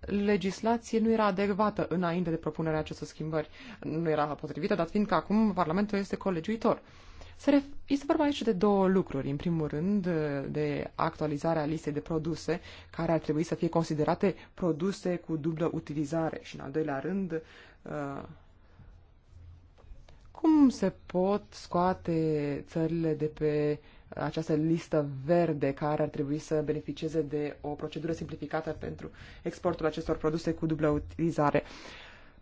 legislație nu era adecvată înainte de propunerea acestor schimbări. Nu era potrivită, dar fiind că acum Parlamentul este colegiuitor. Se ref... Este vorba aici de două lucruri. În primul rând, de actualizarea listei de produse care ar trebui să fie considerate produse cu dublă utilizare. Și, în al doilea rând, uh, cum se pot scoate țările de pe această listă verde care ar trebui să beneficieze de o procedură simplificată pentru exportul acestor produse cu dublă utilizare.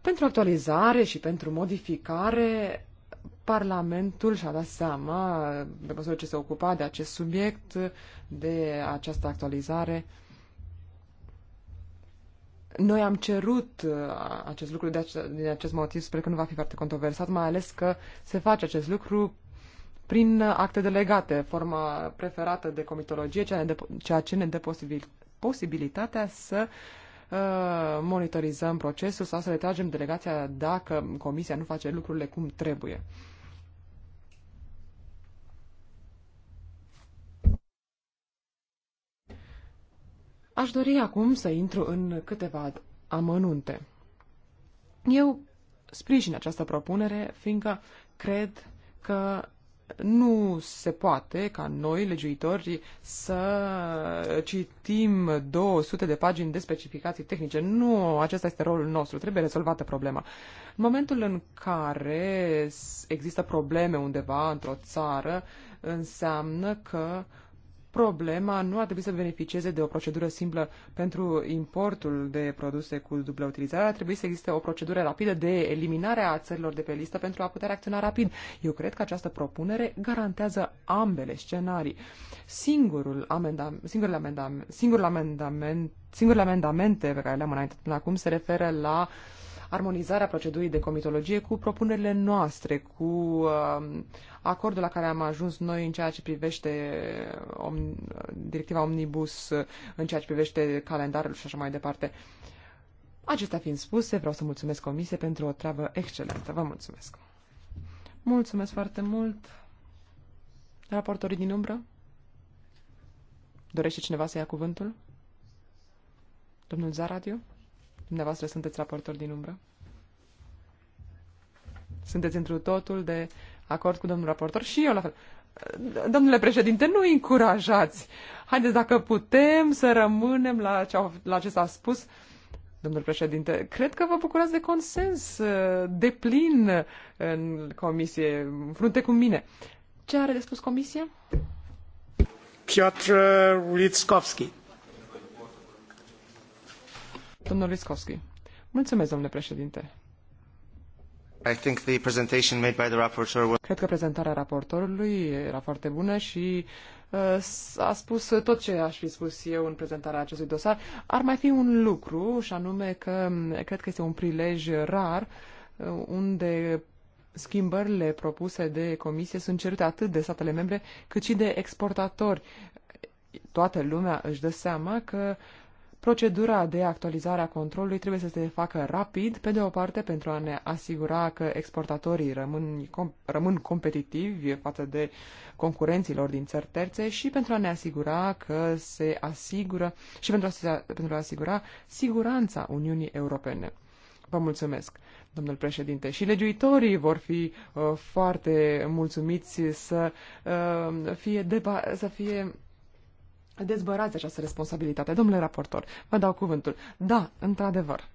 Pentru actualizare și pentru modificare, Parlamentul și-a dat seama, pe măsură ce se ocupa de acest subiect, de această actualizare, noi am cerut uh, acest lucru de ace- din acest motiv, sper că nu va fi foarte controversat, mai ales că se face acest lucru prin acte delegate, forma preferată de comitologie, ceea, ce ne dă posibil, posibilitatea să uh, monitorizăm procesul sau să retragem delegația dacă comisia nu face lucrurile cum trebuie. Aș dori acum să intru în câteva amănunte. Eu sprijin această propunere, fiindcă cred că nu se poate ca noi, legiuitori, să citim 200 de pagini de specificații tehnice. Nu, acesta este rolul nostru. Trebuie rezolvată problema. În momentul în care există probleme undeva într-o țară, înseamnă că uh, problema nu ar trebui să beneficieze de o procedură simplă pentru importul de produse cu dublă utilizare, ar trebui să existe o procedură rapidă de eliminare a țărilor de pe listă pentru a putea reacționa rapid. Eu cred că această propunere garantează ambele scenarii. Singurul amendament, singurul amendament, singurul amendament, singurul amendamente pe care le-am înainte până acum se referă la uh, armonizarea procedurii de comitologie cu propunerile noastre, cu um, acordul la care am ajuns noi în ceea ce privește uh, directiva Omnibus, uh, în ceea ce privește calendarul și așa mai departe. Acestea fiind spuse, vreau să mulțumesc comisie pentru o treabă excelentă. Vă mulțumesc! Mulțumesc foarte mult! Raportorii din umbră? Dorește cineva să ia cuvântul? Domnul Zaradiu? Dumneavoastră sunteți raportor din umbră? Sunteți întru totul de acord cu domnul raportor? Și eu la fel. Domnule președinte, nu încurajați. Haideți dacă putem să rămânem la, ce la ce s-a spus. Domnul președinte, cred că vă bucurați de consens de plin în comisie, în frunte cu mine. Ce are de spus comisia? Piotr Ritskovski. Domnul Riskovski. Mulțumesc, domnule președinte. I think the presentation made by the rapporteur was... Cred că prezentarea raportorului era foarte bună și uh, a spus tot ce aș fi spus eu în prezentarea acestui dosar. Ar mai fi un lucru, și anume că mm, cred că este un prilej rar uh, unde schimbările propuse de comisie sunt cerute atât de statele membre cât și de exportatori. Toată lumea își dă seama că uh, Procedura de actualizare a controlului trebuie să se facă rapid, pe de o parte pentru a ne asigura că exportatorii rămân, com, rămân competitivi față de concurenților din țări terțe și pentru a ne asigura că se asigură și pentru a, se, pentru a asigura siguranța Uniunii Europene. Vă mulțumesc, domnul președinte. Și legiuitorii vor fi uh, foarte mulțumiți să uh, fie, deba- să fie dezbărați această responsabilitate. Domnule raportor, vă dau cuvântul. Da, într-adevăr.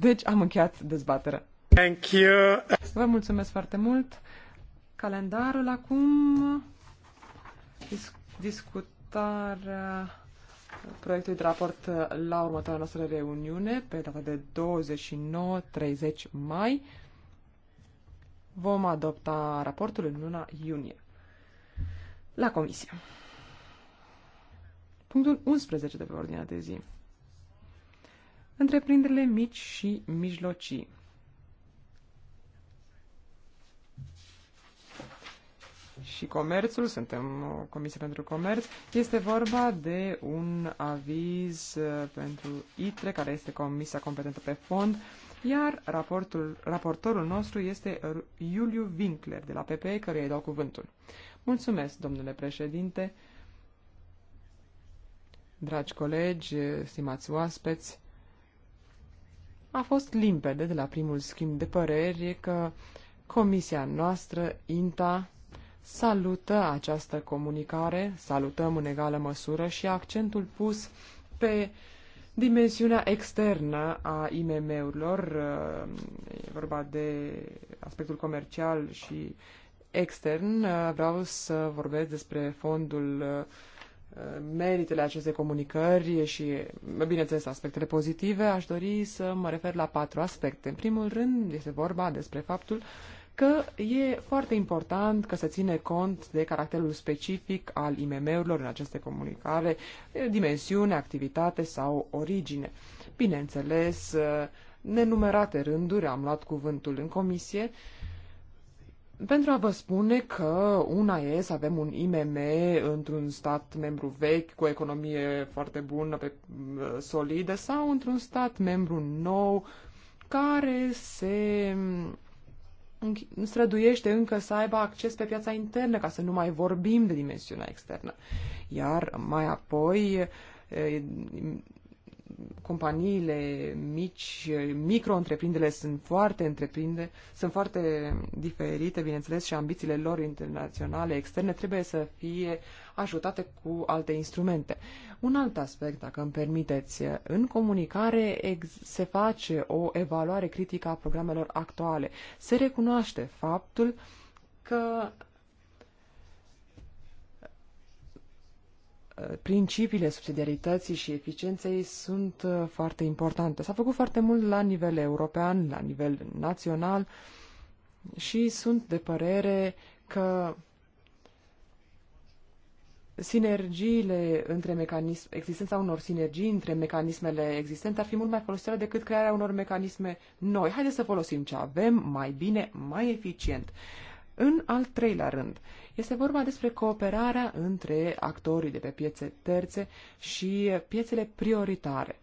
Deci am încheiat dezbaterea. Thank you. Vă mulțumesc foarte mult. Calendarul acum. Dis- discutarea proiectului de raport la următoarea noastră reuniune pe data de 29-30 mai. Vom adopta raportul în luna iunie la comisie. Punctul 11 de pe ordinea de zi. Întreprinderile mici și mijlocii. și comerțul, suntem o comisie pentru comerț. Este vorba de un aviz uh, pentru ITRE, care este comisia competentă pe fond, iar raportul, raportorul nostru este Iuliu Winkler, de la PPE, căruia îi dau cuvântul. Mulțumesc, domnule președinte dragi colegi, stimați oaspeți, a fost limpede de la primul schimb de păreri că comisia noastră, INTA, salută această comunicare, salutăm în egală măsură și accentul pus pe dimensiunea externă a IMM-urilor, uh, e vorba de aspectul comercial și extern, uh, vreau să vorbesc despre fondul uh, meritele acestei comunicări și, bineînțeles, aspectele pozitive, aș dori să mă refer la patru aspecte. În primul rând, este vorba despre faptul că e foarte important că se ține cont de caracterul specific al IMM-urilor în aceste comunicare, dimensiune, activitate sau origine. Bineînțeles, nenumerate rânduri am luat cuvântul în comisie pentru a vă spune că una e să avem un IMM într-un stat membru vechi cu o economie foarte bună, pe, uh, solidă, sau într-un stat membru nou care se um, străduiește încă să aibă acces pe piața internă, ca să nu mai vorbim de dimensiunea externă. Iar mai apoi uh, companiile mici, micro-întreprinderile sunt foarte întreprinde, sunt foarte diferite, bineînțeles, și ambițiile lor internaționale, externe, trebuie să fie ajutate cu alte instrumente. Un alt aspect, dacă îmi permiteți, în comunicare se face o evaluare critică a programelor actuale. Se recunoaște faptul că principiile subsidiarității și eficienței sunt uh, foarte importante. S-a făcut foarte mult la nivel european, la nivel național și sunt de părere că sinergiile între mecanism, existența unor sinergii între mecanismele existente ar fi mult mai folositoare decât crearea unor mecanisme noi. Haideți să folosim ce avem mai bine, mai eficient. Uh, în al treilea rând, este vorba despre cooperarea între actorii de pe piețe terțe și piețele prioritare.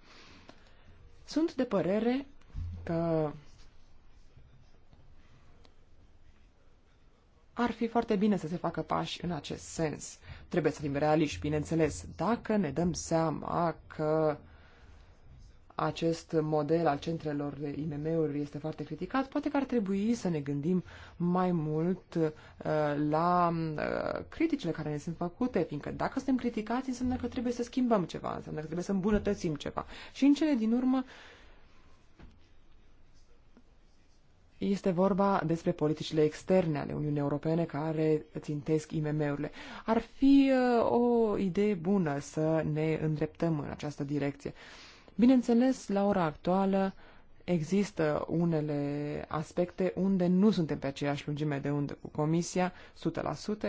Sunt de părere că ar fi foarte bine să se facă pași în acest sens. Trebuie să fim realiști, bineînțeles, dacă ne dăm seama că acest model al centrelor IMM-uri este foarte criticat, poate că ar trebui să ne gândim mai mult uh, la uh, criticile care ne sunt făcute, fiindcă dacă suntem criticați, înseamnă că trebuie să schimbăm ceva, înseamnă că trebuie să îmbunătățim ceva. Și în cele din urmă, Este vorba despre politicile externe ale Uniunii Europene care țintesc IMM-urile. Ar fi uh, o idee bună să ne îndreptăm în această direcție. Bineînțeles, la ora actuală există unele aspecte unde nu suntem pe aceeași lungime de undă cu Comisia,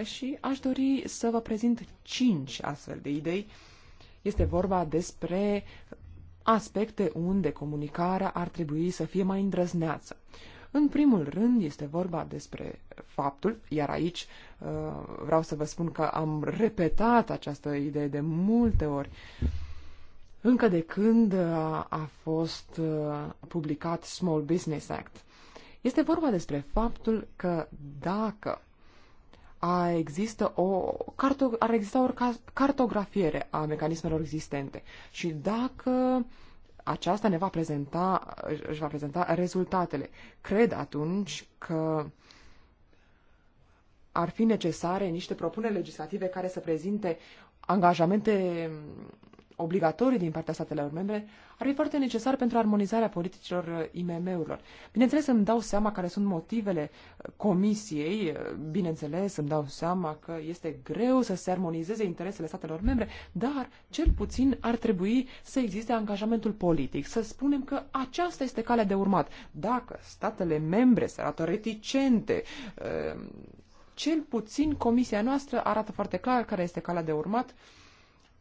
100%, și aș dori să vă prezint cinci astfel de idei. Este vorba despre aspecte unde comunicarea ar trebui să fie mai îndrăzneață. În primul rând este vorba despre faptul, iar aici uh, vreau să vă spun că am repetat această idee de multe ori, încă de când uh, a fost uh, publicat Small Business Act. Este vorba despre faptul că dacă a există o, ar exista o cartografiere a mecanismelor existente și dacă aceasta ne va prezenta, își va prezenta rezultatele, cred atunci că ar fi necesare niște propuneri legislative care să prezinte angajamente obligatorii din partea statelor membre ar fi foarte necesar pentru armonizarea politicilor uh, IMM-urilor. Bineînțeles, îmi dau seama care sunt motivele uh, comisiei, uh, bineînțeles, îmi dau seama că este greu să se armonizeze interesele statelor membre, dar cel puțin ar trebui să existe angajamentul politic, să spunem că aceasta este calea de urmat. Dacă statele membre se arată reticente, cel puțin comisia noastră arată foarte clar care este calea de urmat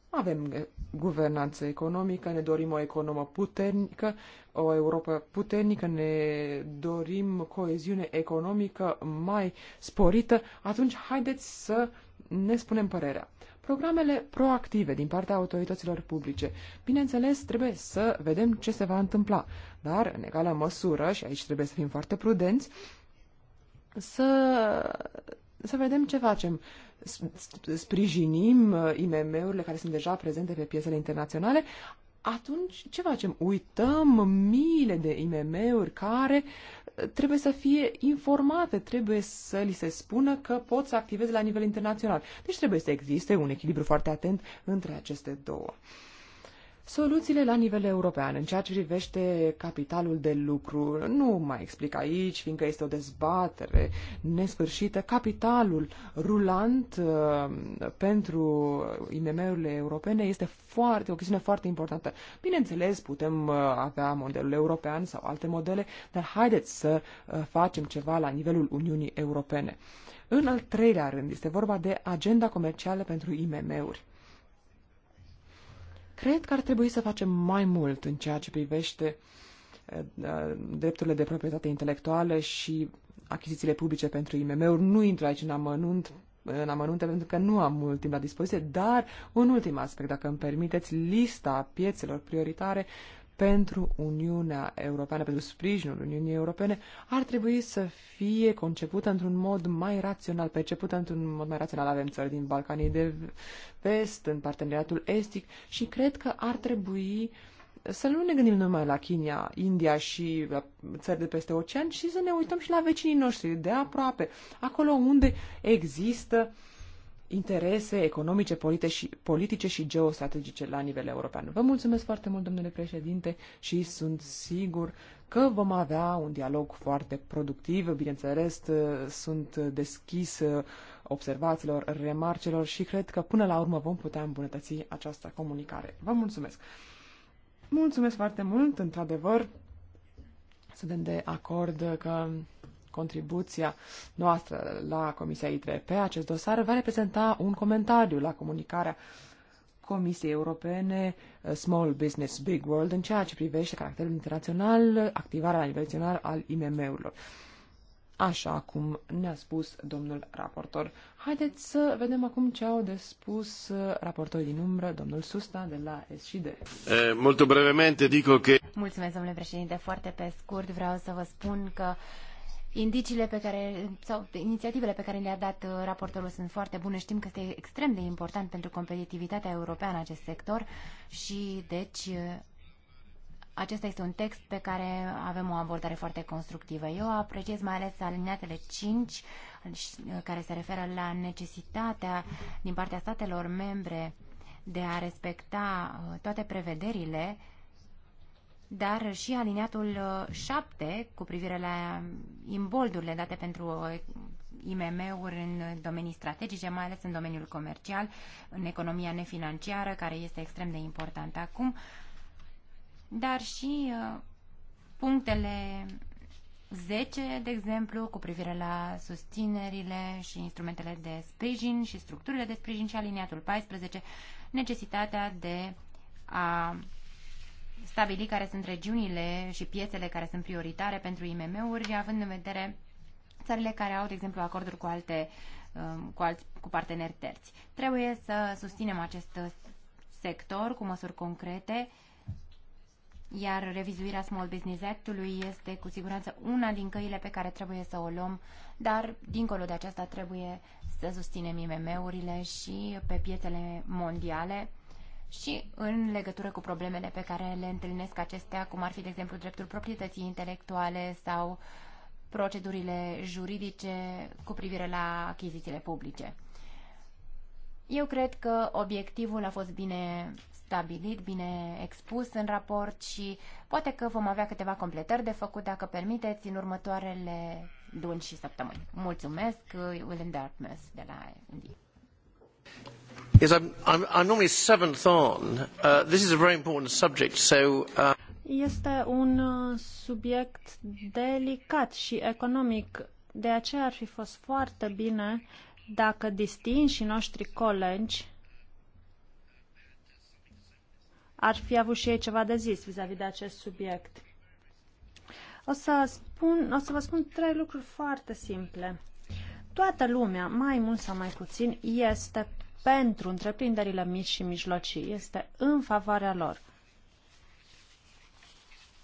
avem guvernanță economică, ne dorim o economă puternică, o Europa puternică, ne dorim coeziune economică mai sporită, atunci haideți să ne spunem părerea. Programele proactive din partea autorităților publice. Bineînțeles, trebuie să vedem ce se va întâmpla, dar în egală măsură, și aici trebuie să fim foarte prudenți, să, să vedem ce facem sprijinim uh, IMM-urile care sunt deja prezente pe piesele internaționale, atunci ce facem? Uităm miile de IMM-uri care uh, trebuie să fie informate, trebuie să li se spună că pot să activeze la nivel internațional. Deci trebuie să existe un echilibru foarte atent între aceste două. Soluțiile la nivel european în ceea ce privește capitalul de lucru, nu mai explic aici, fiindcă este o dezbatere nesfârșită, capitalul rulant uh, pentru IMM-urile europene este foarte, o chestiune foarte importantă. Bineînțeles, putem uh, avea modelul european sau alte modele, dar haideți să uh, facem ceva la nivelul Uniunii Europene. În al treilea rând, este vorba de agenda comercială pentru IMM-uri. Cred că ar trebui să facem mai mult în ceea ce privește eh, drepturile de proprietate intelectuală și achizițiile publice pentru IMM-uri. Nu intru aici în amănunt, în amănunte pentru că nu am mult timp la dispoziție, dar un ultim aspect, dacă îmi permiteți, lista piețelor prioritare pentru Uniunea Europeană, pentru sprijinul Uniunii Europene, ar trebui să fie concepută într-un mod mai rațional, percepută într-un mod mai rațional. Avem țări din Balcanii de vest, în parteneriatul estic și cred că ar trebui să nu ne gândim numai la China, India și la uh, țări de peste ocean, ci să ne uităm și la vecinii noștri de aproape, acolo unde există uh, interese economice, politice și, politice și geostrategice la nivel european. Vă mulțumesc foarte mult, domnule președinte, și sunt sigur că vom avea un dialog foarte productiv. Bineînțeles, sunt deschis observațiilor, remarcelor și cred că până la urmă vom putea îmbunătăți această comunicare. Vă mulțumesc! Mulțumesc foarte mult, într-adevăr, suntem de acord că contribuția noastră la Comisia ITRE acest dosar va reprezenta un comentariu la comunicarea Comisiei Europene uh, Small Business Big World în ceea ce privește caracterul internațional, activarea la nivel național al IMM-urilor. Așa cum ne-a spus domnul raportor. Haideți să vedem acum ce au de spus uh, raportorii din umbră, domnul Susta de la SCD. Eh, Mult brevemente, dico că... Mulțumesc, domnule președinte. Foarte pe scurt vreau să vă spun că Indiciile pe care, sau inițiativele pe care le-a dat uh, raportorul sunt foarte bune. Știm că este extrem de important pentru competitivitatea europeană acest sector și, deci, uh, acesta este un text pe care avem o abordare foarte constructivă. Eu apreciez mai ales alineatele 5, uh, care se referă la necesitatea din partea statelor membre de a respecta toate prevederile dar și aliniatul 7 uh, cu privire la imboldurile date pentru uh, IMM-uri în domenii strategice, mai ales în domeniul comercial, în economia nefinanciară, care este extrem de importantă acum, dar și uh, punctele 10, de exemplu, cu privire la susținerile și instrumentele de sprijin și structurile de sprijin și aliniatul 14, necesitatea de a stabili care sunt regiunile și piețele care sunt prioritare pentru IMM-uri, având în vedere țările care au, de exemplu, acorduri cu alte um, cu, alți, cu parteneri terți. Trebuie să susținem acest sector cu măsuri concrete, iar revizuirea Small Business Act-ului este cu siguranță una din căile pe care trebuie să o luăm, dar dincolo de aceasta trebuie să susținem IMM-urile și pe piețele mondiale și în legătură cu problemele pe care le întâlnesc acestea, cum ar fi, de exemplu, dreptul proprietății intelectuale sau procedurile juridice cu privire la achizițiile publice. Eu cred că obiectivul a fost bine stabilit, bine expus în raport și poate că vom avea câteva completări de făcut, dacă permiteți, în următoarele luni și săptămâni. Mulțumesc, William Dartmouth de la Indie. Yes, I'm, I'm, I'm normally seventh on. Uh, this is a very important subject, so. Uh... Este un uh, subiect delicat și economic, de aceea ar fi fost foarte bine dacă distinși noștri colegi ar fi avut și ei ceva de zis vis-a-vis -vis de acest subiect. O să, spun, o să vă spun trei lucruri foarte simple. Toată lumea, mai mult sau mai puțin, este pentru întreprinderile mici și mijlocii, este în favoarea lor.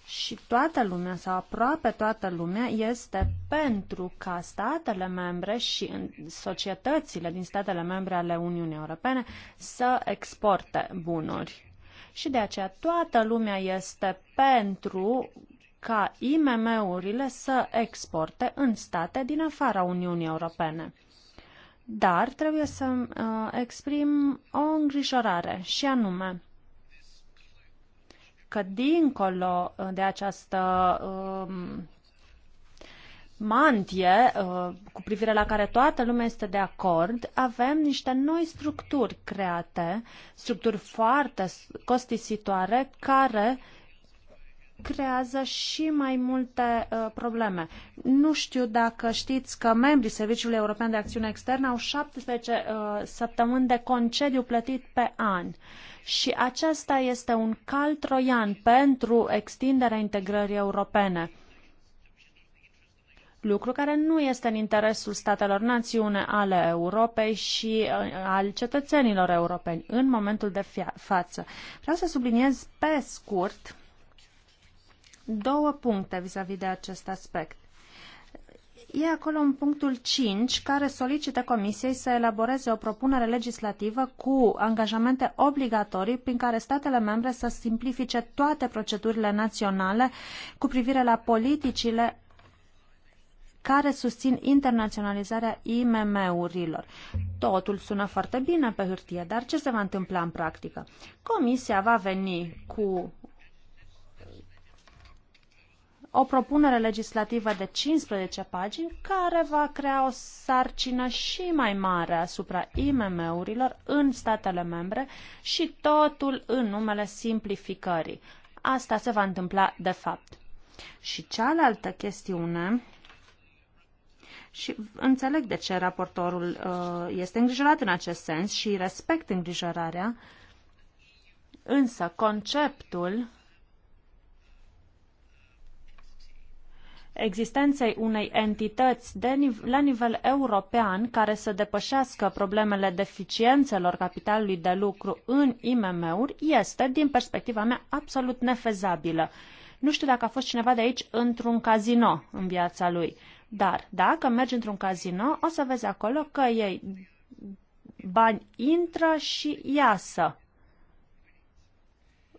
Și toată lumea, sau aproape toată lumea, este pentru ca statele membre și societățile din statele membre ale Uniunii Europene să exporte bunuri. Și de aceea toată lumea este pentru ca IMM-urile să exporte în state din afara Uniunii Europene dar trebuie să uh, exprim o îngrijorare și anume că dincolo uh, de această uh, mantie uh, cu privire la care toată lumea este de acord, avem niște noi structuri create, structuri foarte costisitoare care uh, creează și mai multe uh, probleme. Nu știu dacă știți că membrii Serviciului European de Acțiune Externă au 17 uh, săptămâni de concediu plătit pe an. Și acesta este un cal troian pentru extinderea integrării europene lucru care nu este în interesul statelor națiune ale Europei și uh, al cetățenilor europeni în momentul de față. Vreau să subliniez pe scurt două puncte vis-a-vis -vis de acest aspect. E acolo un punctul 5 care solicită Comisiei să elaboreze o propunere legislativă cu angajamente obligatorii prin care statele membre să simplifice toate procedurile naționale cu privire la politicile care susțin internaționalizarea IMM-urilor. Totul sună foarte bine pe hârtie, dar ce se va întâmpla în practică? Comisia va veni cu o propunere legislativă de 15 pagini care va crea o sarcină și mai mare asupra IMM-urilor în statele membre și totul în numele simplificării. Asta se va întâmpla de fapt. Și cealaltă chestiune, și înțeleg de ce raportorul uh, este îngrijorat în acest sens și respect îngrijorarea, însă conceptul existenței unei entități de, la nivel european care să depășească problemele deficiențelor capitalului de lucru în IMM-uri este, din perspectiva mea, absolut nefezabilă. Nu știu dacă a fost cineva de aici într-un casino în viața lui, dar dacă mergi într-un casino, o să vezi acolo că ei bani intră și iasă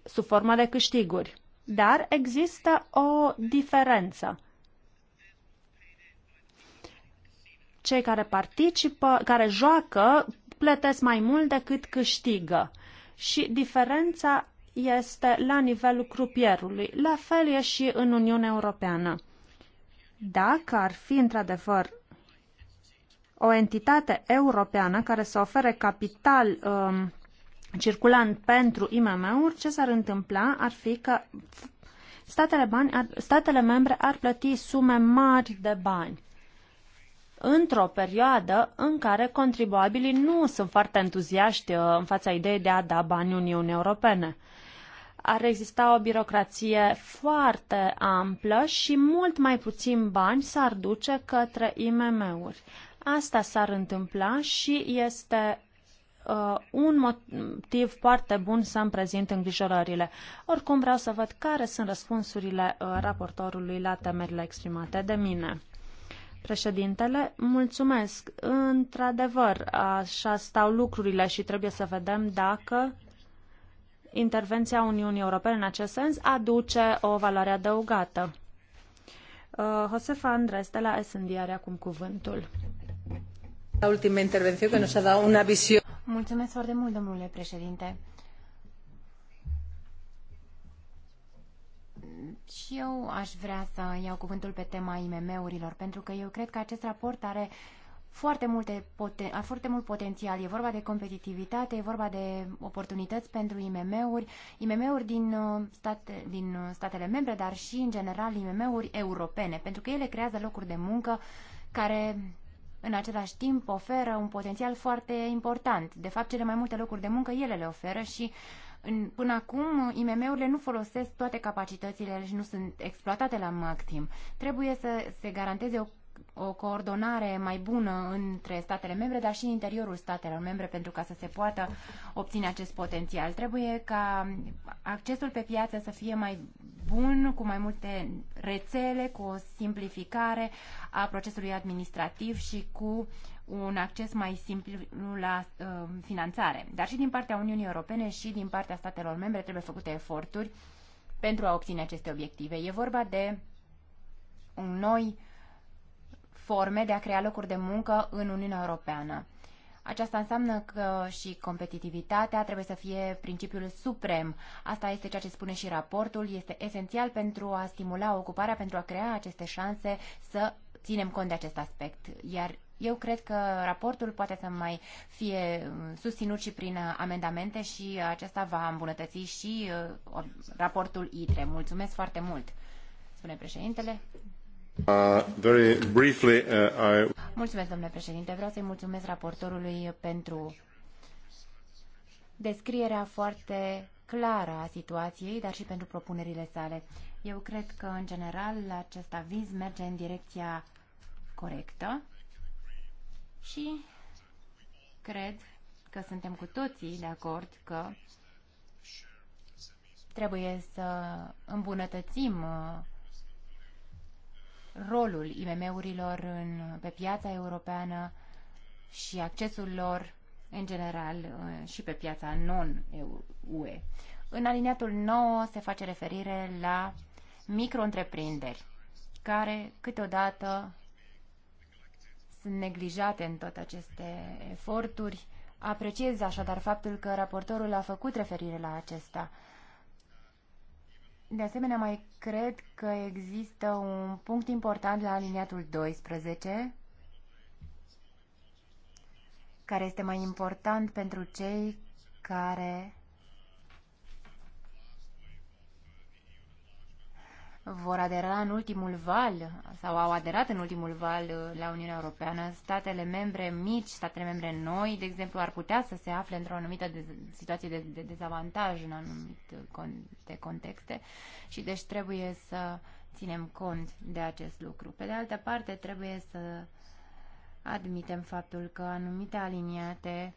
sub formă de câștiguri. Dar există o diferență. cei care participă, care joacă, plătesc mai mult decât câștigă. Și diferența este la nivelul crupierului. La fel e și în Uniunea Europeană. Dacă ar fi într-adevăr o entitate europeană care să ofere capital um, circulant pentru IMM-uri, ce s-ar întâmpla ar fi că statele, bani, ar, statele membre ar plăti sume mari de bani într-o perioadă în care contribuabilii nu sunt foarte entuziaști uh, în fața ideii de a da bani Uniunii Europene. Ar exista o birocrație foarte amplă și mult mai puțin bani s-ar duce către IMM-uri. Asta s-ar întâmpla și este uh, un motiv foarte bun să îmi prezint îngrijorările. Oricum vreau să văd care sunt răspunsurile uh, raportorului la temerile exprimate de mine. Președintele, mulțumesc. Într-adevăr, așa stau lucrurile și trebuie să vedem dacă intervenția Uniunii Europene în acest sens aduce o valoare adăugată. Uh, Josefa Andres de la SND are acum cuvântul. La ultima intervenție, că s a dat una visiune. Mulțumesc foarte mult, domnule președinte. Și deci eu aș vrea să iau cuvântul pe tema IMM-urilor, pentru că eu cred că acest raport are foarte, multe poten- are foarte mult potențial. E vorba de competitivitate, e vorba de oportunități pentru IMM-uri, IMM-uri din, uh, state, din uh, statele membre, dar și, în general, IMM-uri europene, pentru că ele creează locuri de muncă care în același timp oferă un potențial foarte important. De fapt, cele mai multe locuri de muncă ele le oferă și în, până acum, IMM-urile nu folosesc toate capacitățile și nu sunt exploatate la maxim. Trebuie să se garanteze o o coordonare mai bună între statele membre, dar și în interiorul statelor membre pentru ca să se poată obține acest potențial. Trebuie ca accesul pe piață să fie mai bun, cu mai multe rețele, cu o simplificare a procesului administrativ și cu un acces mai simplu la uh, finanțare. Dar și din partea Uniunii Europene și din partea statelor membre trebuie făcute eforturi pentru a obține aceste obiective. E vorba de un noi forme de a crea locuri de muncă în Uniunea Europeană. Aceasta înseamnă că și competitivitatea trebuie să fie principiul suprem. Asta este ceea ce spune și raportul. Este esențial pentru a stimula ocuparea, pentru a crea aceste șanse să ținem cont de acest aspect. Iar eu cred că raportul poate să mai fie mm, susținut și prin uh, amendamente și uh, acesta va îmbunătăți și uh, raportul ITRE. Mulțumesc foarte mult, spune președintele. Uh, very briefly, uh, I... Mulțumesc, domnule președinte. Vreau să-i mulțumesc raportorului pentru descrierea foarte clară a situației, dar și pentru propunerile sale. Eu cred că, în general, acest aviz merge în direcția corectă și cred că suntem cu toții de acord că trebuie să îmbunătățim uh, rolul IMM-urilor în, pe piața europeană și accesul lor în general uh, și pe piața non-UE. În aliniatul 9 se face referire la micro-întreprinderi care câteodată sunt neglijate în toate aceste eforturi. Apreciez așadar faptul că raportorul a făcut referire la acesta. De asemenea, mai cred că există un punct important la aliniatul 12, care este mai important pentru cei care vor adera în ultimul val sau au aderat în ultimul val uh, la Uniunea Europeană. Statele membre mici, statele membre noi, de exemplu, ar putea să se afle într-o anumită de- situație de, de dezavantaj în anumite uh, con- de contexte și deci trebuie să ținem cont de acest lucru. Pe de altă parte, trebuie să admitem faptul că anumite aliniate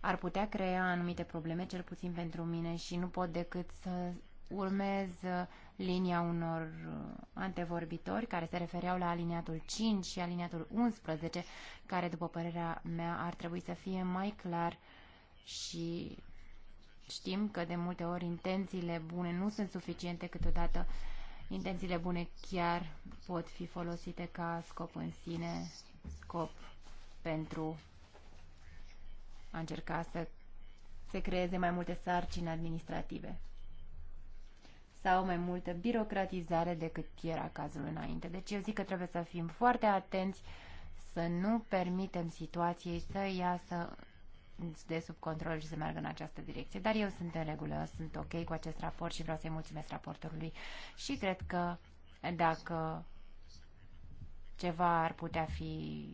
ar putea crea anumite probleme, cel puțin pentru mine, și nu pot decât să urmez uh, linia unor uh, antevorbitori care se refereau la aliniatul 5 și aliniatul 11, care, după părerea mea, ar trebui să fie mai clar și știm că de multe ori intențiile bune nu sunt suficiente câteodată intențiile bune chiar pot fi folosite ca scop în sine, scop pentru a încerca să se creeze mai multe sarcini administrative sau mai multă birocratizare decât era cazul înainte. Deci eu zic că trebuie să fim foarte atenți să nu permitem situației să iasă de sub control și să meargă în această direcție. Dar eu sunt în regulă, sunt ok cu acest raport și vreau să-i mulțumesc raportorului și cred că dacă ceva ar putea fi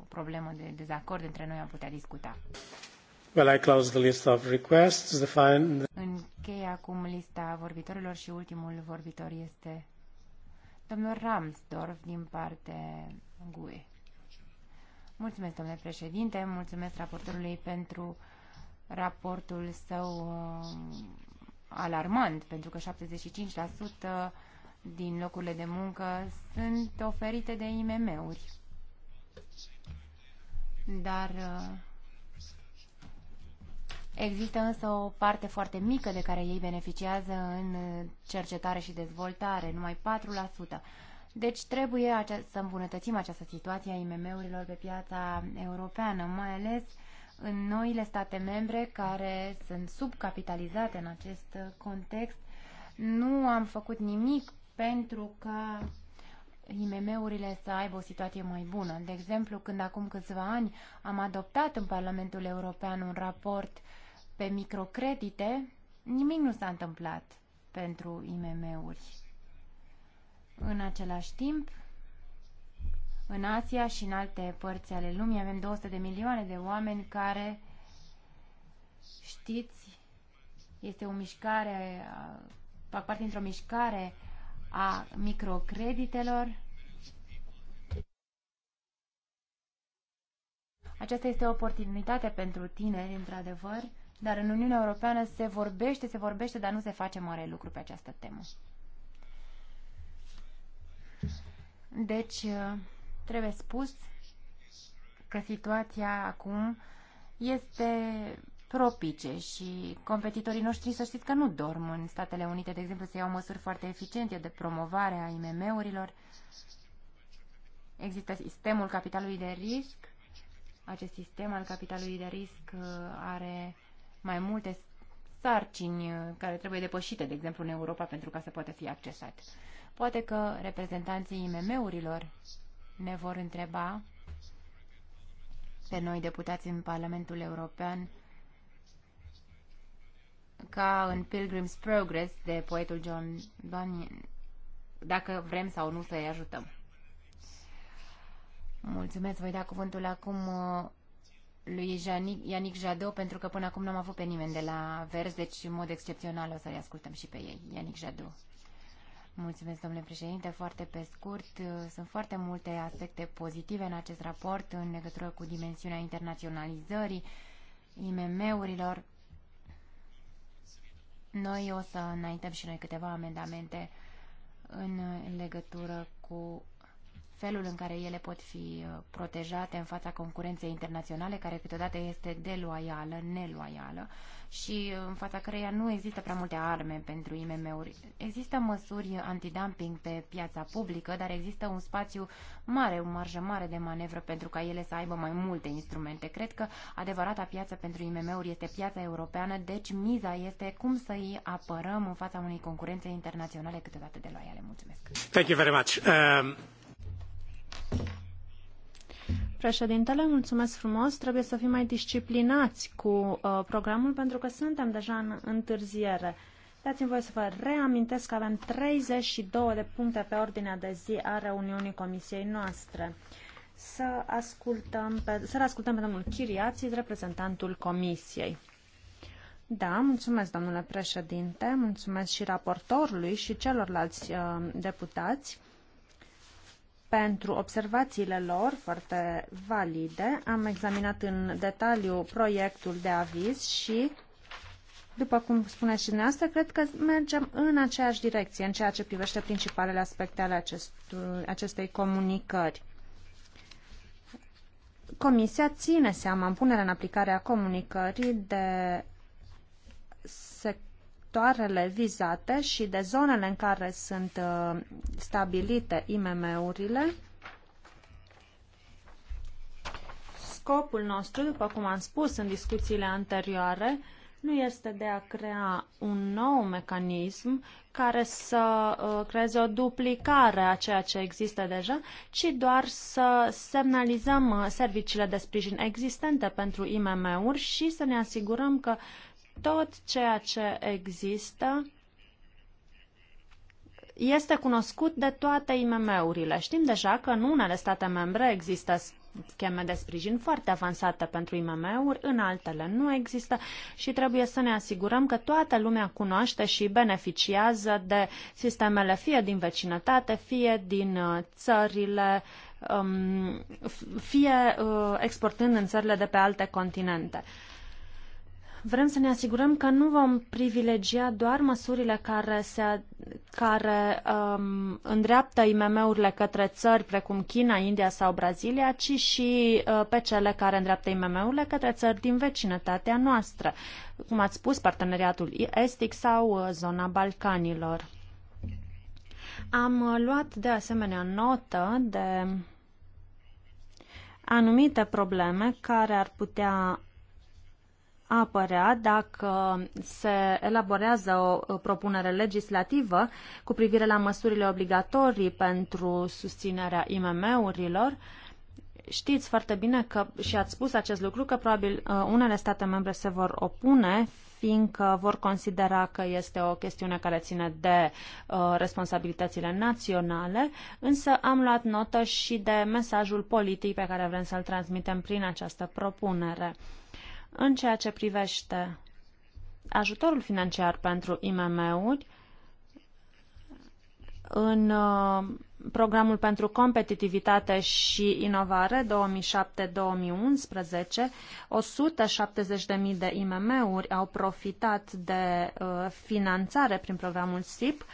o problemă de dezacord între noi, am putea discuta. Well, I close the list of requests. The fine... Închei acum lista vorbitorilor și ultimul vorbitor este domnul Ramsdorf din partea GUE. Mulțumesc, domnule președinte, mulțumesc raportorului pentru raportul său um, alarmant, pentru că 75% din locurile de muncă sunt oferite de IMM-uri. Dar uh, Există însă o parte foarte mică de care ei beneficiază în uh, cercetare și dezvoltare, numai 4%. Deci trebuie să îmbunătățim această situație a IMM-urilor pe piața europeană, mai ales în noile state membre care sunt subcapitalizate în acest uh, context. Nu am făcut nimic pentru ca IMM-urile să aibă o situație mai bună. De exemplu, când acum câțiva ani am adoptat în Parlamentul European un raport uh, pe microcredite, nimic nu s-a întâmplat pentru IMM-uri. În același timp, în Asia și în alte părți ale lumii avem 200 de milioane de oameni care, știți, este o mișcare, fac parte dintr-o mișcare a microcreditelor. Aceasta este o oportunitate pentru tineri, într-adevăr, dar în Uniunea Europeană se vorbește, se vorbește, dar nu se face mare lucru pe această temă. Deci, trebuie spus că situația acum este propice și competitorii noștri să știți că nu dorm în Statele Unite, de exemplu, se iau măsuri foarte eficiente de promovare a IMM-urilor. Există sistemul capitalului de risc. Acest sistem al capitalului de risc uh, are mai multe sarcini uh, care trebuie depășite, de exemplu, în Europa, pentru ca să poată fi accesat. Poate că reprezentanții IMM-urilor ne vor întreba pe noi deputați în Parlamentul European ca în Pilgrim's Progress de poetul John Bunyan, dacă vrem sau nu să-i ajutăm. Mulțumesc, voi da cuvântul acum uh, lui Yannick Jadot, pentru că până acum n-am avut pe nimeni de la Vers, deci în mod excepțional o să-i ascultăm și pe ei. Yannick Jadot. Mulțumesc, domnule președinte. Foarte pe scurt, sunt foarte multe aspecte pozitive în acest raport în legătură cu dimensiunea internaționalizării IMM-urilor. Noi o să înaintăm și noi câteva amendamente în legătură cu felul în care ele pot fi uh, protejate în fața concurenței internaționale, care câteodată este deloială, neloială și uh, în fața căreia nu există prea multe arme pentru IMM-uri. Există măsuri antidumping pe piața publică, dar există un spațiu mare, o marjă mare de manevră pentru ca ele să aibă mai multe instrumente. Cred că adevărata piață pentru IMM-uri este piața europeană, deci miza este cum să îi apărăm în fața unei concurențe internaționale câteodată deloiale. Mulțumesc! Thank you very much. Um... Președintele, mulțumesc frumos. Trebuie să fim mai disciplinați cu uh, programul pentru că suntem deja în întârziere. Dați-mi voie să vă reamintesc că avem 32 de puncte pe ordinea de zi a reuniunii comisiei noastre. Să ascultăm pe, să ascultăm pe domnul Chiriații, reprezentantul comisiei. Da, mulțumesc, domnule președinte, mulțumesc și raportorului și celorlalți uh, deputați pentru observațiile lor foarte valide. Am examinat în detaliu proiectul de aviz și, după cum spuneți și dumneavoastră, cred că mergem în aceeași direcție în ceea ce privește principalele aspecte ale acestui, acestei comunicări. Comisia ține seama în punerea în aplicare a comunicării de sectoarele vizate și de zonele în care sunt uh, stabilite IMM-urile. Scopul nostru, după cum am spus în discuțiile anterioare, nu este de a crea un nou mecanism care să uh, creeze o duplicare a ceea ce există deja, ci doar să semnalizăm uh, serviciile de sprijin existente pentru IMM-uri și să ne asigurăm că tot ceea ce există este cunoscut de toate IMM-urile. Știm deja că în unele state membre există scheme de sprijin foarte avansate pentru IMM-uri, în altele nu există și trebuie să ne asigurăm că toată lumea cunoaște și beneficiază de sistemele fie din vecinătate, fie din uh, țările, um, fie uh, exportând în țările de pe alte continente. Vrem să ne asigurăm că nu vom privilegia doar măsurile care, se, care um, îndreaptă IMM-urile către țări precum China, India sau Brazilia, ci și uh, pe cele care îndreaptă IMM-urile către țări din vecinătatea noastră, cum ați spus, parteneriatul estic sau uh, zona Balcanilor. Am uh, luat de asemenea notă de anumite probleme care ar putea apărea dacă se elaborează o propunere legislativă cu privire la măsurile obligatorii pentru susținerea IMM-urilor. Știți foarte bine că și ați spus acest lucru că probabil uh, unele state membre se vor opune fiindcă vor considera că este o chestiune care ține de uh, responsabilitățile naționale, însă am luat notă și de mesajul politic pe care vrem să-l transmitem prin această propunere. Uh, în ceea ce privește ajutorul financiar pentru IMM-uri, în uh, programul pentru competitivitate și inovare 2007-2011, 170.000 de IMM-uri au profitat de uh, finanțare prin programul SIP,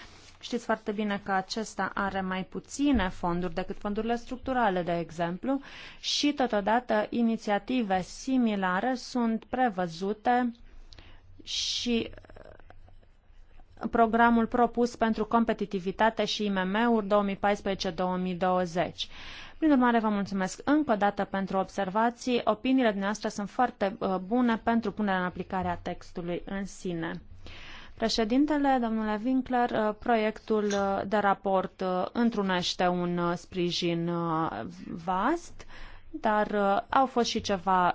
Știți foarte bine că acesta are mai puține fonduri decât fondurile structurale, de exemplu, și totodată inițiative similare sunt prevăzute și uh, programul propus pentru competitivitate și IMM-uri 2014-2020. Prin urmare, vă mulțumesc încă o dată pentru observații. Opiniile dumneavoastră sunt foarte uh, bune pentru punerea în aplicare a textului în sine. Președintele, domnule Winkler, uh, proiectul uh, de raport uh, întrunește un sprijin vast, dar au fost și ceva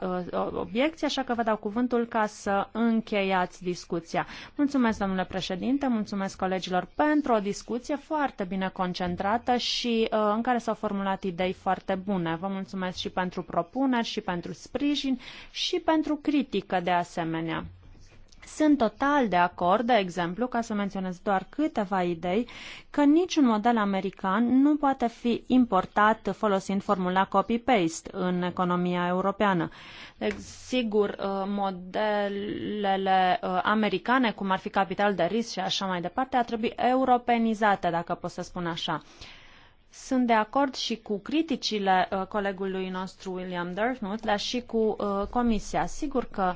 obiecții, așa că vă dau cuvântul ca să încheiați discuția. Mulțumesc, domnule președinte, mulțumesc colegilor pentru o discuție foarte bine concentrată și în care s-au formulat idei foarte bune. Vă mulțumesc și pentru propuneri, și pentru sprijin, și pentru critică de asemenea. Sunt total de acord, de exemplu, ca să menționez doar câteva idei, că niciun model american nu poate fi importat folosind formula copy-paste în economia europeană. Deci, sigur, uh, modelele uh, americane, cum ar fi capital de risc și așa mai departe, ar trebui europenizate, dacă pot să spun așa. Sunt de acord și cu criticile uh, colegului nostru William Dartmouth, dar și cu comisia. Sigur că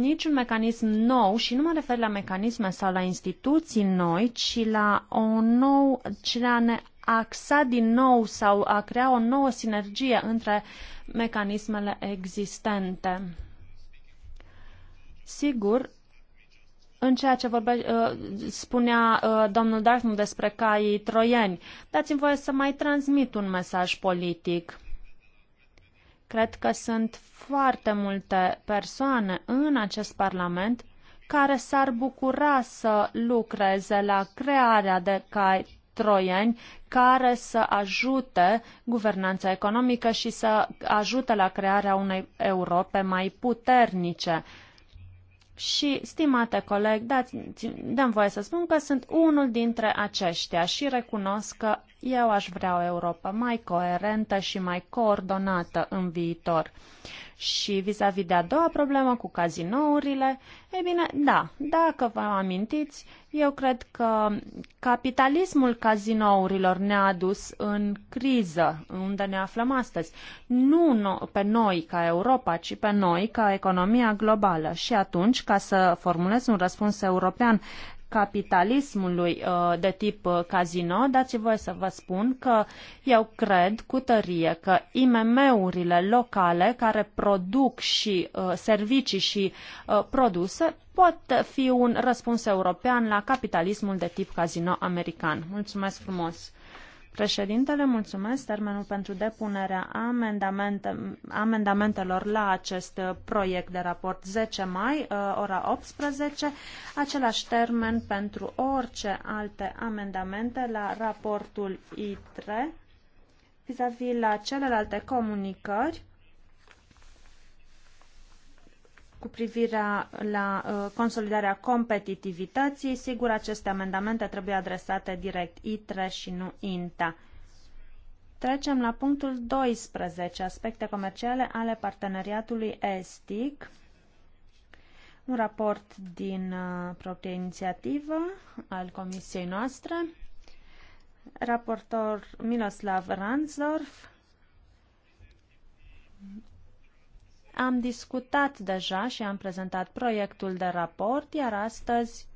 niciun mecanism nou și nu mă refer la mecanisme sau la instituții noi, ci la, o nou, ci la ne axa din nou sau a crea o nouă sinergie între mecanismele existente. Sigur, în ceea ce vorbe, uh, spunea uh, domnul Dartmouth despre caii troieni, dați-mi voie să mai transmit un mesaj politic Cred că sunt foarte multe persoane în acest Parlament care s-ar bucura să lucreze la crearea de cai troieni care să ajute guvernanța economică și să ajute la crearea unei Europe mai puternice și, stimate coleg, dăm voie să spun că sunt unul dintre aceștia și recunosc că eu aș vrea o Europa mai coerentă și mai coordonată în viitor. Și vis-a-vis -vis de a doua problemă cu cazinourile, e bine, da, dacă vă amintiți, eu cred că capitalismul cazinourilor ne-a adus în criză, unde ne aflăm astăzi. Nu no- pe noi ca Europa, ci pe noi ca economia globală. Și atunci, ca să formulez un răspuns european capitalismului uh, de tip uh, casino, dați voi să vă spun că eu cred cu tărie că IMM-urile locale care produc și uh, servicii și produse pot fi un răspuns european la capitalismul de tip casino american. Mulțumesc frumos! Președintele, mulțumesc. Termenul pentru depunerea amendamente, amendamentelor la acest uh, proiect de raport 10 mai, uh, ora 18, același termen pentru orice alte amendamente la raportul ITRE vis-a-vis -vis la celelalte comunicări cu privire la uh, consolidarea competitivității. Sigur, aceste amendamente trebuie adresate direct ITRE și nu INTA. Trecem la punctul 12, aspecte comerciale ale parteneriatului ESTIC. Un raport din uh, proprie inițiativă al comisiei noastre. Raportor Miloslav Ransdorf am discutat deja și am prezentat proiectul de raport, iar astăzi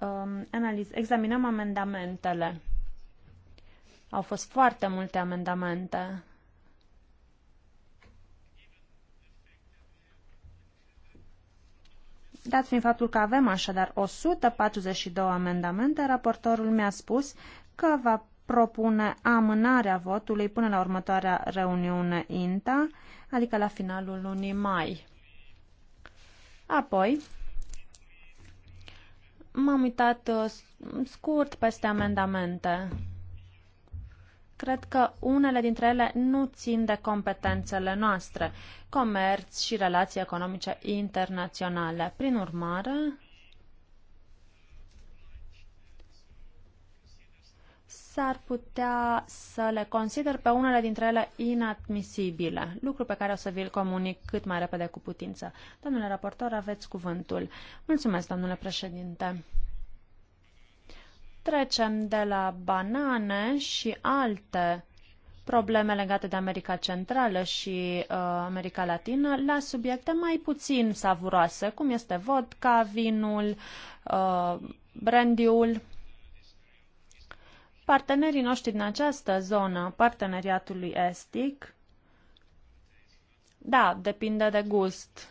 um, analiz, examinăm amendamentele. Au fost foarte multe amendamente. Dat fiind faptul că avem așadar 142 amendamente, raportorul mi-a spus că va propune amânarea votului până la următoarea reuniune INTA, adică la finalul lunii mai. Apoi, m-am uitat uh, scurt peste amendamente. Cred că unele dintre ele nu țin de competențele noastre, comerț și relații economice internaționale. Prin urmare, s-ar putea să le consider pe unele dintre ele inadmisibile, lucru pe care o să vi-l comunic cât mai repede cu putință. Domnule raportor, aveți cuvântul. Mulțumesc, domnule președinte. Trecem de la banane și alte probleme legate de America Centrală și uh, America Latină la subiecte mai puțin savuroase, cum este vodka, vinul, uh, brandiul. Partenerii noștri din această zonă, parteneriatului estic, da, depinde de gust.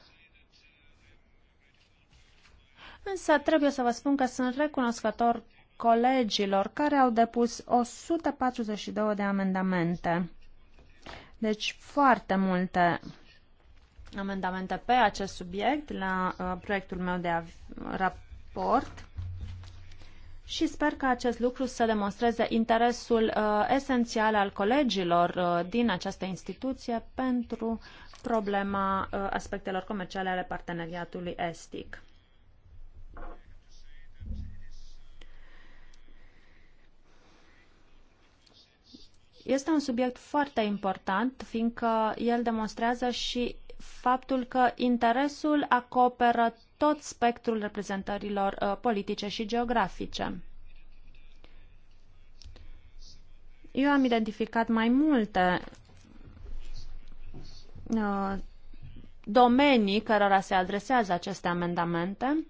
Însă trebuie să vă spun că sunt recunoscător colegilor care au depus 142 de amendamente. Deci foarte multe amendamente pe acest subiect la uh, proiectul meu de raport și sper că acest lucru să demonstreze interesul uh, esențial al colegilor uh, din această instituție pentru problema uh, aspectelor comerciale ale parteneriatului estic. Este un subiect foarte important, fiindcă el demonstrează și faptul că interesul acoperă tot spectrul reprezentărilor uh, politice și geografice. Eu am identificat mai multe uh, domenii cărora se adresează aceste amendamente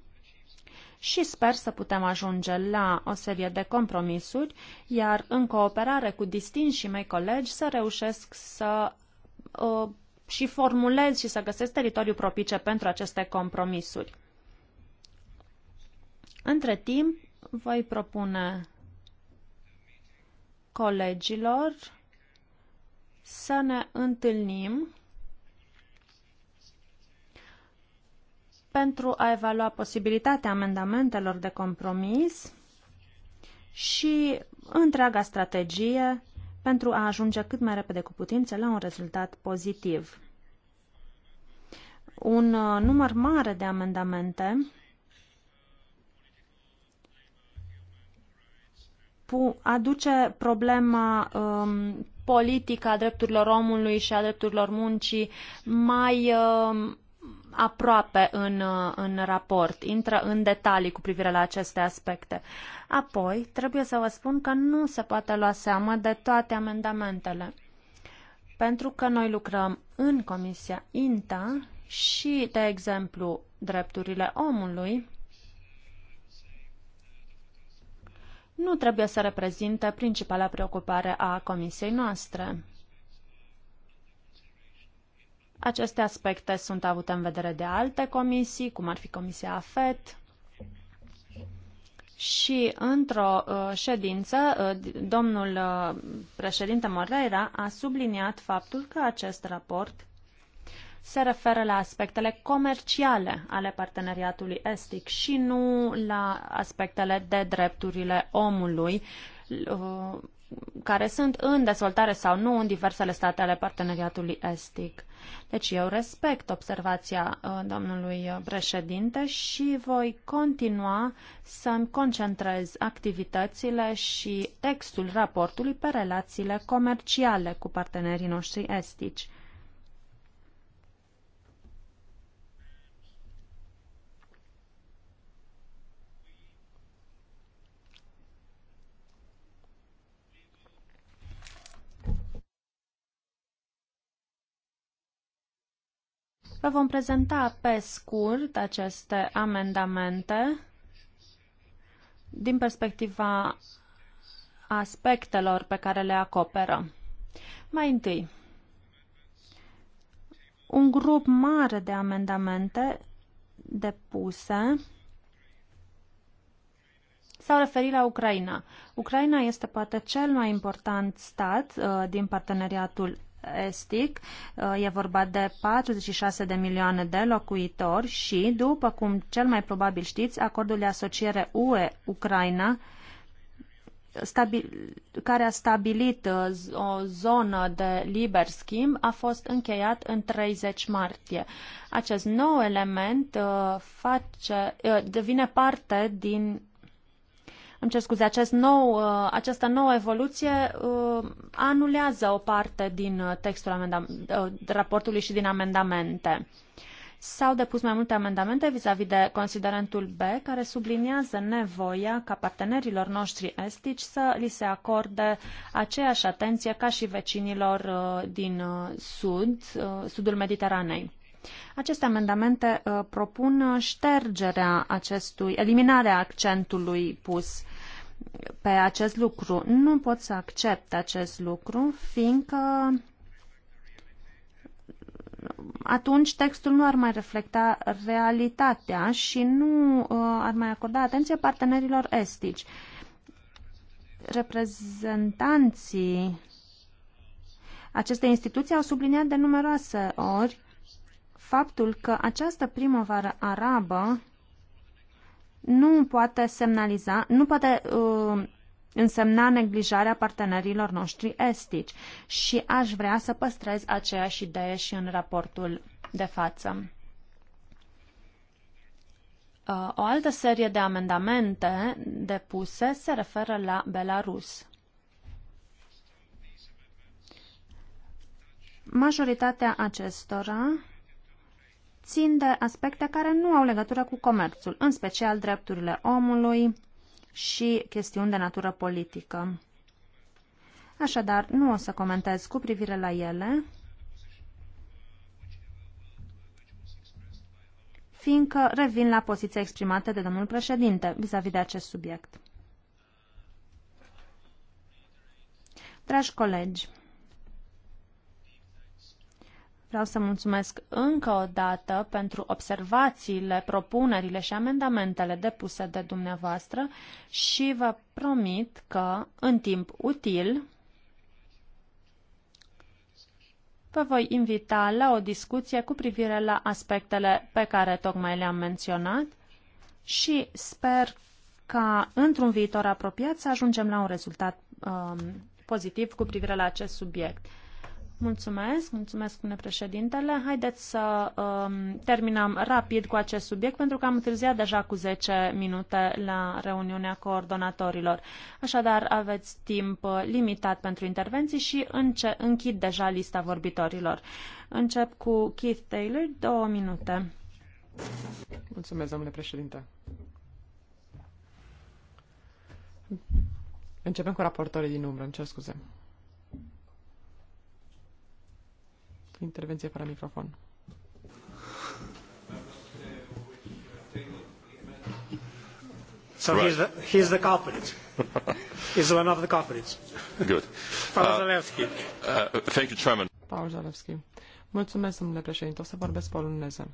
și sper să putem ajunge la o serie de compromisuri, iar în cooperare cu distinșii mei colegi să reușesc să uh, și formulez și să găsesc teritoriu propice pentru aceste compromisuri. Între timp, voi propune colegilor să ne întâlnim pentru a evalua posibilitatea amendamentelor de compromis și întreaga strategie pentru a ajunge cât mai repede cu putință la un rezultat pozitiv. Un uh, număr mare de amendamente aduce problema um, politică a drepturilor omului și a drepturilor muncii mai um, aproape în, uh, în raport, intră în detalii cu privire la aceste aspecte. Uh, Apoi, trebuie să vă spun că nu se poate lua seama de toate amendamentele, pentru că noi lucrăm în Comisia INTA și, de exemplu, drepturile omului, nu trebuie să reprezinte principala preocupare a comisiei noastre. Aceste aspecte sunt avute în vedere de alte comisii, cum ar fi Comisia AFET, și într-o uh, ședință, uh, domnul uh, președinte Moreira a subliniat faptul că acest raport se referă la aspectele comerciale ale parteneriatului estic și nu la aspectele de drepturile omului care sunt în dezvoltare sau nu în diversele state ale parteneriatului estic. Deci eu respect observația uh, domnului uh, președinte și voi continua să-mi concentrez activitățile și textul raportului pe relațiile comerciale cu partenerii noștri estici. Vă vom prezenta pe scurt aceste amendamente din perspectiva aspectelor pe care le acoperă. Mai întâi, un grup mare de amendamente depuse s-au referit la Ucraina. Ucraina este poate cel mai important stat uh, din parteneriatul estic. Uh, e vorba de 46 de milioane de locuitori și, după cum cel mai probabil știți, acordul de asociere UE-Ucraina care a stabilit uh, o zonă de liber schimb a fost încheiat în 30 martie. Acest nou element uh, face, devine parte din îmi cer scuze, acest nou, uh, această nouă evoluție uh, anulează o parte din uh, textul raportului și din amendamente. S-au depus mai multe amendamente vis-a-vis -vis de considerentul B, care subliniază nevoia ca partenerilor noștri estici să li se acorde aceeași atenție ca și vecinilor din sud, sudul Mediteranei. Aceste amendamente propun ștergerea acestui, eliminarea accentului pus pe acest lucru. Nu pot să accept acest lucru, fiindcă atunci textul nu ar mai reflecta realitatea și nu uh, ar mai acorda atenție partenerilor estici. Reprezentanții acestei instituții au subliniat de numeroase ori faptul că această primăvară arabă nu poate semnaliza, nu poate uh, însemna neglijarea partenerilor noștri estici și aș vrea să păstrez aceeași idee și în raportul de față. Uh, o altă serie de amendamente depuse se referă la Belarus. Majoritatea acestora țin de aspecte care nu au legătură cu comerțul, în special drepturile omului și chestiuni de natură politică. Așadar, nu o să comentez cu privire la ele, fiindcă revin la poziția exprimată de domnul președinte vis-a-vis -vis de acest subiect. Dragi colegi, Vreau să mulțumesc încă o dată pentru observațiile, propunerile și amendamentele depuse de dumneavoastră și vă promit că, în timp util, vă voi invita la o discuție cu privire la aspectele pe care tocmai le-am menționat și sper ca, într-un viitor apropiat, să ajungem la un rezultat um, pozitiv cu privire la acest subiect. Mulțumesc, mulțumesc, domnule președintele. Haideți să um, terminăm rapid cu acest subiect, pentru că am întârziat deja cu 10 minute la reuniunea coordonatorilor. Așadar, aveți timp limitat pentru intervenții și înce- închid deja lista vorbitorilor. Încep cu Keith Taylor, două minute. Mulțumesc, domnule președinte. Începem cu raportorii din umbră, îmi cer scuze. intervenție fără microfon. So right. he's, the, he's the culprit. he's one of the culprits. Good. Paul uh, Zalewski. Uh, uh, thank you, Chairman. Paul Zalewski. Mulțumesc, domnule președinte. O să vorbesc poloneză.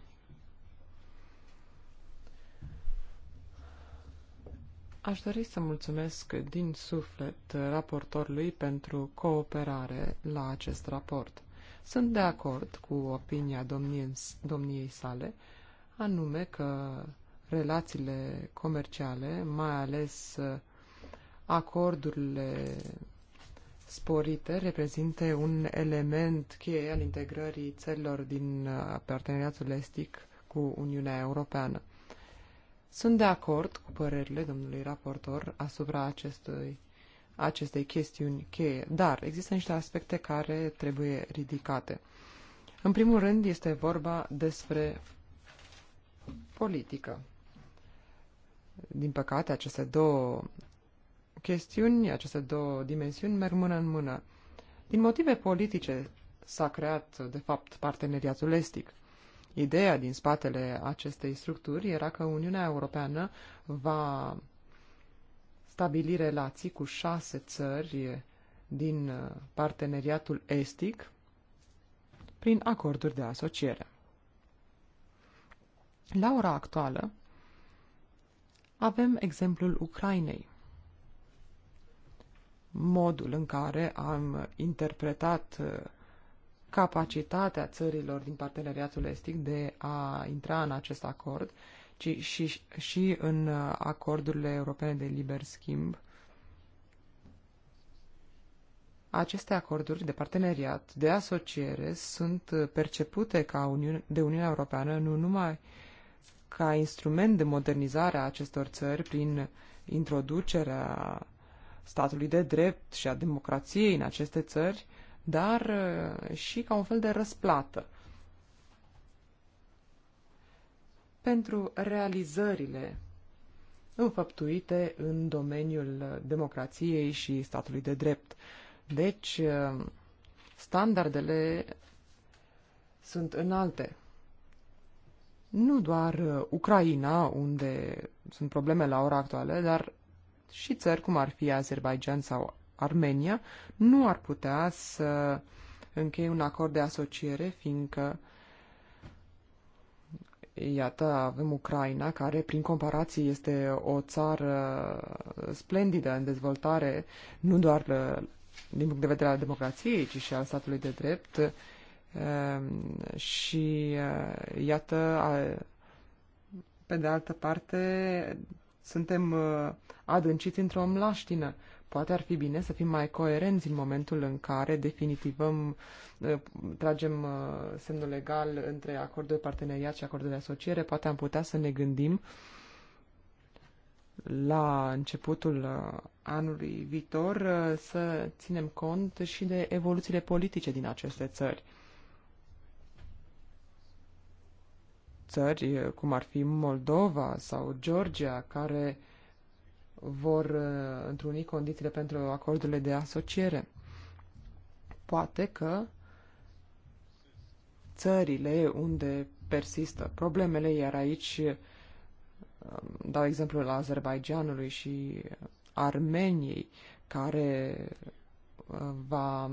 Aș dori să mulțumesc din suflet raportorului pentru cooperare la acest raport. Sunt de acord cu opinia domniei, domniei sale, anume că relațiile comerciale, mai ales uh, acordurile sporite, reprezintă un element cheie al integrării țărilor din uh, parteneriatul estic cu Uniunea Europeană. Sunt de acord cu părerile domnului raportor asupra acestui acestei chestiuni cheie, dar există niște aspecte care trebuie ridicate. În primul rând este vorba despre politică. Din păcate, aceste două chestiuni, aceste două dimensiuni merg mână în mână. Din motive politice s-a creat, de fapt, parteneriatul estic. Ideea din spatele acestei structuri era că Uniunea Europeană va stabili relații cu șase țări din uh, parteneriatul estic prin acorduri de asociere. La ora actuală avem exemplul Ucrainei. Modul în care am interpretat uh, capacitatea țărilor din parteneriatul estic de a intra în acest acord ci și, și în acordurile europene de liber schimb. Aceste acorduri de parteneriat, de asociere, sunt percepute ca Uniune, de Uniunea Europeană nu numai ca instrument de modernizare a acestor țări prin introducerea statului de drept și a democrației în aceste țări, dar eh, și ca un fel de răsplată pentru realizările înfăptuite în domeniul democrației și statului de drept. Deci, eh, standardele sunt înalte. Nu doar eh, Ucraina, unde sunt probleme la ora actuală, dar și țări cum ar fi Azerbaijan sau Armenia nu ar putea să încheie un acord de asociere, fiindcă uh, Iată, avem Ucraina, care prin comparație este o țară splendidă în dezvoltare, nu doar uh, din punct de vedere al democrației, ci și al statului de drept. Um, și uh, iată, pe de altă parte, suntem uh, adânciți într-o mlaștină. Poate ar fi bine să fim mai coerenți în momentul în care definitivăm, uh, tragem uh, semnul legal între acordul de parteneriat și acordul de asociere. Poate am putea să ne gândim la începutul uh, anului viitor să ținem cont și de evoluțiile politice din aceste țări. Țări cum ar fi Moldova sau Georgia, care vor uh, întruni condițiile pentru acordurile de asociere. Poate că țările unde persistă problemele, iar aici um, dau exemplul Azerbaijanului și Armeniei, care uh, va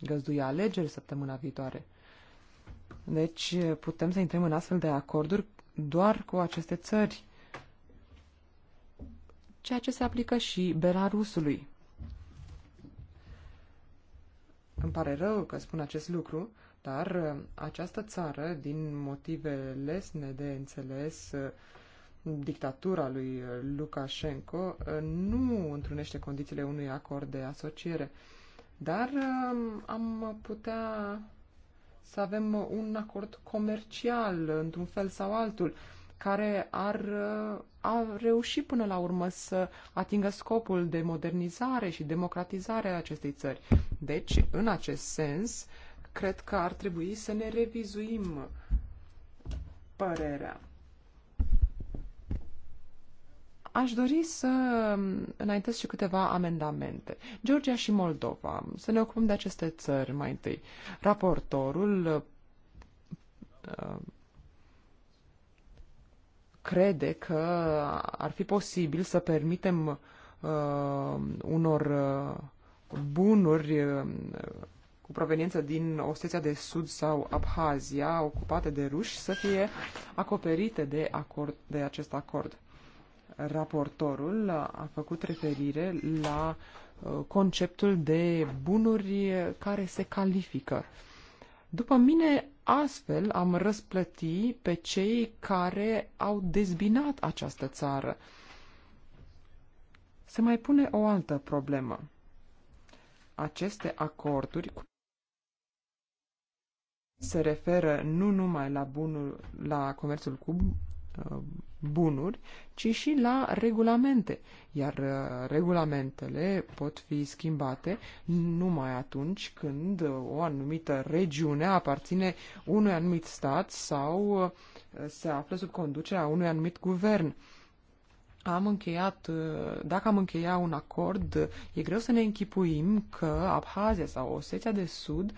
găzdui alegeri săptămâna viitoare. Deci putem să intrăm în astfel de acorduri doar cu aceste țări ceea ce se aplică și Belarusului. Îmi pare rău că spun acest lucru, dar uh, această țară, din motive lesne de înțeles, uh, dictatura lui uh, Lukashenko nu întrunește condițiile unui acord de asociere. Dar um, am putea să avem un acord comercial, într-un fel sau altul, care ar a reușit până la urmă să atingă scopul de modernizare și democratizare a acestei țări. Deci, în acest sens, cred că ar trebui să ne revizuim părerea. Aș dori să înaintez și câteva amendamente. Georgia și Moldova. Să ne ocupăm de aceste țări mai întâi. Raportorul uh, crede că ar fi posibil să permitem uh, unor uh, bunuri uh, cu proveniență din Osteția de Sud sau Abhazia, ocupate de ruși, să fie acoperite de, acord, de acest acord. Raportorul a făcut referire la uh, conceptul de bunuri care se califică. După mine, Astfel am răsplăti pe cei care au dezbinat această țară. Se mai pune o altă problemă. Aceste acorduri se referă nu numai la bunul, la comerțul cu uh, bunuri, ci și la regulamente, iar uh, regulamentele pot fi schimbate numai atunci când uh, o anumită regiune aparține unui anumit stat sau uh, se află sub conducerea unui anumit guvern am încheiat, dacă am încheiat un acord, e greu să ne închipuim că Abhazia sau Osetia de Sud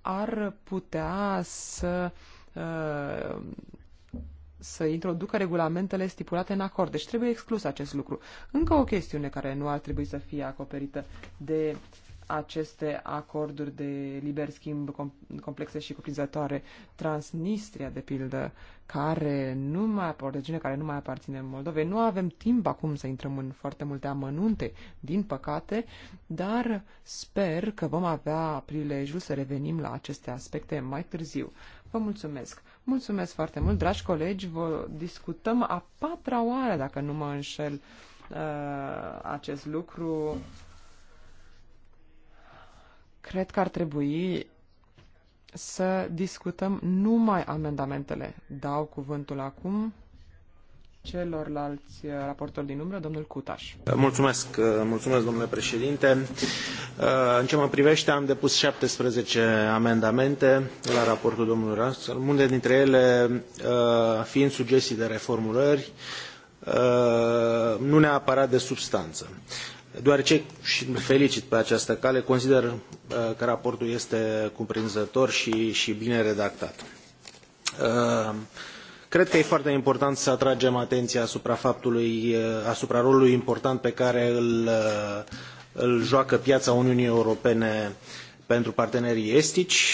ar putea să să introducă regulamentele stipulate în acord. Deci trebuie exclus acest lucru. Încă o chestiune care nu ar trebui să fie acoperită de aceste acorduri de liber schimb complexe și cuprinzătoare. Transnistria, de pildă, care nu mai, o regiune care nu mai aparține Moldovei. Nu avem timp acum să intrăm în foarte multe amănunte, din păcate, dar sper că vom avea prilejul să revenim la aceste aspecte mai târziu. Vă mulțumesc! Mulțumesc foarte mult, dragi colegi! Vă discutăm a patra oară, dacă nu mă înșel, uh, acest lucru. Cred că ar trebui să discutăm numai amendamentele. Dau cuvântul acum celorlalți uh, raportori din umbră, domnul Cutaș. Mulțumesc, uh, mulțumesc domnule președinte. Uh, în ce mă privește, am depus 17 amendamente la raportul domnului Ransel, multe dintre ele fiind sugestii de reformulări, nu neapărat de substanță. Deoarece, și îl felicit pe această cale, consider uh, că raportul este cuprinzător și, și bine redactat. Uh, cred că e foarte important să atragem atenția asupra faptului, uh, asupra rolului important pe care îl, îl joacă piața Uniunii Europene pentru partenerii estici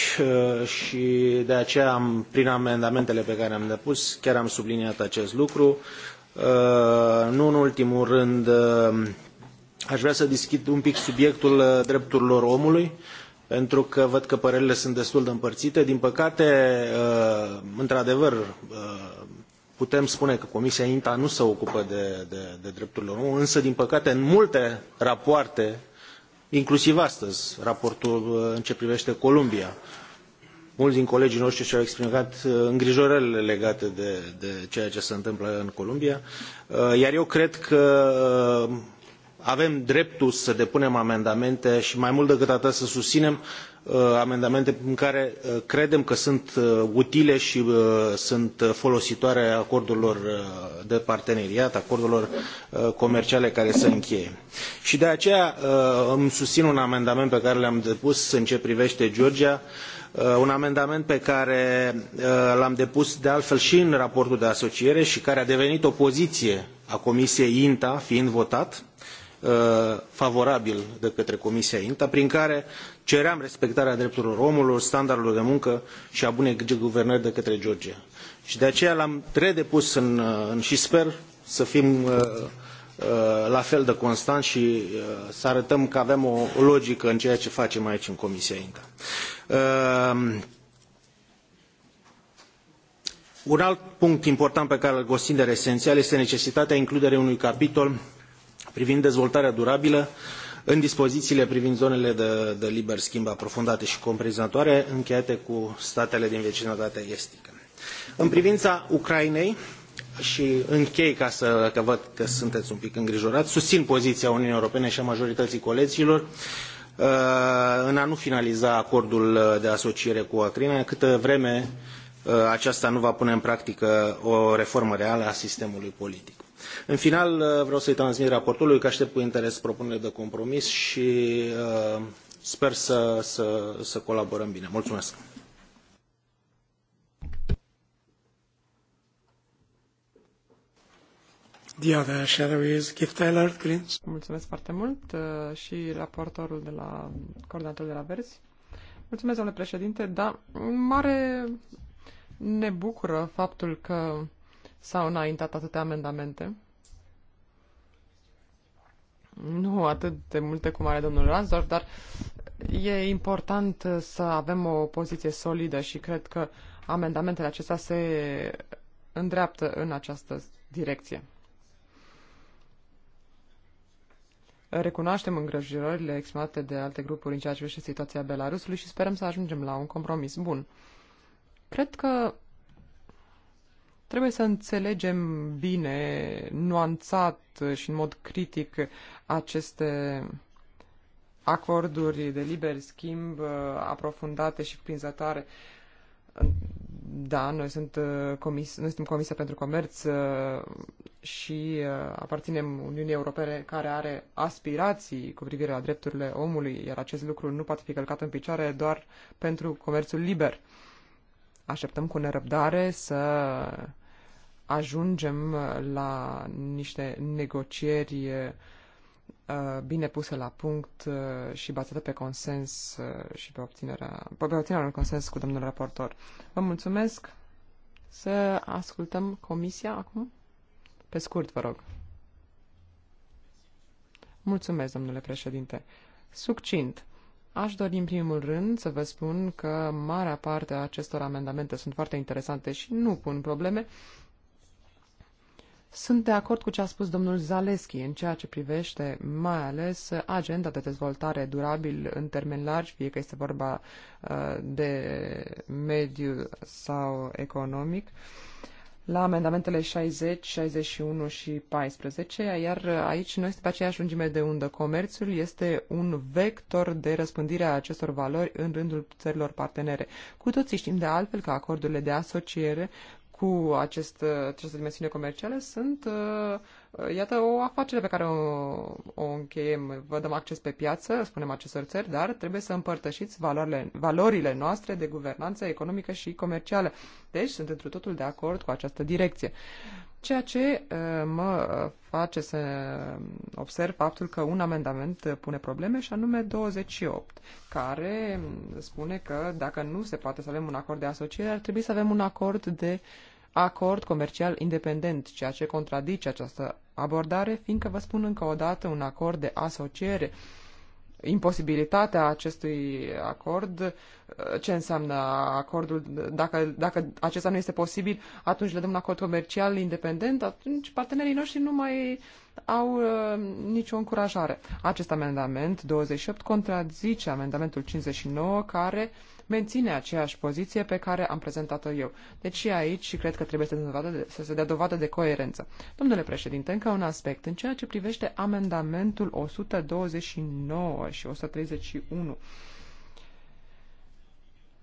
și de aceea am, prin amendamentele pe care am depus chiar am subliniat acest lucru. Nu în ultimul rând Aș vrea să deschid un pic subiectul uh, drepturilor omului, pentru că văd că părerile sunt destul de împărțite. Din păcate, uh, într-adevăr, uh, putem spune că Comisia INTA nu se ocupă de, de, de drepturile omului, însă, din păcate, în multe rapoarte, inclusiv astăzi, raportul în ce privește Columbia, mulți din colegii noștri și-au exprimat îngrijorările legate de, de ceea ce se întâmplă în Columbia, iar eu cred că avem dreptul să depunem amendamente și mai mult decât atât să susținem uh, amendamente în care uh, credem că sunt uh, utile și sunt folositoare acordurilor de parteneriat, acordurilor comerciale care se încheie. Și de aceea îmi susțin un amendament pe care l-am depus în ce privește Georgia, un amendament pe care l am depus de altfel i în raportul de asociere i care a devenit o poziie a comisiei inta fiind votat Uh, favorabil de către Comisia INTA, prin care ceream respectarea drepturilor omului, standardelor de muncă și a bunei guvernări de către Georgia. Și de aceea l-am redepus în, uh, în, și sper să fim uh, uh la fel de constant și să arătăm că avem o logică în ceea ce facem aici în Comisia INTA. Un alt punct important pe care îl consider esențial este necesitatea includerii unui capitol privind dezvoltarea durabilă în dispozițiile privind zonele de, de liber schimb aprofundate și comprinzătoare încheiate cu statele din vecinătatea estică. În privința Ucrainei, și închei ca să că văd că sunteți un pic îngrijorat, susțin poziția Uniunii Europene și a majorității colegilor uh, în a nu finaliza acordul de asociere cu Ucraina câtă vreme uh, aceasta nu va pune în practică o reformă reală a sistemului politic. În final, uh, vreau să-i transmit raportului, că aștept cu interes propunerile de compromis și uh, sper să, să, să colaborăm bine. Mulțumesc! The other shadow is Keith Taylor, Greens. Mulțumesc foarte mult uh, și raportorul de la coordonatorul de la Verzi. Mulțumesc, domnule președinte, dar mare ne bucură faptul că s-au înaintat atâtea amendamente. Nu atât de multe cum are domnul Ransdorf, dar e important să avem o poziție solidă și cred că amendamentele acestea se îndreaptă în această direcție. Recunoaștem îngrijorările exprimate de alte grupuri în ceea ce privește situația Belarusului și sperăm să ajungem la un compromis bun. Cred că Trebuie să înțelegem bine, nuanțat și în mod critic aceste acorduri de liber schimb uh, aprofundate și prinzătoare. Da, noi, sunt uh, comis, noi suntem Comisia pentru Comerț uh, și aparținem Uniunii Europene care are aspirații cu privire la drepturile omului, iar acest lucru nu poate fi călcat în picioare doar pentru comerțul liber. Așteptăm cu nerăbdare să ajungem uh, la niște negocieri uh, bine puse la punct uh, și bazate pe consens și pe obținerea, pe obținerea unui consens cu domnul raportor. Vă mulțumesc. Să ascultăm comisia acum? Pe scurt, vă rog. Mulțumesc, domnule președinte. Succint. Aș dori în primul rând să vă spun că marea parte a acestor amendamente sunt foarte interesante și nu pun probleme. Sunt de acord cu ce a spus domnul Zaleski în ceea ce privește mai ales agenda de dezvoltare durabil în termen largi, fie că este vorba uh, de mediu sau economic, la amendamentele 60, 61 și 14, iar aici noi suntem pe aceeași lungime de undă. Comerțul este un vector de răspândire a acestor valori în rândul țărilor partenere. Cu toții știm de altfel că acordurile de asociere cu acest, această dimensiune comercială sunt, uh, iată, o afacere pe care o, o încheiem. Vă dăm acces pe piață, spunem acestor țări, dar trebuie să împărtășiți valorile, valorile noastre de guvernanță economică și comercială. Deci sunt într totul de acord cu această direcție. Uh, Ceea ce uh, mă uh, face să observ faptul că un amendament uh, pune probleme și anume 28, care mm, spune că dacă nu se poate să avem un acord de asociere, ar trebui să avem un acord de acord comercial independent, ceea ce contradice această abordare, fiindcă vă spun încă o dată, un acord de asociere uh, imposibilitatea acestui acord, ce înseamnă acordul, dacă, dacă acesta nu este posibil, atunci le dăm un acord comercial independent, atunci partenerii noștri nu mai au uh, nicio încurajare. Acest amendament 28 contrazice amendamentul 59 care uh, menține aceeași poziție pe care am prezentat-o eu. Deci și aici și cred că trebuie să, de, să se dea dovadă de coerență. Domnule președinte, încă un aspect. În ceea ce privește amendamentul 129 și 131,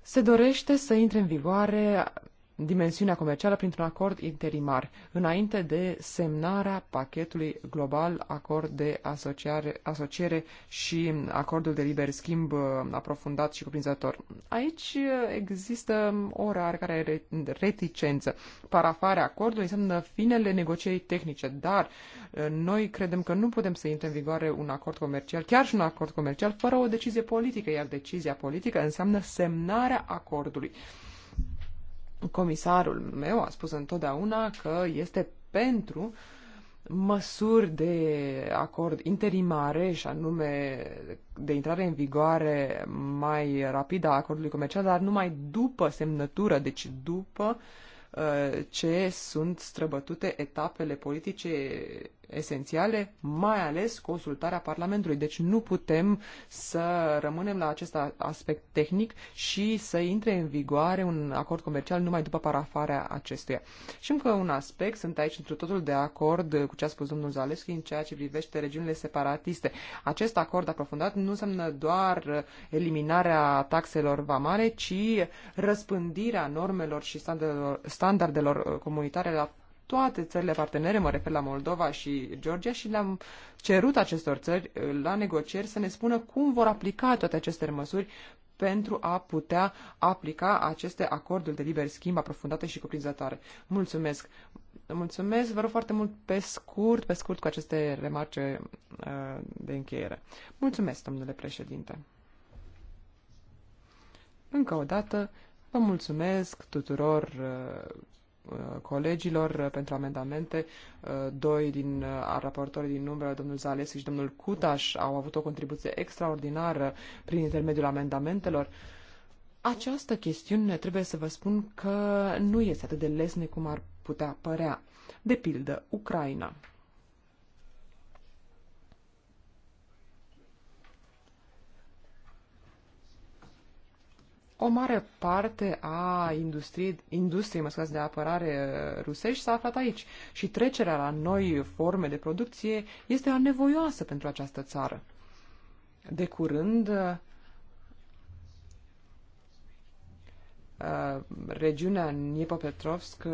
se dorește să intre în vigoare dimensiunea comercială printr-un acord interimar, înainte de semnarea pachetului global acord de asociare, asociere și acordul de liber schimb uh, aprofundat și cuprinzător. Aici uh, există o care reticență. Parafarea acordului înseamnă finele negocierii tehnice, dar uh, noi credem că nu putem să intre în vigoare un acord comercial, chiar și un acord comercial, fără o decizie politică, iar decizia politică înseamnă semnarea acordului comisarul meu a spus întotdeauna că este pentru măsuri de acord interimare și anume de intrare în vigoare mai rapidă a acordului comercial, dar numai după semnătură, deci după uh, ce sunt străbătute etapele politice esențiale, mai ales consultarea Parlamentului. Deci nu putem să rămânem la acest aspect tehnic și să intre în vigoare un acord comercial numai după parafarea acestuia. Și încă un aspect, sunt aici într totul de acord cu ce a spus domnul Zaleschi în ceea ce privește regiunile separatiste. Acest acord aprofundat nu înseamnă doar eliminarea taxelor vamale, ci răspândirea normelor și standardelor, standardelor comunitare la toate țările partenere, mă refer la Moldova și Georgia, și le-am cerut acestor țări uh, la negocieri să ne spună cum vor aplica toate aceste măsuri pentru a putea aplica aceste acorduri de liber schimb aprofundate și cuprinzătoare. Mulțumesc! Mulțumesc, vă rog foarte mult pe scurt, pe scurt cu aceste remarce uh, de încheiere. Mulțumesc, domnule președinte! Încă o dată, vă mulțumesc tuturor uh, Uh, colegilor uh, pentru amendamente. Uh, doi din raportorii din umbră, domnul Zales și domnul Cutaș, au avut o contribuție extraordinară prin intermediul amendamentelor. Această chestiune, trebuie să vă spun că nu este atât de lesne cum ar putea părea. De pildă, Ucraina. o mare parte a industriei, industriei mă scuze, de apărare uh, rusești s-a aflat aici și trecerea la noi forme de producție este anevoioasă pentru această țară. De curând, uh, regiunea Dniepropetrovsk uh,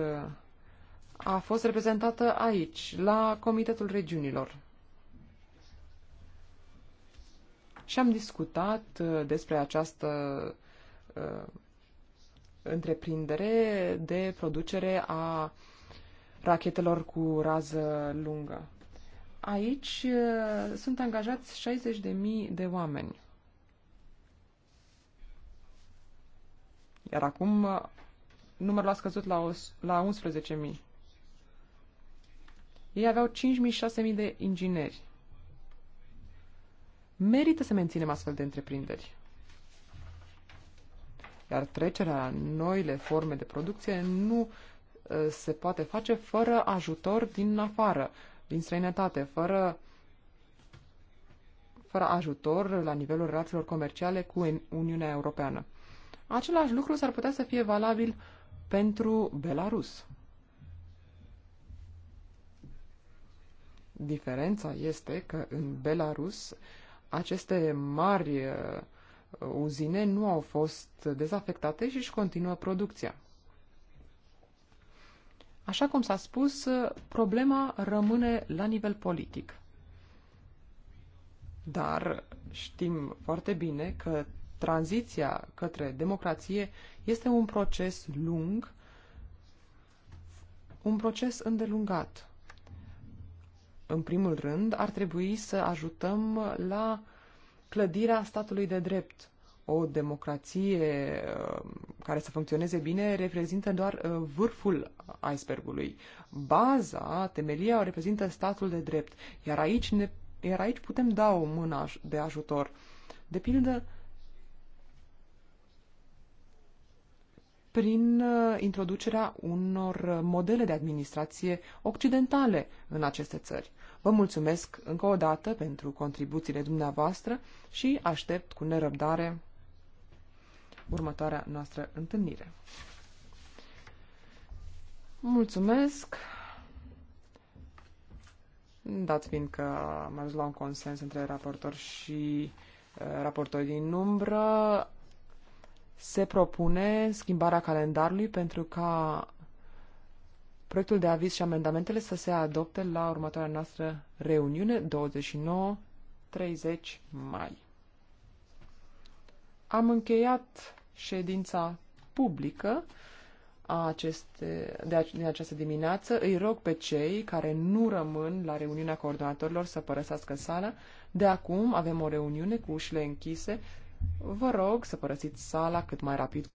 a fost reprezentată aici, la Comitetul Regiunilor. Și am discutat despre această uh, întreprindere de producere a rachetelor cu rază lungă. Aici uh, sunt angajați 60.000 de oameni. Iar acum uh, numărul a scăzut la, la 11.000. Ei aveau 5.000-6.000 de ingineri. Merită să menținem astfel de întreprinderi. Iar trecerea la noile forme de producție nu se poate face fără ajutor din afară, din străinătate, fără, fără ajutor la nivelul relațiilor comerciale cu Uniunea Europeană. Același lucru s-ar putea să fie valabil pentru Belarus. Diferența este că în Belarus aceste mari uzine nu au fost dezafectate și își continuă producția. Așa cum s-a spus, problema rămâne la nivel politic. Dar știm foarte bine că tranziția către democrație este un proces lung, un proces îndelungat. În primul rând, ar trebui să ajutăm la clădirea statului de drept. O democrație uh, care să funcționeze bine reprezintă doar uh, vârful icebergului. Baza, temelia, o reprezintă statul de drept. Iar aici, ne, iar aici putem da o mână de ajutor. De pildă, prin uh, introducerea unor modele de administrație occidentale în aceste țări. Vă mulțumesc încă o dată pentru contribuțiile dumneavoastră și aștept cu nerăbdare următoarea noastră întâlnire. Mulțumesc! Dat fiind că am ajuns la un consens între raportor și uh, raportor din umbră, se propune schimbarea calendarului pentru ca proiectul de aviz și amendamentele să se adopte la următoarea noastră reuniune, 29-30 mai. Am încheiat ședința publică a aceste, de, a, din această dimineață. Îi rog pe cei care nu rămân la reuniunea coordonatorilor să părăsească sala. De acum avem o reuniune cu ușile închise Vă rog să părăsiți sala cât mai rapid.